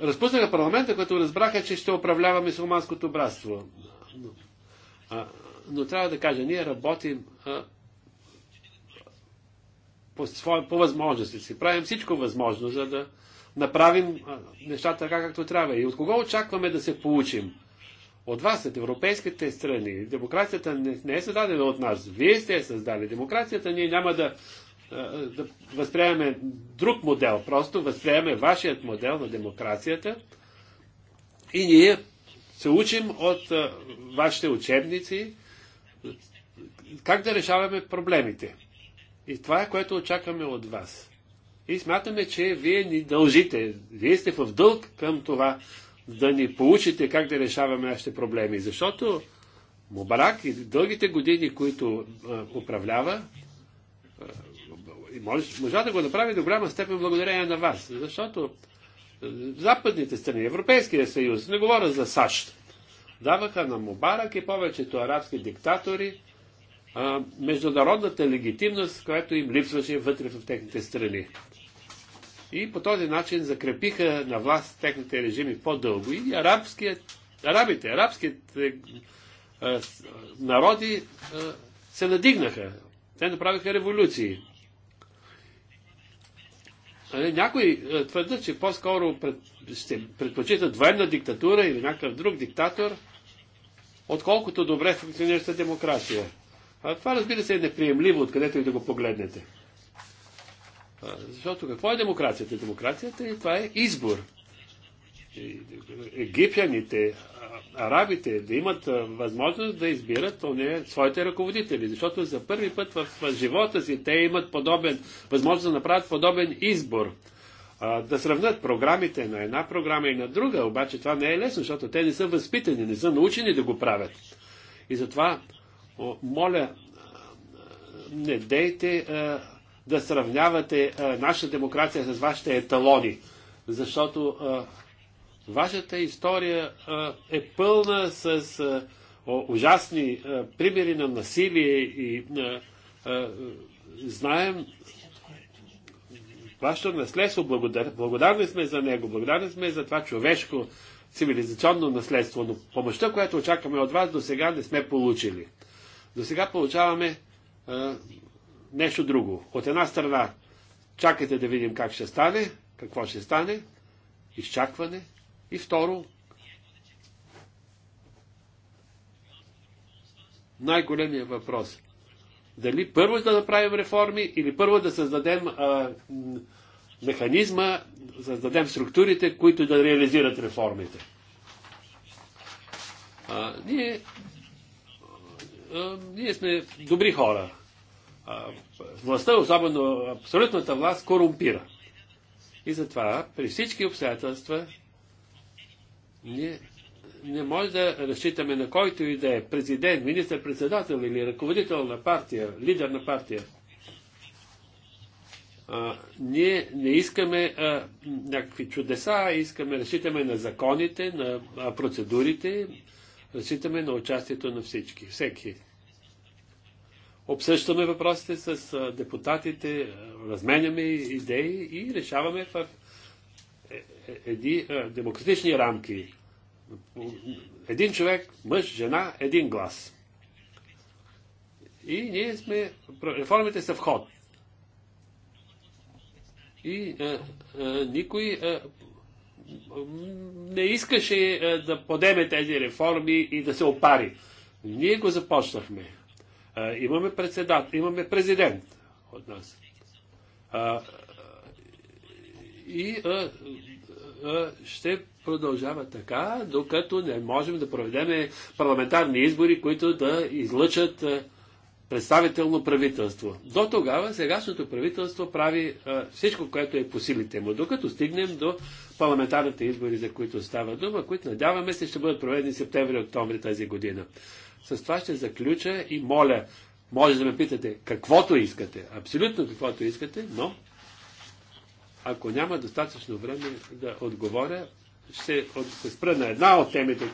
разпуснаха парламента, като разбраха, че ще управлява мисулманското братство. А, но трябва да кажа, ние работим а, по, своя, по възможности си. Правим всичко възможно, за да направим а, нещата така, както трябва. И от кого очакваме да се получим? От вас, от европейските страни. Демокрацията не, не е създадена от нас. Вие сте я създали. Демокрацията ние няма да, да възприемаме друг модел. Просто възприемаме вашият модел на демокрацията и ние се учим от а, вашите учебници, как да решаваме проблемите. И това е което очакваме от вас. И смятаме, че вие ни дължите. Вие сте в дълг към това да ни получите как да решаваме нашите проблеми. Защото Мубарак и дългите години, които а, управлява, а, и може, да го направи до голяма степен благодарение на вас. Защото западните страни, Европейския съюз, не говоря за САЩ, даваха на Мубарак и повечето арабски диктатори а, международната легитимност, която им липсваше вътре в техните страни. И по този начин закрепиха на власт техните режими по-дълго. И арабският, арабите, арабският а, народи а, се надигнаха. Те направиха революции. Е, някои е, твърдят, че по-скоро пред, ще предпочитат военна диктатура или някакъв друг диктатор, отколкото добре функционираща демокрация. А това разбира се е неприемливо, откъдето и да го погледнете. А, защото какво е демокрацията? Демокрацията и е, това е избор. Египтяните, арабите да имат възможност да избират не, своите ръководители, защото за първи път в, в живота си те имат подобен, възможност да направят подобен избор. А, да сравнат програмите на една програма и на друга, обаче това не е лесно, защото те не са възпитани, не са научени да го правят. И затова, о, моля, не дейте а, да сравнявате а, наша демокрация с вашите еталони, защото а, Вашата история а, е пълна с а, о, ужасни а, примери на насилие и а, а, знаем вашето наследство. Благодар, благодарни сме за него, благодарни сме за това човешко цивилизационно наследство, но помощта, която очакваме от вас, до сега не сме получили. До сега получаваме а, нещо друго. От една страна, чакайте да видим как ще стане, какво ще стане, изчакване, и второ, най-големия въпрос. Дали първо да направим реформи или първо да създадем а, механизма, създадем структурите, които да реализират реформите. А, ние, а, ние сме добри хора. А, властта, особено абсолютната власт, корумпира. И затова при всички обстоятелства ние не може да разчитаме на който и да е президент, министър-председател или ръководител на партия, лидер на партия. А, ние не искаме а, някакви чудеса, искаме, разчитаме на законите, на а, процедурите, разчитаме на участието на всички, всеки. Обсъждаме въпросите с а, депутатите, разменяме идеи и решаваме в едни е, демократични рамки. Един човек, мъж, жена, един глас. И ние сме, реформите са вход. И е, е, никой е, не искаше е, да подеме тези реформи и да се опари. Ние го започнахме. Е, имаме председател, имаме президент от нас. и ще продължава така, докато не можем да проведем парламентарни избори, които да излъчат представително правителство. До тогава сегашното правителство прави всичко, което е по силите му, докато стигнем до парламентарните избори, за които става дума, които надяваме се ще бъдат проведени септември-октомври тази година. С това ще заключа и моля, може да ме питате каквото искате, абсолютно каквото искате, но ако няма достатъчно време да отговоря, ще се спра на една от темите,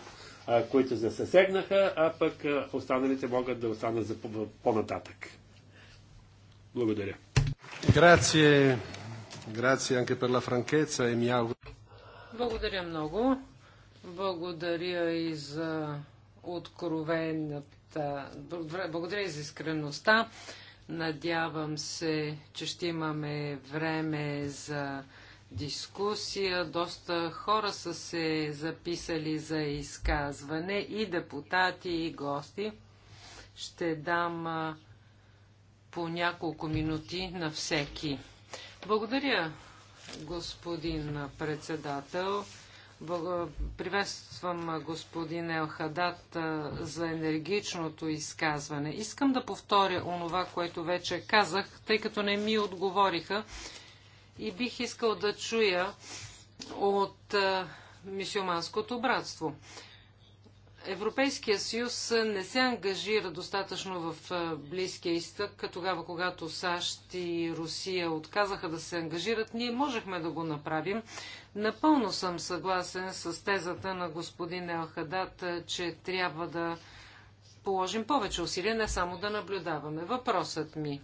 които се засегнаха, а пък останалите могат да останат за по-нататък. Благодаря. E благодаря много. Благодаря и за откровената. Благодаря и за искреността. Надявам се, че ще имаме време за дискусия. Доста хора са се записали за изказване и депутати, и гости. Ще дам по няколко минути на всеки. Благодаря, господин председател. Приветствам господин Елхадат за енергичното изказване. Искам да повторя онова, което вече казах, тъй като не ми отговориха и бих искал да чуя от мисиоманското братство. Европейския съюз не се ангажира достатъчно в Близкия като тогава когато САЩ и Русия отказаха да се ангажират, ние можехме да го направим, Напълно съм съгласен с тезата на господин Елхадат, е, че трябва да положим повече усилия, не само да наблюдаваме. Въпросът ми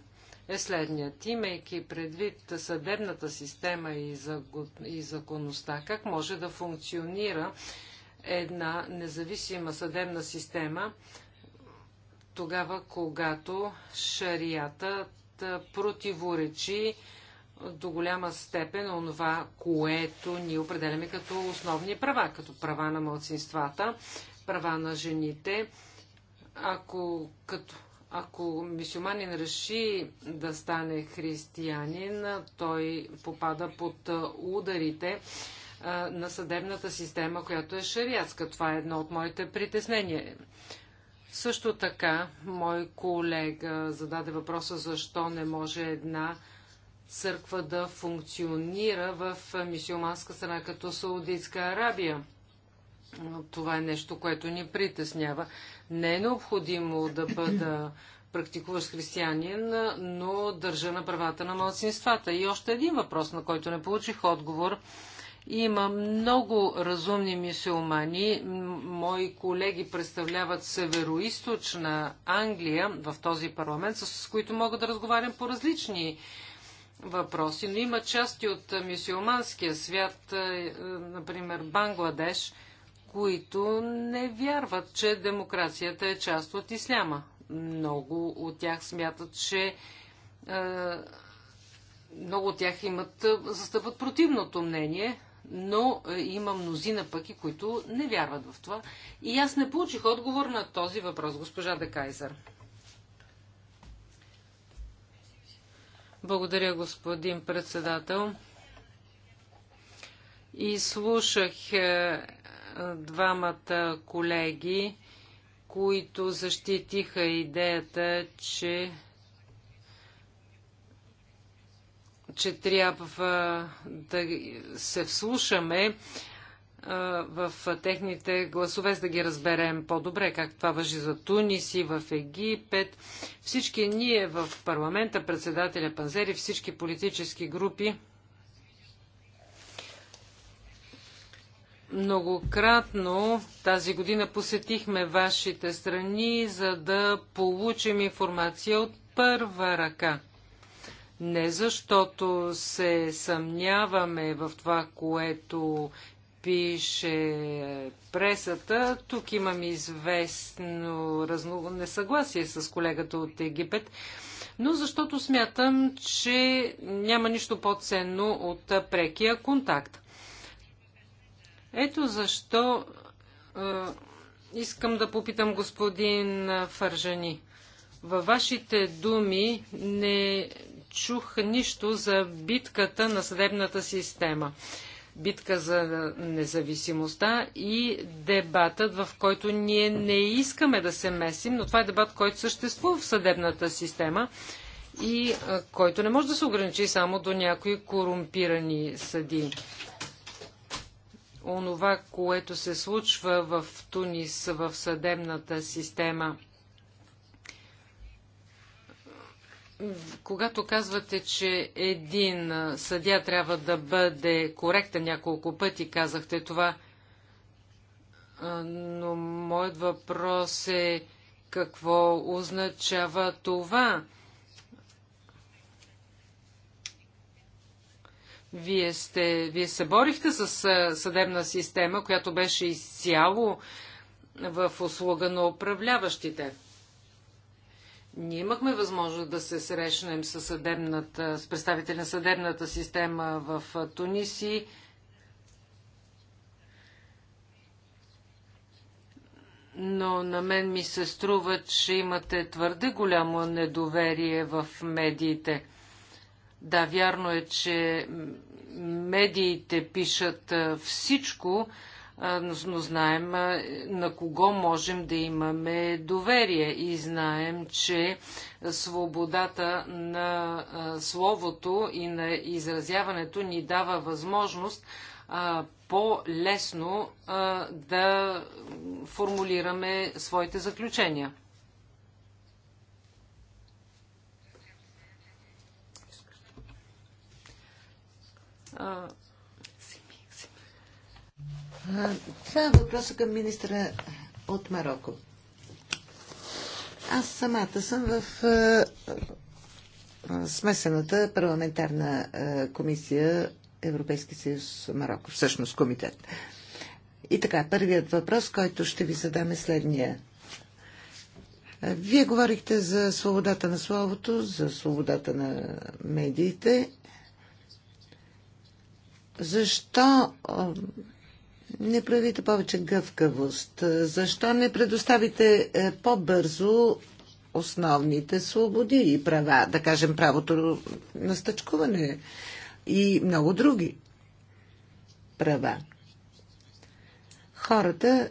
е следният. Имайки предвид съдебната система и, и законността, как може да функционира една независима съдебна система, тогава, когато шарията е, противоречи до голяма степен онова, което ние определяме като основни права, като права на младсинствата, права на жените. Ако, като, ако мисюманин реши да стане християнин, той попада под ударите на съдебната система, която е шариатска. Това е едно от моите притеснения. Също така, мой колега зададе въпроса защо не може една църква да функционира в мисиоманска страна като Саудитска Арабия. Това е нещо, което ни притеснява. Не е необходимо да бъда практикуваш християнин, но държа на правата на младсинствата. И още един въпрос, на който не получих отговор. Има много разумни мисиомани. Мои колеги представляват североисточна Англия в този парламент, с които мога да разговарям по различни въпроси, но има части от мюсюлманския свят, е, например Бангладеш, които не вярват, че демокрацията е част от исляма. Много от тях смятат, че е, много от тях имат, е, застъпват противното мнение, но има мнозина пък и които не вярват в това. И аз не получих отговор на този въпрос, госпожа Декайзър. Благодаря, господин председател. И слушах е, двамата колеги, които защитиха идеята, че че трябва да се вслушаме в техните гласове, за да ги разберем по-добре, как това въжи за Тунис и в Египет. Всички ние в парламента, председателя Панзери, всички политически групи Многократно тази година посетихме вашите страни, за да получим информация от първа ръка. Не защото се съмняваме в това, което пише пресата. Тук имам известно разно... несъгласие с колегата от Египет, но защото смятам, че няма нищо по-ценно от прекия контакт. Ето защо е, искам да попитам господин Фържани. Във вашите думи не чух нищо за битката на съдебната система битка за независимостта и дебатът, в който ние не искаме да се месим, но това е дебат, който съществува в съдебната система и който не може да се ограничи само до някои корумпирани съди. Онова, което се случва в Тунис в съдебната система – когато казвате, че един съдя трябва да бъде коректен, няколко пъти казахте това, но моят въпрос е какво означава това? Вие, сте, вие се борихте с съдебна система, която беше изцяло в услуга на управляващите. Ние имахме възможност да се срещнем с, съдебната, с представители на съдебната система в Туниси. но на мен ми се струва, че имате твърде голямо недоверие в медиите. Да, вярно е, че медиите пишат всичко, но, знаем на кого можем да имаме доверие и знаем, че свободата на словото и на изразяването ни дава възможност по-лесно да формулираме своите заключения. Uh... Това е въпросът към министра от Марокко. Аз самата съм в смесената парламентарна комисия Европейски съюз Марокко, всъщност комитет. И така, първият въпрос, който ще ви задаме е следния. Вие говорихте за свободата на словото, за свободата на медиите. Защо не проявите повече гъвкавост? Защо не предоставите е, по-бързо основните свободи и права, да кажем правото на стъчкуване и много други права? Хората,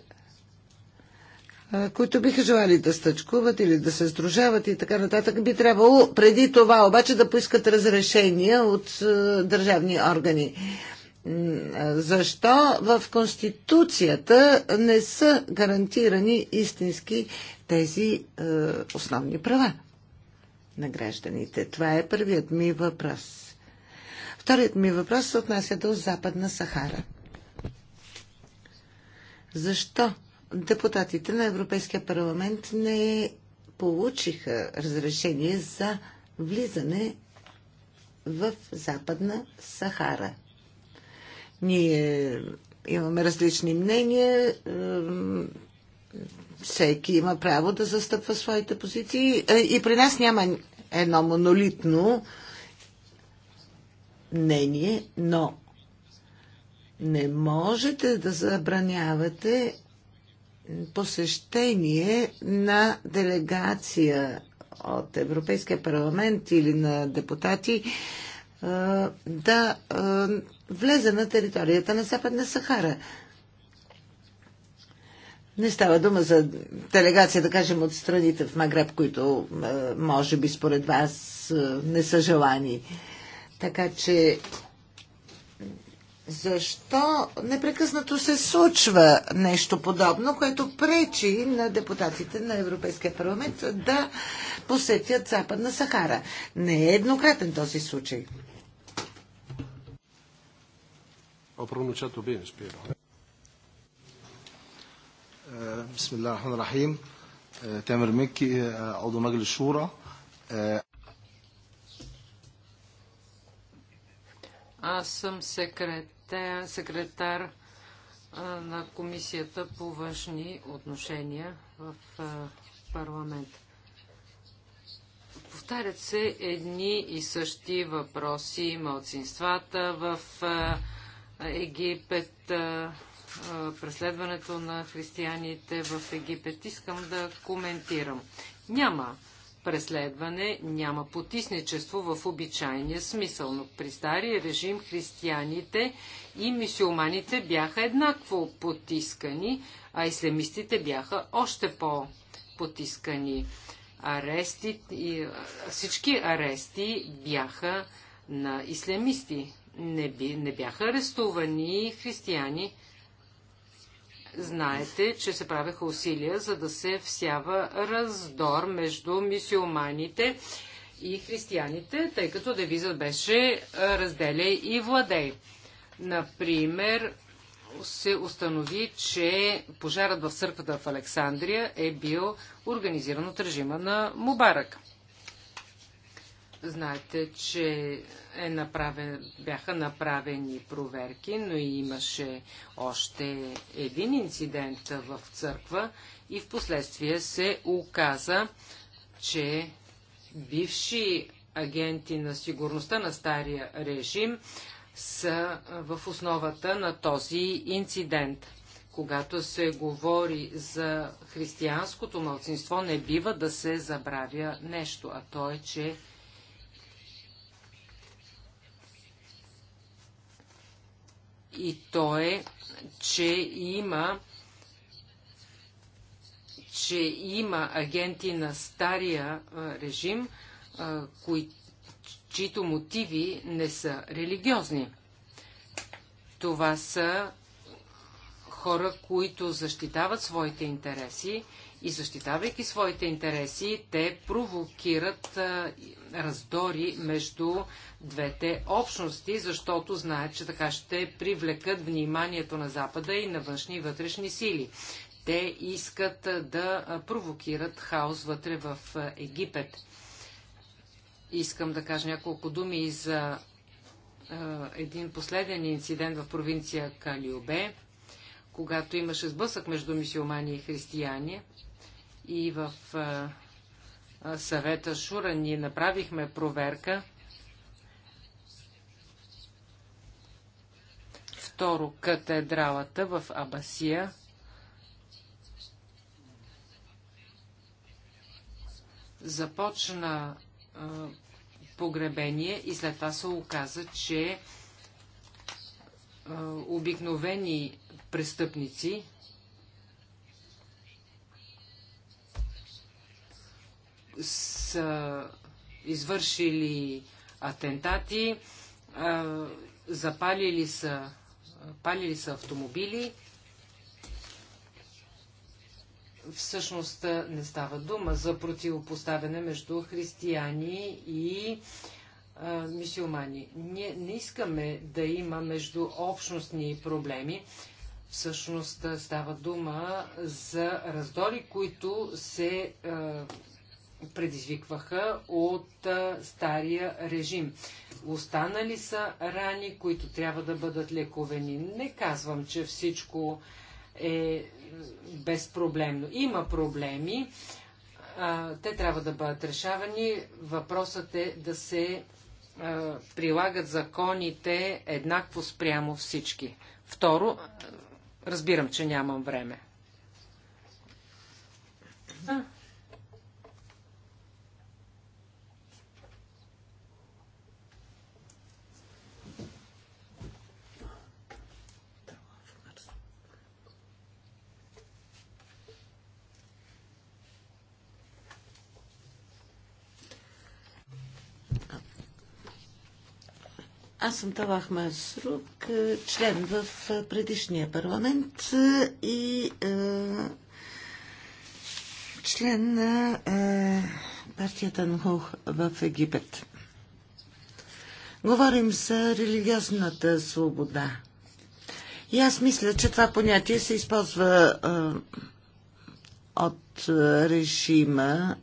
е, които биха желали да стъчкуват или да се сдружават и така нататък, би трябвало преди това обаче да поискат разрешения от е, държавни органи. Защо в Конституцията не са гарантирани истински тези е, основни права на гражданите? Това е първият ми въпрос. Вторият ми въпрос се отнася до Западна Сахара. Защо депутатите на Европейския парламент не получиха разрешение за влизане в Западна Сахара? Ние имаме различни мнения. Всеки има право да застъпва своите позиции. Е, и при нас няма едно монолитно мнение, но не можете да забранявате посещение на делегация от Европейския парламент или на депутати да влезе на територията на Западна Сахара. Не става дума за делегация, да кажем, от страните в Магреб, които може би според вас не са желани. Така че защо непрекъснато се случва нещо подобно, което пречи на депутатите на Европейския парламент да посетят Западна Сахара? Не е еднократен този случай. Е, е, е, Аз съм секрет секретар на Комисията по външни отношения в парламент. Повтарят се едни и същи въпроси. Малцинствата в Египет, преследването на християните в Египет. Искам да коментирам. Няма преследване, няма потисничество в обичайния смисъл, но при стария режим християните и мисюлманите бяха еднакво потискани, а ислямистите бяха още по-потискани. Арести, и, всички арести бяха на ислямисти. Не, би, не бяха арестувани християни, Знаете, че се правеха усилия, за да се всява раздор между мисиоманите и християните, тъй като девизът беше разделяй и владей. Например, се установи, че пожарът в църквата в Александрия е бил организиран от режима на Мубарак. Знаете, че е направен, бяха направени проверки, но имаше още един инцидент в църква и в последствие се оказа, че бивши агенти на сигурността на стария режим са в основата на този инцидент. Когато се говори за християнското мълцинство, не бива да се забравя нещо, а то е, че и то е, че има че има агенти на стария режим, кои, чието мотиви не са религиозни. Това са хора, които защитават своите интереси и защитавайки своите интереси, те провокират раздори между двете общности, защото знаят, че така ще привлекат вниманието на Запада и на външни и вътрешни сили. Те искат да провокират хаос вътре в Египет. Искам да кажа няколко думи за един последен инцидент в провинция Калиобе, когато имаше сблъсък между мисиомани и християни и в съвета Шура ние направихме проверка. Второ, катедралата в Абасия. Започна а, погребение и след това се оказа, че а, обикновени престъпници, са извършили атентати, а, запалили са, палили са автомобили. Всъщност не става дума за противопоставяне между християни и а, мисиомани. Ние не искаме да има между общностни проблеми. Всъщност става дума за раздори, които се а, предизвикваха от а, стария режим. Останали са рани, които трябва да бъдат лековени. Не казвам, че всичко е безпроблемно. Има проблеми, а, те трябва да бъдат решавани. Въпросът е да се а, прилагат законите еднакво спрямо всички. Второ, разбирам, че нямам време. Аз съм Талах Масрук, е, член в е, предишния парламент е, и е, член на е, партията Нхух в Египет. Говорим за религиозната свобода. И аз мисля, че това понятие се използва е, от режима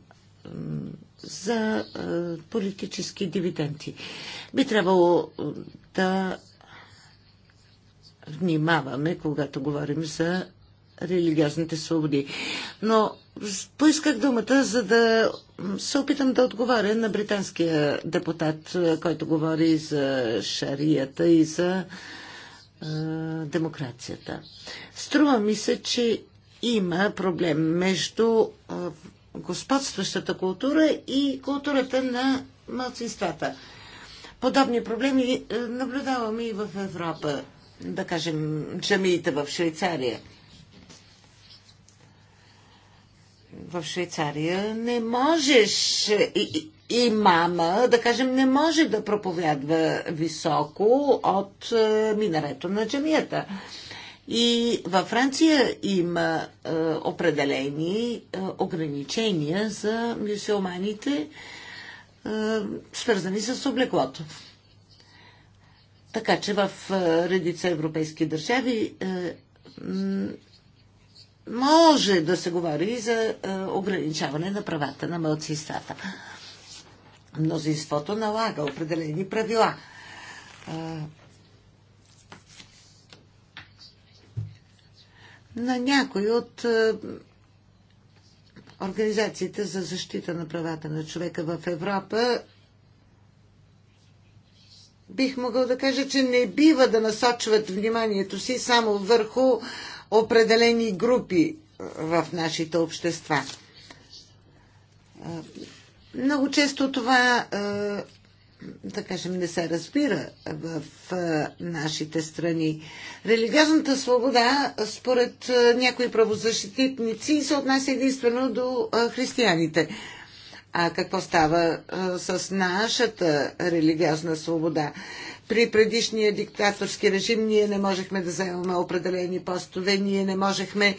за е, политически дивиденти. Би трябвало е, да внимаваме, когато говорим за религиозните свободи. Но поисках думата, за да се опитам да отговаря на британския депутат, е, който говори за шарията и за е, демокрацията. Струва ми се, че има проблем между господстващата култура и културата на младсинствата. Подобни проблеми е, наблюдаваме и в Европа, да кажем, джамиите в Швейцария. В Швейцария не можеш е, и, и мама, да кажем, не може да проповядва високо от е, минарето на джамията. И във Франция има е, определени е, ограничения за мюсюлманите, е, свързани с облеклото. Така че в е, редица европейски държави е, може да се говори и за е, ограничаване на правата на мълцинствата. Мнозинството налага определени правила. Е, на някои от е, Организацията за защита на правата на човека в Европа, бих могъл да кажа, че не бива да насочват вниманието си само върху определени групи е, в нашите общества. Е, много често това да кажем, не се разбира в нашите страни. Религиозната свобода, според някои правозащитници, се отнася единствено до християните. А какво става с нашата религиозна свобода? При предишния диктаторски режим ние не можехме да заемаме определени постове, ние не можехме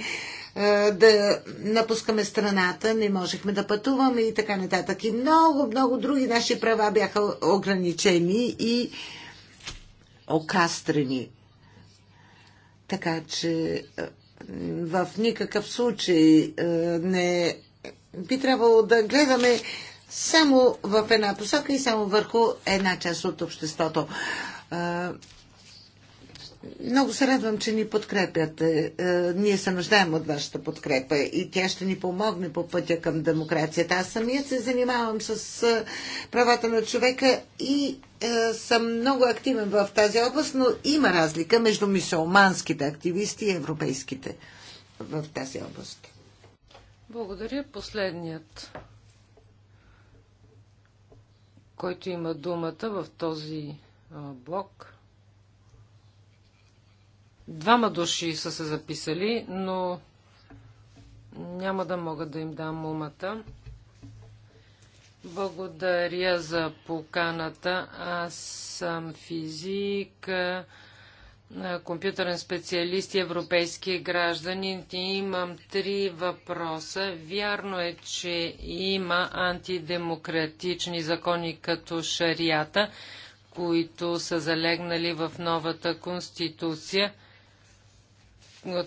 е, да напускаме страната, не можехме да пътуваме и така нататък. И много, много други наши права бяха ограничени и окастрени. Така че е, в никакъв случай е, не би трябвало да гледаме само в една посока и само върху една част от обществото. Много се радвам, че ни подкрепяте. Е, ние се нуждаем от вашата подкрепа и тя ще ни помогне по пътя към демокрацията. Аз самия се занимавам с е, правата на човека и е, съм много активен в тази област, но има разлика между мисулманските активисти и европейските в тази област. Благодаря. Последният, който има думата в този блок Двама души са се записали, но няма да мога да им дам умата. Благодаря за поканата. Аз съм физик, компютърен специалист и европейски гражданин. имам три въпроса. Вярно е, че има антидемократични закони като шарията, които са залегнали в новата конституция –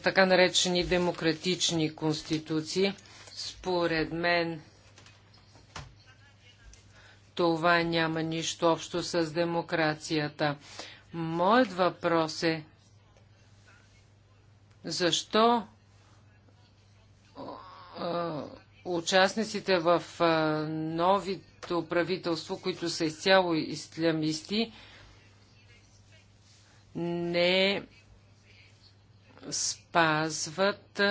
така наречени демократични конституции. Според мен това няма нищо общо с демокрацията. Моят въпрос е, защо участниците в новито правителство, които са изцяло ислямисти, не спазват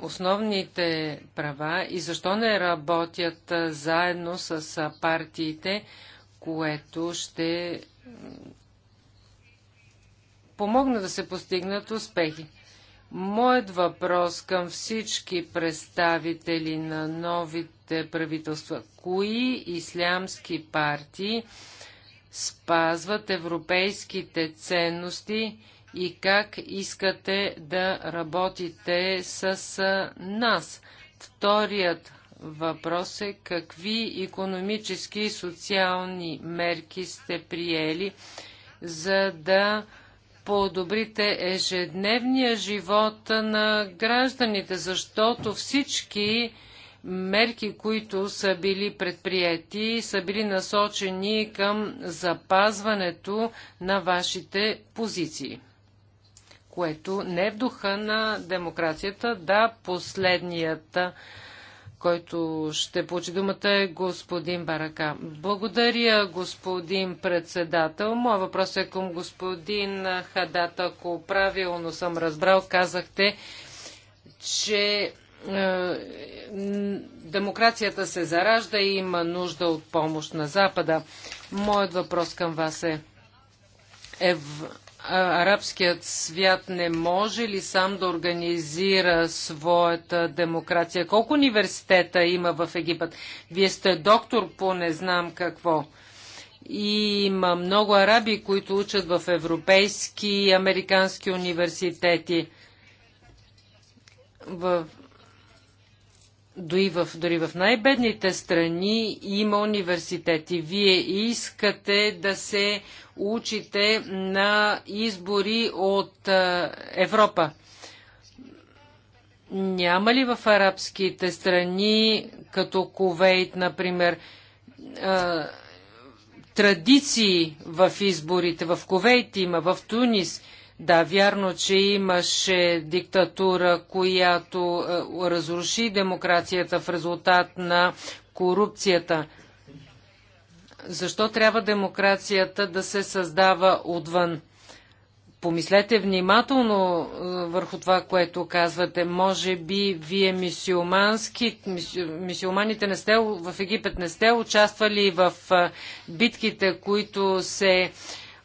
основните права и защо не работят заедно с партиите, което ще помогна да се постигнат успехи. Моят въпрос към всички представители на новите правителства. Кои ислямски партии спазват европейските ценности и как искате да работите с нас. Вторият въпрос е какви економически и социални мерки сте приели, за да подобрите ежедневния живот на гражданите, защото всички мерки, които са били предприяти, са били насочени към запазването на вашите позиции, което не е в духа на демокрацията. Да, последният, който ще получи думата е господин Барака. Благодаря, господин председател. Моя въпрос е към господин Хадат. Ако правилно съм разбрал, казахте, че е, демокрацията се заражда и има нужда от помощ на Запада. Моят въпрос към вас е, ев, е, арабският свят не може ли сам да организира своята демокрация? Колко университета има в Египет? Вие сте доктор по не знам какво. И има много араби, които учат в европейски и американски университети. В дори в, дори в най-бедните страни има университети. Вие искате да се учите на избори от Европа. Няма ли в арабските страни, като Кувейт, например, традиции в изборите? В Кувейт има, в Тунис – да, вярно, че имаше диктатура, която е, разруши демокрацията в резултат на корупцията. Защо трябва демокрацията да се създава отвън? Помислете внимателно е, върху това, което казвате. Може би вие мисиомански, мисиоманите не сте, в Египет не сте участвали в е, битките, които се,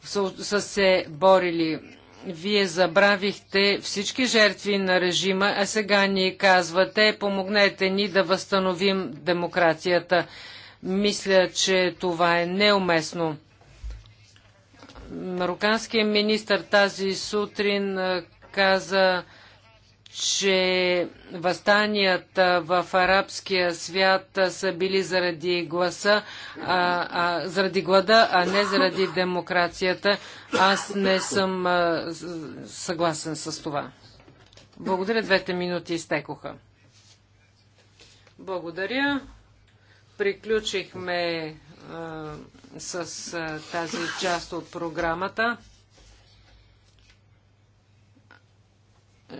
са, се борили. Вие забравихте всички жертви на режима, а сега ни казвате, помогнете ни да възстановим демокрацията. Мисля, че това е неуместно. Мароканският министр тази сутрин каза, че възстанията в арабския свят са били заради гласа, а, а, заради глада, а не заради демокрацията. Аз не съм а, съгласен с това. Благодаря, двете минути изтекоха. Благодаря. Приключихме а, с а, тази част от програмата.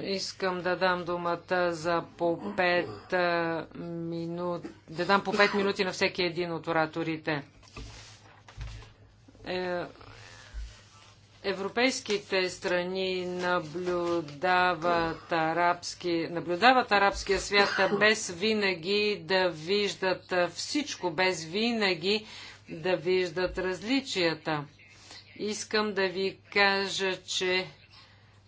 Искам да дам думата за по 5 минути, да дам по 5 минути на всеки един от ораторите. Е, европейските страни наблюдават, арабски, наблюдават арабския свят без винаги да виждат всичко, без винаги да виждат различията. Искам да ви кажа, че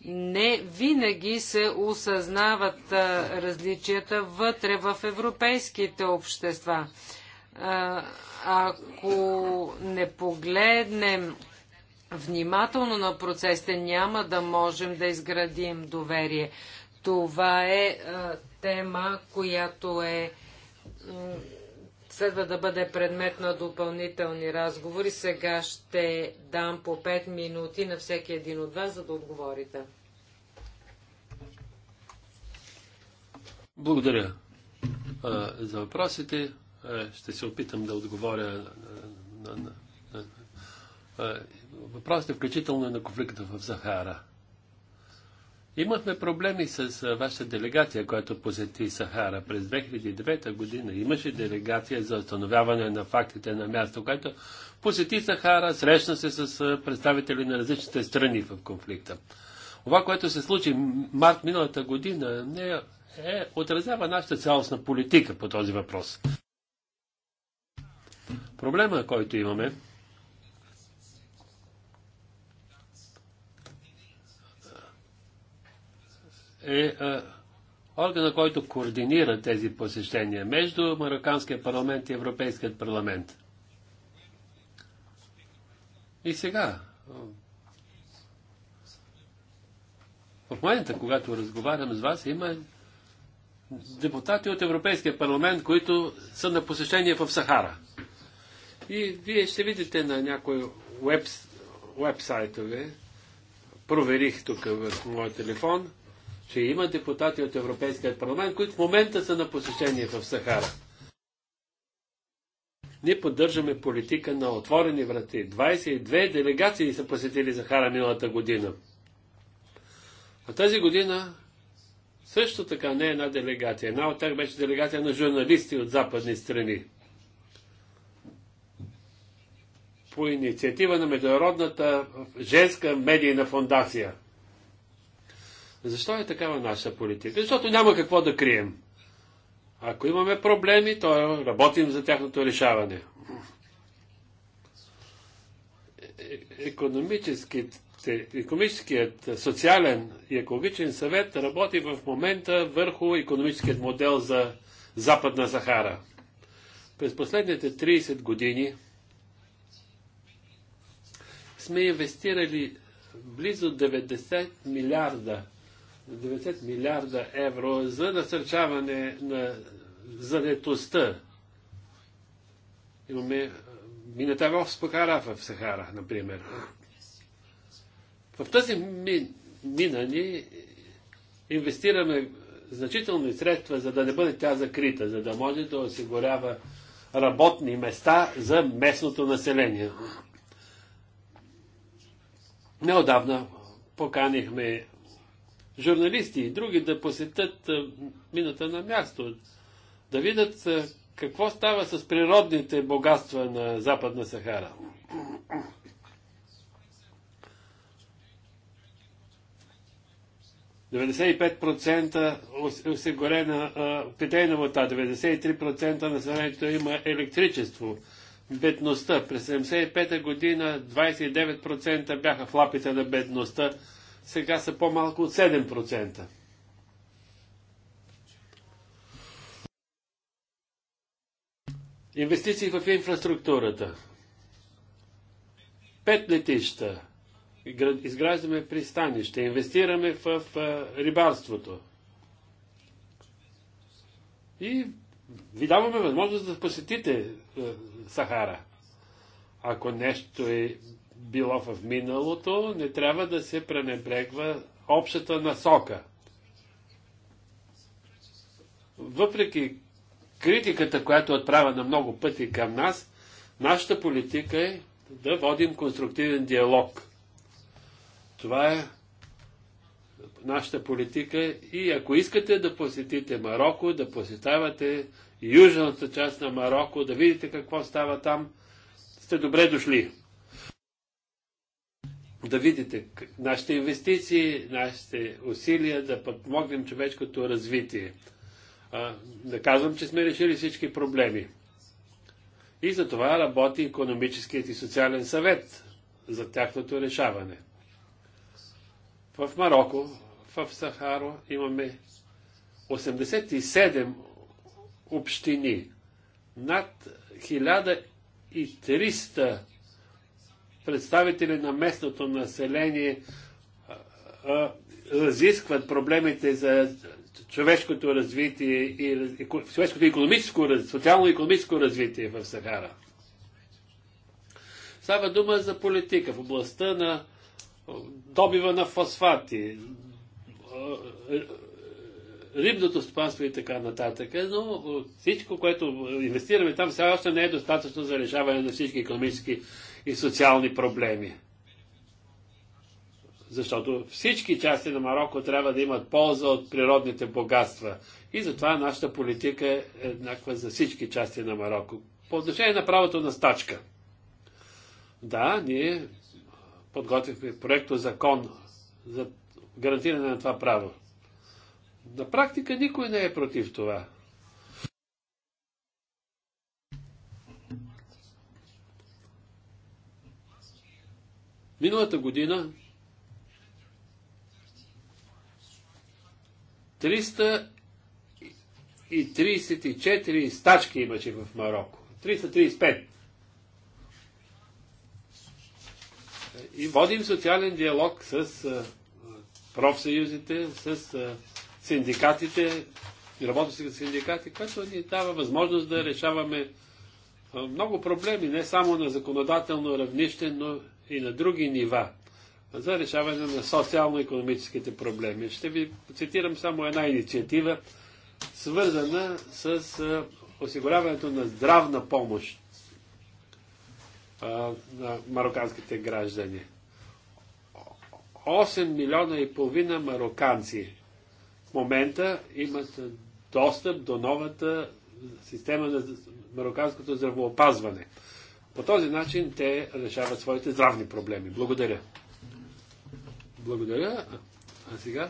не винаги се осъзнават различията вътре в европейските общества. Ако не погледнем внимателно на процесите, няма да можем да изградим доверие. Това е тема, която е следва да бъде предмет на допълнителни разговори. Сега ще дам по 5 минути на всеки един от вас, за да отговорите. Благодаря а, за въпросите. А, ще се опитам да отговоря на, на, на, на въпросите, включително на конфликта в Захара. Имахме проблеми с вашата делегация, която посети Сахара през 2009 година. Имаше делегация за установяване на фактите на място, която посети Сахара, срещна се с представители на различните страни в конфликта. Това, което се случи март миналата година, не е е, отразява нашата цялостна политика по този въпрос. Проблема, който имаме, е е органа, който координира тези посещения между Марокканския парламент и Европейският парламент. И сега, в момента, когато разговарям с вас, има депутати от Европейския парламент, които са на посещение в Сахара. И вие ще видите на някои веб, вебсайтове, проверих тук в моят телефон, че има депутати от Европейския парламент, които в момента са на посещение в Сахара. Ние поддържаме политика на отворени врати. 22 делегации са посетили Сахара миналата година. А тази година също така не е една делегация. Една от тях беше делегация на журналисти от западни страни. По инициатива на Международната женска медийна фундация. Защо е такава наша политика? Защото няма какво да крием. Ако имаме проблеми, то работим за тяхното решаване. Е, е, Економическите економическият, социален и екологичен съвет работи в момента върху економическият модел за Западна Сахара. През последните 30 години сме инвестирали близо 90 милиарда 90 милиарда евро за насърчаване на занетостта. Имаме Минатаров Спокара в Сахара, например. В тази ми, мина ни инвестираме значителни средства, за да не бъде тя закрита, за да може да осигурява работни места за местното население. Неодавна поканихме журналисти и други да посетят е, мината на място, да видят е, какво става с природните богатства на Западна Сахара. 95% е осигурена питейна вода, 93% населението има електричество. Бедността. През 75-та година 29% бяха в лапите на бедността, сега са по-малко от 7%. Инвестиции в инфраструктурата. Пет летища, изграждаме пристанище, инвестираме в, в рибарството. И ви даваме възможност да посетите е, Сахара. Ако нещо е било в миналото, не трябва да се пренебрегва общата насока. Въпреки критиката, която е отправя на много пъти към нас, нашата политика е да водим конструктивен диалог. Това е нашата политика и ако искате да посетите Марокко, да посетавате южната част на Марокко, да видите какво става там, сте добре дошли. Да видите нашите инвестиции, нашите усилия да подмогнем човешкото развитие. А, да казвам, че сме решили всички проблеми. И за това работи економическият и социален съвет за тяхното решаване. В Марокко, в Сахаро имаме 87 общини, над 1300 представители на местното население разискват проблемите за човешкото развитие и човешкото економическо, социално-економическо развитие в Сахара. Става дума за политика в областта на добива на фосфати, рибното стопанство и така нататък, но всичко, което инвестираме там, все още не е достатъчно за решаване на всички економически и социални проблеми. Защото всички части на Марокко трябва да имат полза от природните богатства. И затова нашата политика е еднаква за всички части на Марокко. По отношение на правото на стачка. Да, ние подготвихме проекто закон за гарантиране на това право. На практика никой не е против това. Миналата година 334 стачки имаше в Марокко. 335. И водим социален диалог с профсъюзите, с синдикатите, работещите синдикати, което ни дава възможност да решаваме много проблеми, не само на законодателно равнище, но и на други нива за решаване на социално-економическите проблеми. Ще ви цитирам само една инициатива, свързана с осигуряването на здравна помощ на мароканските граждани. 8 милиона и половина мароканци в момента имат достъп до новата система на мароканското здравоопазване. По този начин те решават своите здравни проблеми. Благодаря. Благодаря. А сега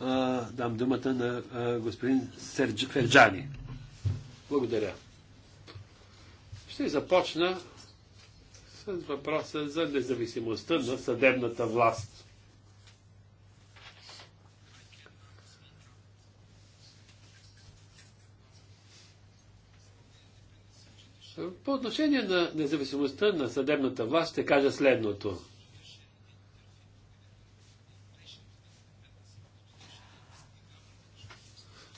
а, дам думата на а, господин Ферджани. Благодаря. Ще започна с въпроса за независимостта на съдебната власт. По отношение на независимостта на съдебната власт ще кажа следното.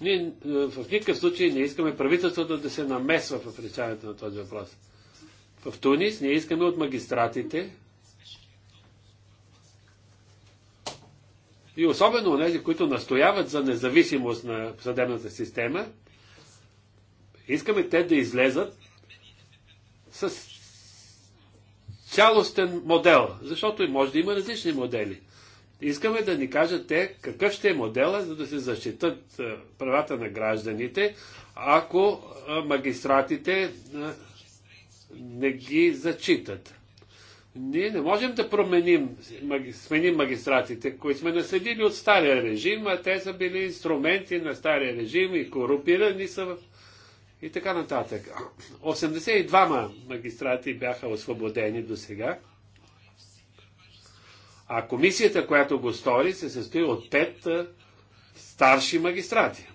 Ние е, в никакъв случай не искаме правителството да се намесва в решаването на този въпрос. В Тунис ние искаме от магистратите и особено от тези, които настояват за независимост на съдебната система, искаме те да излезат с цялостен модел, защото може да има различни модели. Искаме да ни кажат те какъв ще е модела, за да се защитат е, правата на гражданите, ако е, магистратите е, не ги зачитат. Ние не можем да променим, сменим магистратите, които сме наследили от стария режим, а те са били инструменти на стария режим и корупирани са в... и така нататък. 82 магистрати бяха освободени до сега а комисията, която го стори, се състои от пет старши магистрати.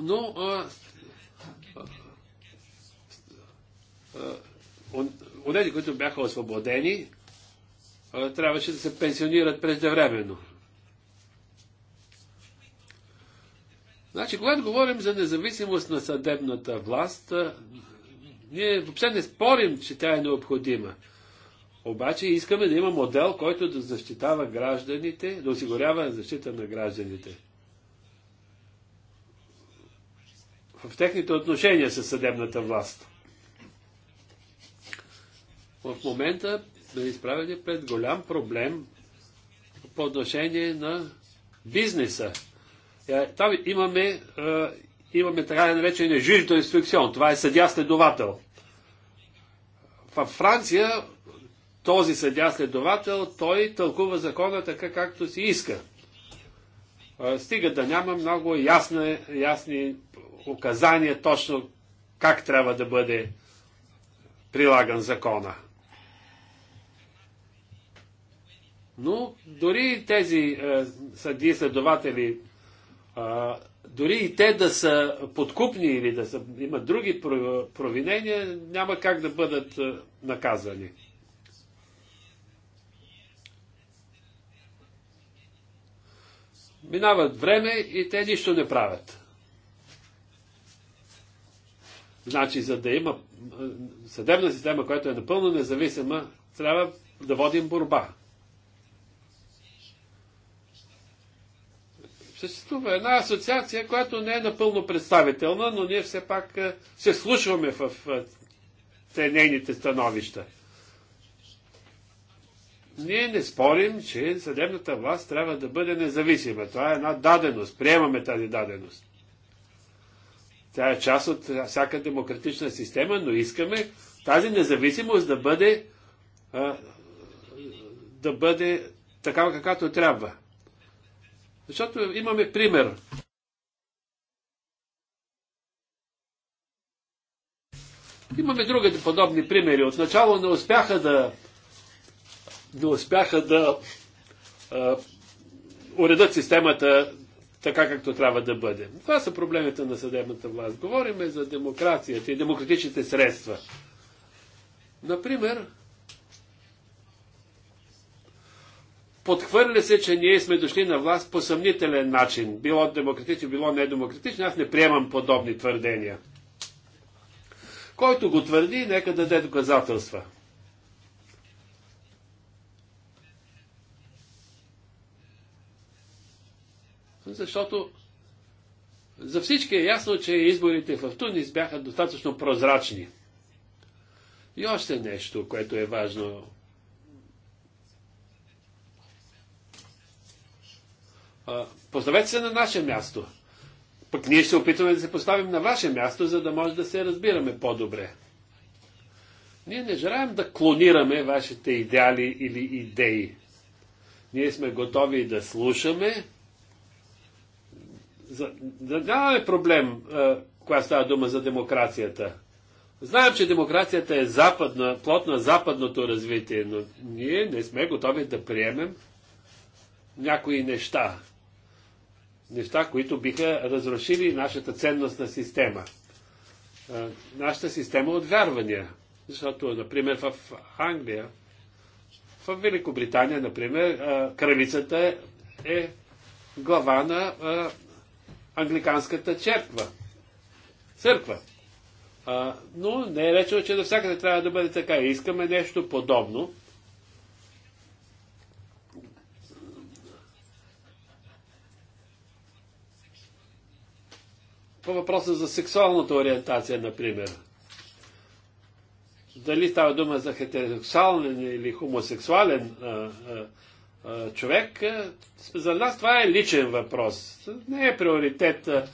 Но а, онези, които бяха освободени, трябваше да се пенсионират преждевременно. Значи, когато говорим за независимост на съдебната власт, ние въобще не спорим, че тя е необходима. Обаче искаме да има модел, който да защитава гражданите, да осигурява защита на гражданите. В техните отношения с съдебната власт. В момента сме изправени пред голям проблем по отношение на бизнеса. Е, там имаме, е, имаме така наречения жиж до инструкцион. Това е съдя-следовател. В Франция този съдя-следовател, той тълкува закона така, както си иска. Е, стига да няма много ясни, ясни указания точно как трябва да бъде прилаган закона. Но дори тези е, съди следователи а, дори и те да са подкупни или да са, имат други провинения, няма как да бъдат наказани. Минават време и те нищо не правят. Значи, за да има съдебна система, която е напълно независима, трябва да водим борба. Съществува една асоциация, която не е напълно представителна, но ние все пак е, се слушваме в е, нейните становища. Ние не спорим, че съдебната власт трябва да бъде независима. Това е една даденост. Приемаме тази даденост. Тя е част от всяка демократична система, но искаме тази независимост да бъде, а, е, да бъде такава каквато трябва. Защото имаме пример. Имаме други подобни примери. Отначало не успяха да не успяха да а, уредат системата така, както трябва да бъде. Това са проблемите на съдебната власт. Говориме за демокрацията и демократичните средства. Например, Подхвърля се, че ние сме дошли на власт по съмнителен начин. Било демократично, било недемократично. Аз не приемам подобни твърдения. Който го твърди, нека даде доказателства. Защото за всички е ясно, че изборите в Тунис бяха достатъчно прозрачни. И още нещо, което е важно Поставете се на наше място. Пък ние ще се опитваме да се поставим на ваше място, за да може да се разбираме по-добре. Ние не желаем да клонираме вашите идеали или идеи. Ние сме готови да слушаме. За, да нямаме проблем, коя когато става дума за демокрацията. Знаем, че демокрацията е западна, плод на западното развитие, но ние не сме готови да приемем някои неща, неща, които биха разрушили нашата ценностна система. Нашата система от вярвания. Защото, например, в Англия, в Великобритания, например, кралицата е глава на англиканската черква. Църква. Но не е речено, че навсякъде трябва да бъде така. Искаме нещо подобно по въпроса за сексуалната ориентация, например. Дали става дума за хетеросексуален или хомосексуален а, а, а, човек, за нас това е личен въпрос. Не е приоритет а,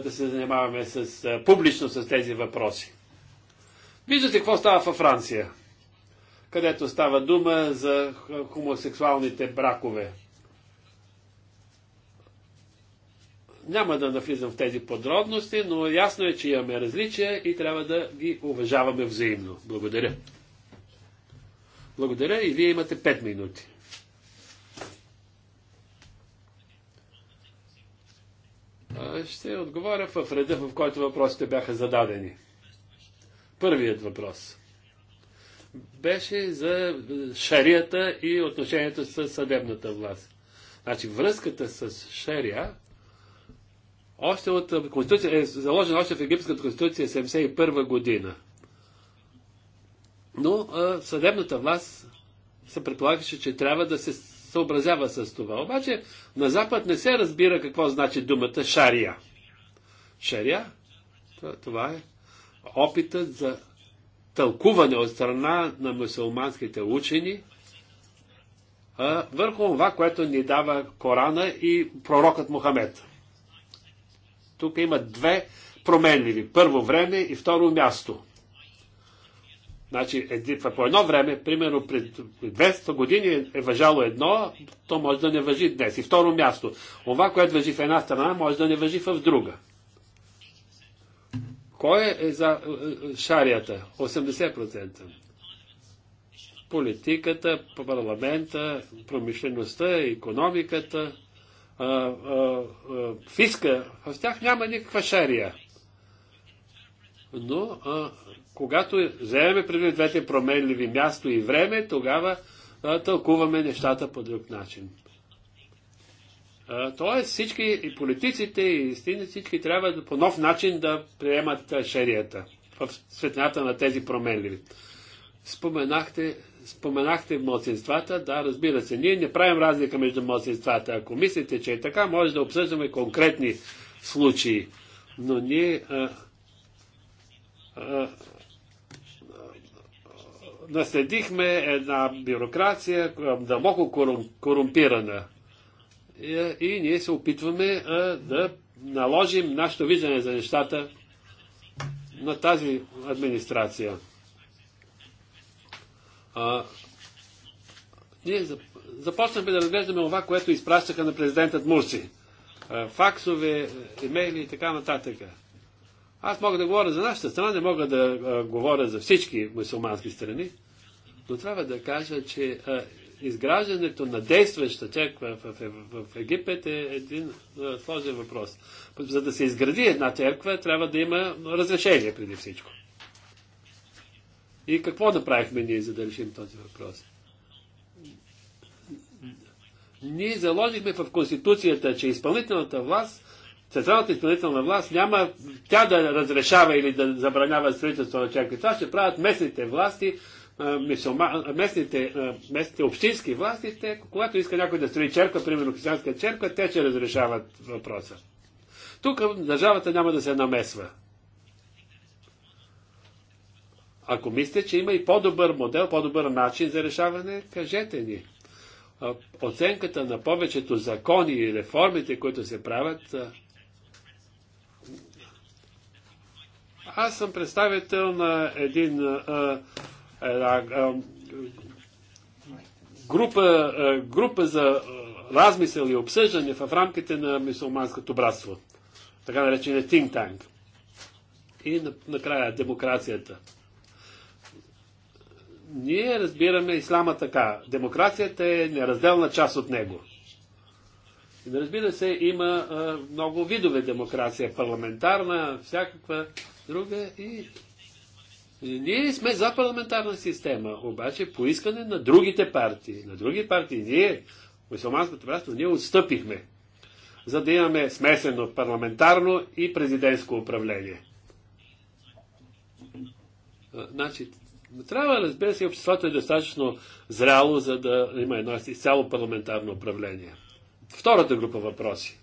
да се занимаваме с, а, публично с тези въпроси. Виждате какво става във Франция, където става дума за хомосексуалните бракове. Няма да навлизам в тези подробности, но ясно е, че имаме различия и трябва да ги уважаваме взаимно. Благодаря. Благодаря и вие имате 5 минути. Ще отговоря в реда, в който въпросите бяха зададени. Първият въпрос беше за шарията и отношението с съдебната власт. Значи връзката с шария още от е, конституция, е заложена още в Египетската конституция 1971 година. Но а, е, съдебната власт се предполагаше, че трябва да се съобразява с това. Обаче на Запад не се разбира какво значи думата шария. Шария, това е опитът за тълкуване от страна на мусулманските учени а, е, върху това, което ни дава Корана и пророкът Мохамед тук има две променливи. Първо време и второ място. Значи, по едно време, примерно пред 200 години е въжало едно, то може да не въжи днес. И второ място, това, което въжи в една страна, може да не въжи в друга. Кой е за е, е, шарията? 80%. Политиката, парламента, промишлеността, економиката, а, а, фиска, в тях няма никаква шария. Но а, когато вземем предвид двете променливи място и време, тогава а, тълкуваме нещата по друг начин. А, тоест всички, и политиците, и истина, всички трябва да, по нов начин да приемат шарията в светлината на тези променливи. Споменахте Споменахте младсинствата, да, разбира се. Ние не правим разлика между младсинствата. Ако мислите, че е така, може да обсъждаме конкретни случаи. Но ние а, а, наследихме една бюрокрация, дълбоко корум, корумпирана. И, и ние се опитваме а, да наложим нашето виждане за нещата на тази администрация. А, ние започнахме да разглеждаме това, което изпращаха на президентът Мурси. А, факсове, е, имейли и така нататък. Аз мога да говоря за нашата страна, не мога да а, говоря за всички мусулмански страни, но трябва да кажа, че а, изграждането на действаща черква в, в, в Египет е един а, сложен въпрос. За да се изгради една черква, трябва да има разрешение преди всичко. И какво направихме ние, за да решим този въпрос? Ние заложихме в Конституцията, че изпълнителната власт, Централната изпълнителна власт няма тя да разрешава или да забранява строителство на черкви. Това ще правят местните власти, местните, местните общински власти, те, когато иска някой да строи черква, примерно християнска черква, те ще разрешават въпроса. Тук държавата няма да се намесва. Ако мислите, че има и по-добър модел, по-добър начин за решаване, кажете ни. Оценката на повечето закони и реформите, които се правят, аз съм представител на един а, една, а, група, а, група за размисъл и обсъждане в рамките на мусулманското братство, така наречения think tank. И накрая демокрацията. Ние разбираме ислама така. Демокрацията е неразделна част от него. Разбира се, има а, много видове демокрация. Парламентарна, всякаква друга и ние сме за парламентарна система, обаче по искане на другите партии. На други партии ние, мусулманското братство, ние отстъпихме, за да имаме смесено парламентарно и президентско управление. Значи, трябва, разбира се, обществото е достатъчно зряло, за да има едно изцяло парламентарно управление. Втората група въпроси.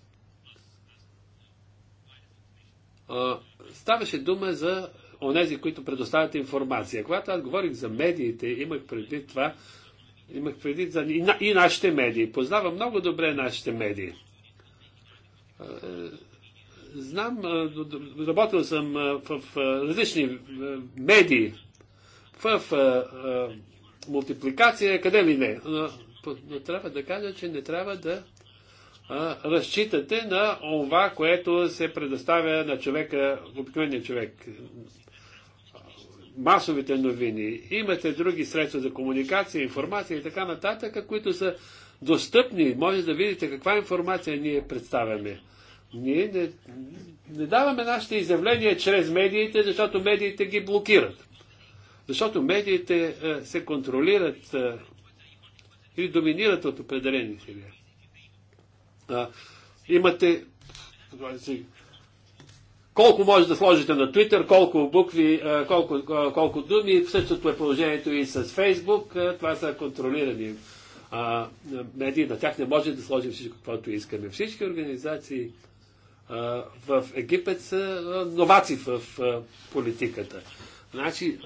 Ставаше дума за онези, които предоставят информация. Когато аз говорих за медиите, имах предвид това, имах предвид за и, и нашите медии. Познавам много добре нашите медии. Е, знам, работил съм в различни медии в а, а, мултипликация, къде ли не. Но, но трябва да кажа, че не трябва да а, разчитате на това, което се предоставя на човека, обикновения човек. Масовите новини, имате други средства за комуникация, информация и така нататък, които са достъпни. Може да видите каква информация ние представяме. Ние не, не даваме нашите изявления чрез медиите, защото медиите ги блокират. Защото медиите е, се контролират или е, доминират от определени сили. Имате колко може да сложите на Twitter, колко букви, е, колко, колко думи. Същото е положението и с Facebook. Това са контролирани медии. На тях не може да сложим всичко, каквото искаме. Всички организации в Египет са новаци в политиката. Значи,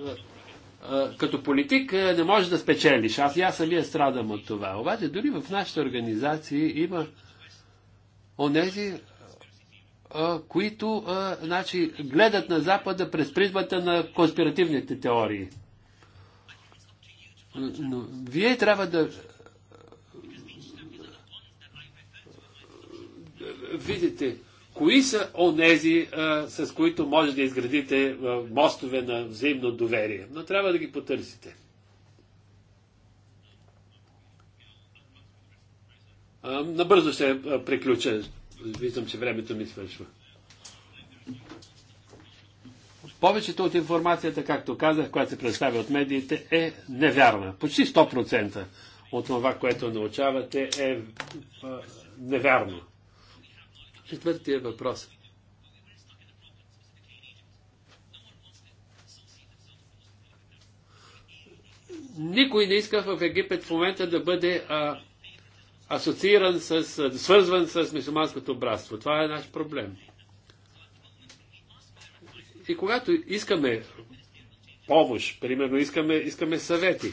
като политик не можеш да спечелиш. Аз и аз самия страдам от това. Обаче дори в нашите организации има онези, които значи, гледат на Запада през призмата на конспиративните теории. Но вие трябва да видите Кои са онези, а, с които може да изградите а, мостове на взаимно доверие? Но трябва да ги потърсите. А, набързо ще приключа. Виждам, че времето ми свършва. Повечето от информацията, както казах, която се представя от медиите, е невярна. Почти 100% от това, което научавате, е невярно. Четвъртия въпрос. Никой не иска в Египет в момента да бъде а, асоцииран с, свързван с мисуманското братство. Това е наш проблем. И когато искаме помощ, примерно искаме, искаме съвети,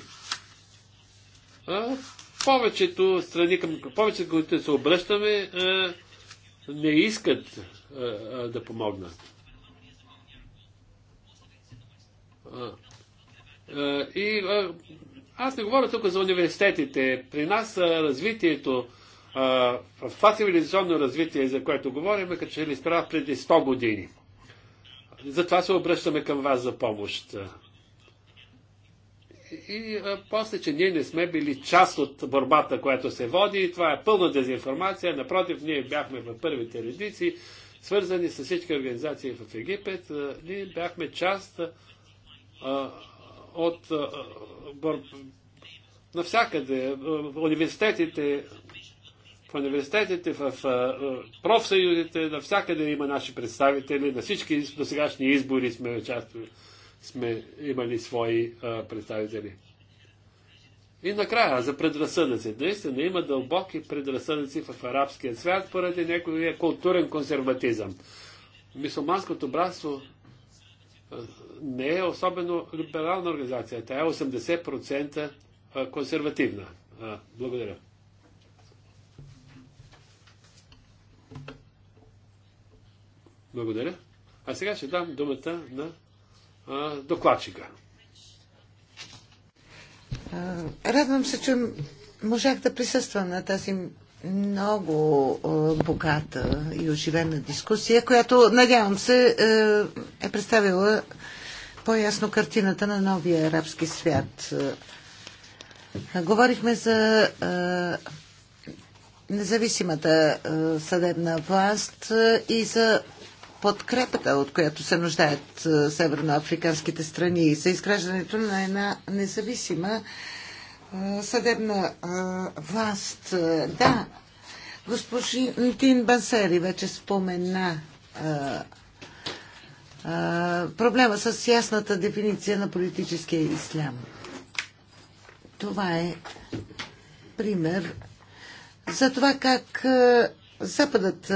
а, повечето страни, към повечето, които се обръщаме, а, не искат да помогнат. и аз не говоря тук за университетите. При нас развитието, в това цивилизационно развитие, за което говорим, е като че ли преди 100 години. Затова се обръщаме към вас за помощ и а, после, че ние не сме били част от борбата, която се води, и това е пълна дезинформация. Напротив, ние бяхме в първите редици, свързани с всички организации в Египет. А, ние бяхме част а, от а, бор... навсякъде. В университетите, в университетите, в а, профсъюзите, навсякъде има наши представители, на всички до сегашни избори сме участвали сме имали свои а, представители. И накрая, за предразсъдъци. Наистина има дълбоки предразсъдъци в арабския свят поради някой културен консерватизъм. Мисулманското братство не е особено либерална организация. Тя е 80% консервативна. Благодаря. Благодаря. А сега ще дам думата на докладчика. Радвам се, че можах да присъствам на тази много богата и оживена дискусия, която, надявам се, е представила по-ясно картината на новия арабски свят. Говорихме за независимата съдебна власт и за подкрепата, от която се нуждаят е, северноафриканските страни и за изграждането на една независима е, съдебна е, власт. Да, госпожи Тин Бансери вече спомена проблема с ясната дефиниция на политическия ислям. Това е пример за това как Западът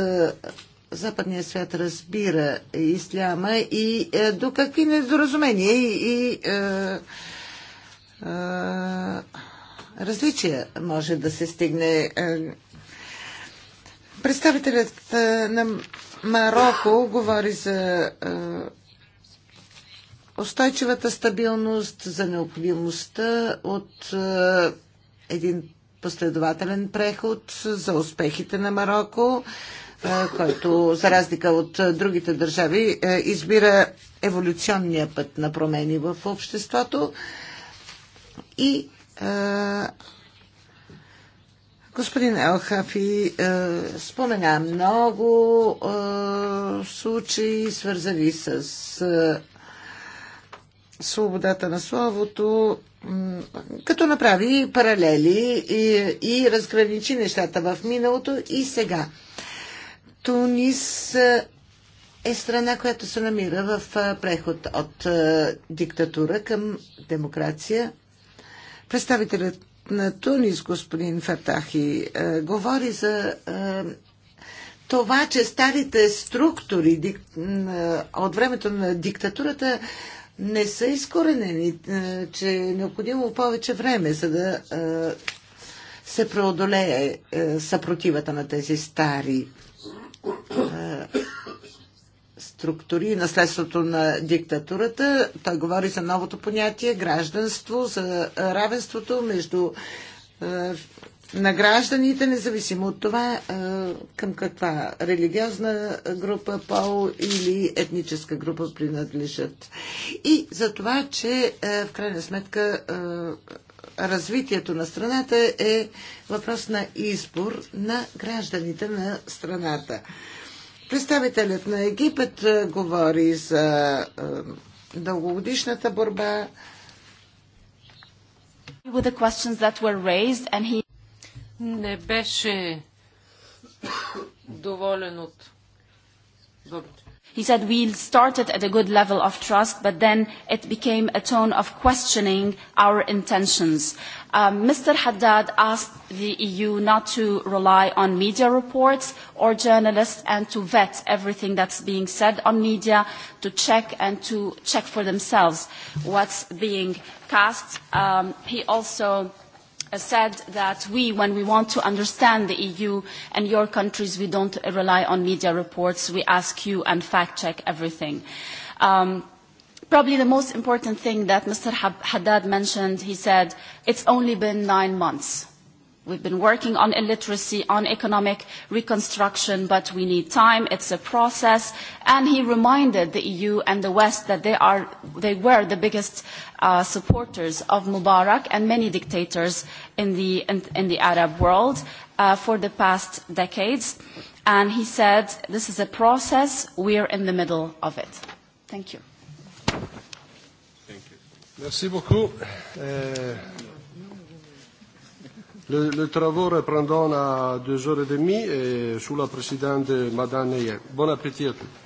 Западния свят разбира исляма и е, до какви недоразумения и, и е, е, различия може да се стигне. Е. Представителят е, на Марокко говори за е, устойчивата стабилност, за необходимостта от един последователен преход, за успехите на Марокко. Е, който, за разлика от е, другите държави, е, избира еволюционния път на промени в обществото. И Господин Елхафи е, спомена много е, случаи, свързани с е, свободата на словото, като направи паралели и, и разграничи нещата в миналото и сега. Тунис е страна, която се намира в преход от диктатура към демокрация. Представителят на Тунис, господин Фатахи, говори за това, че старите структури от времето на диктатурата не са изкоренени, че е необходимо повече време, за да се преодолее е, съпротивата на тези стари е, структури, наследството на диктатурата. Той говори за новото понятие гражданство, за равенството между е, на гражданите, независимо от това е, към каква религиозна група, пол или етническа група принадлежат. И за това, че в крайна сметка развитието на страната е въпрос на избор на гражданите на страната. Представителят на Египет е, говори за е, дългогодишната борба. Не беше доволен от He said we started at a good level of trust, but then it became a tone of questioning our intentions. Mr. Haddad asked the EU not to rely on media reports or journalists and to vet everything that's being said on media, to check and to check for themselves what's being cast. he also said that we, when we want to understand the EU and your countries, we don't rely on media reports. We ask you and fact-check everything. Um, probably the most important thing that Mr. Haddad mentioned, he said, it's only been nine months We've been working on illiteracy, on economic reconstruction, but we need time. It's a process. And he reminded the EU and the West that they, are, they were the biggest uh, supporters of Mubarak and many dictators in the, in, in the Arab world uh, for the past decades. And he said, this is a process. we are in the middle of it. Thank you. Thank you. Merci beaucoup. Uh... Le, le travaux reprendront à deux heures et demie et sous la présidente Madame Neyen. Bon appétit à tous.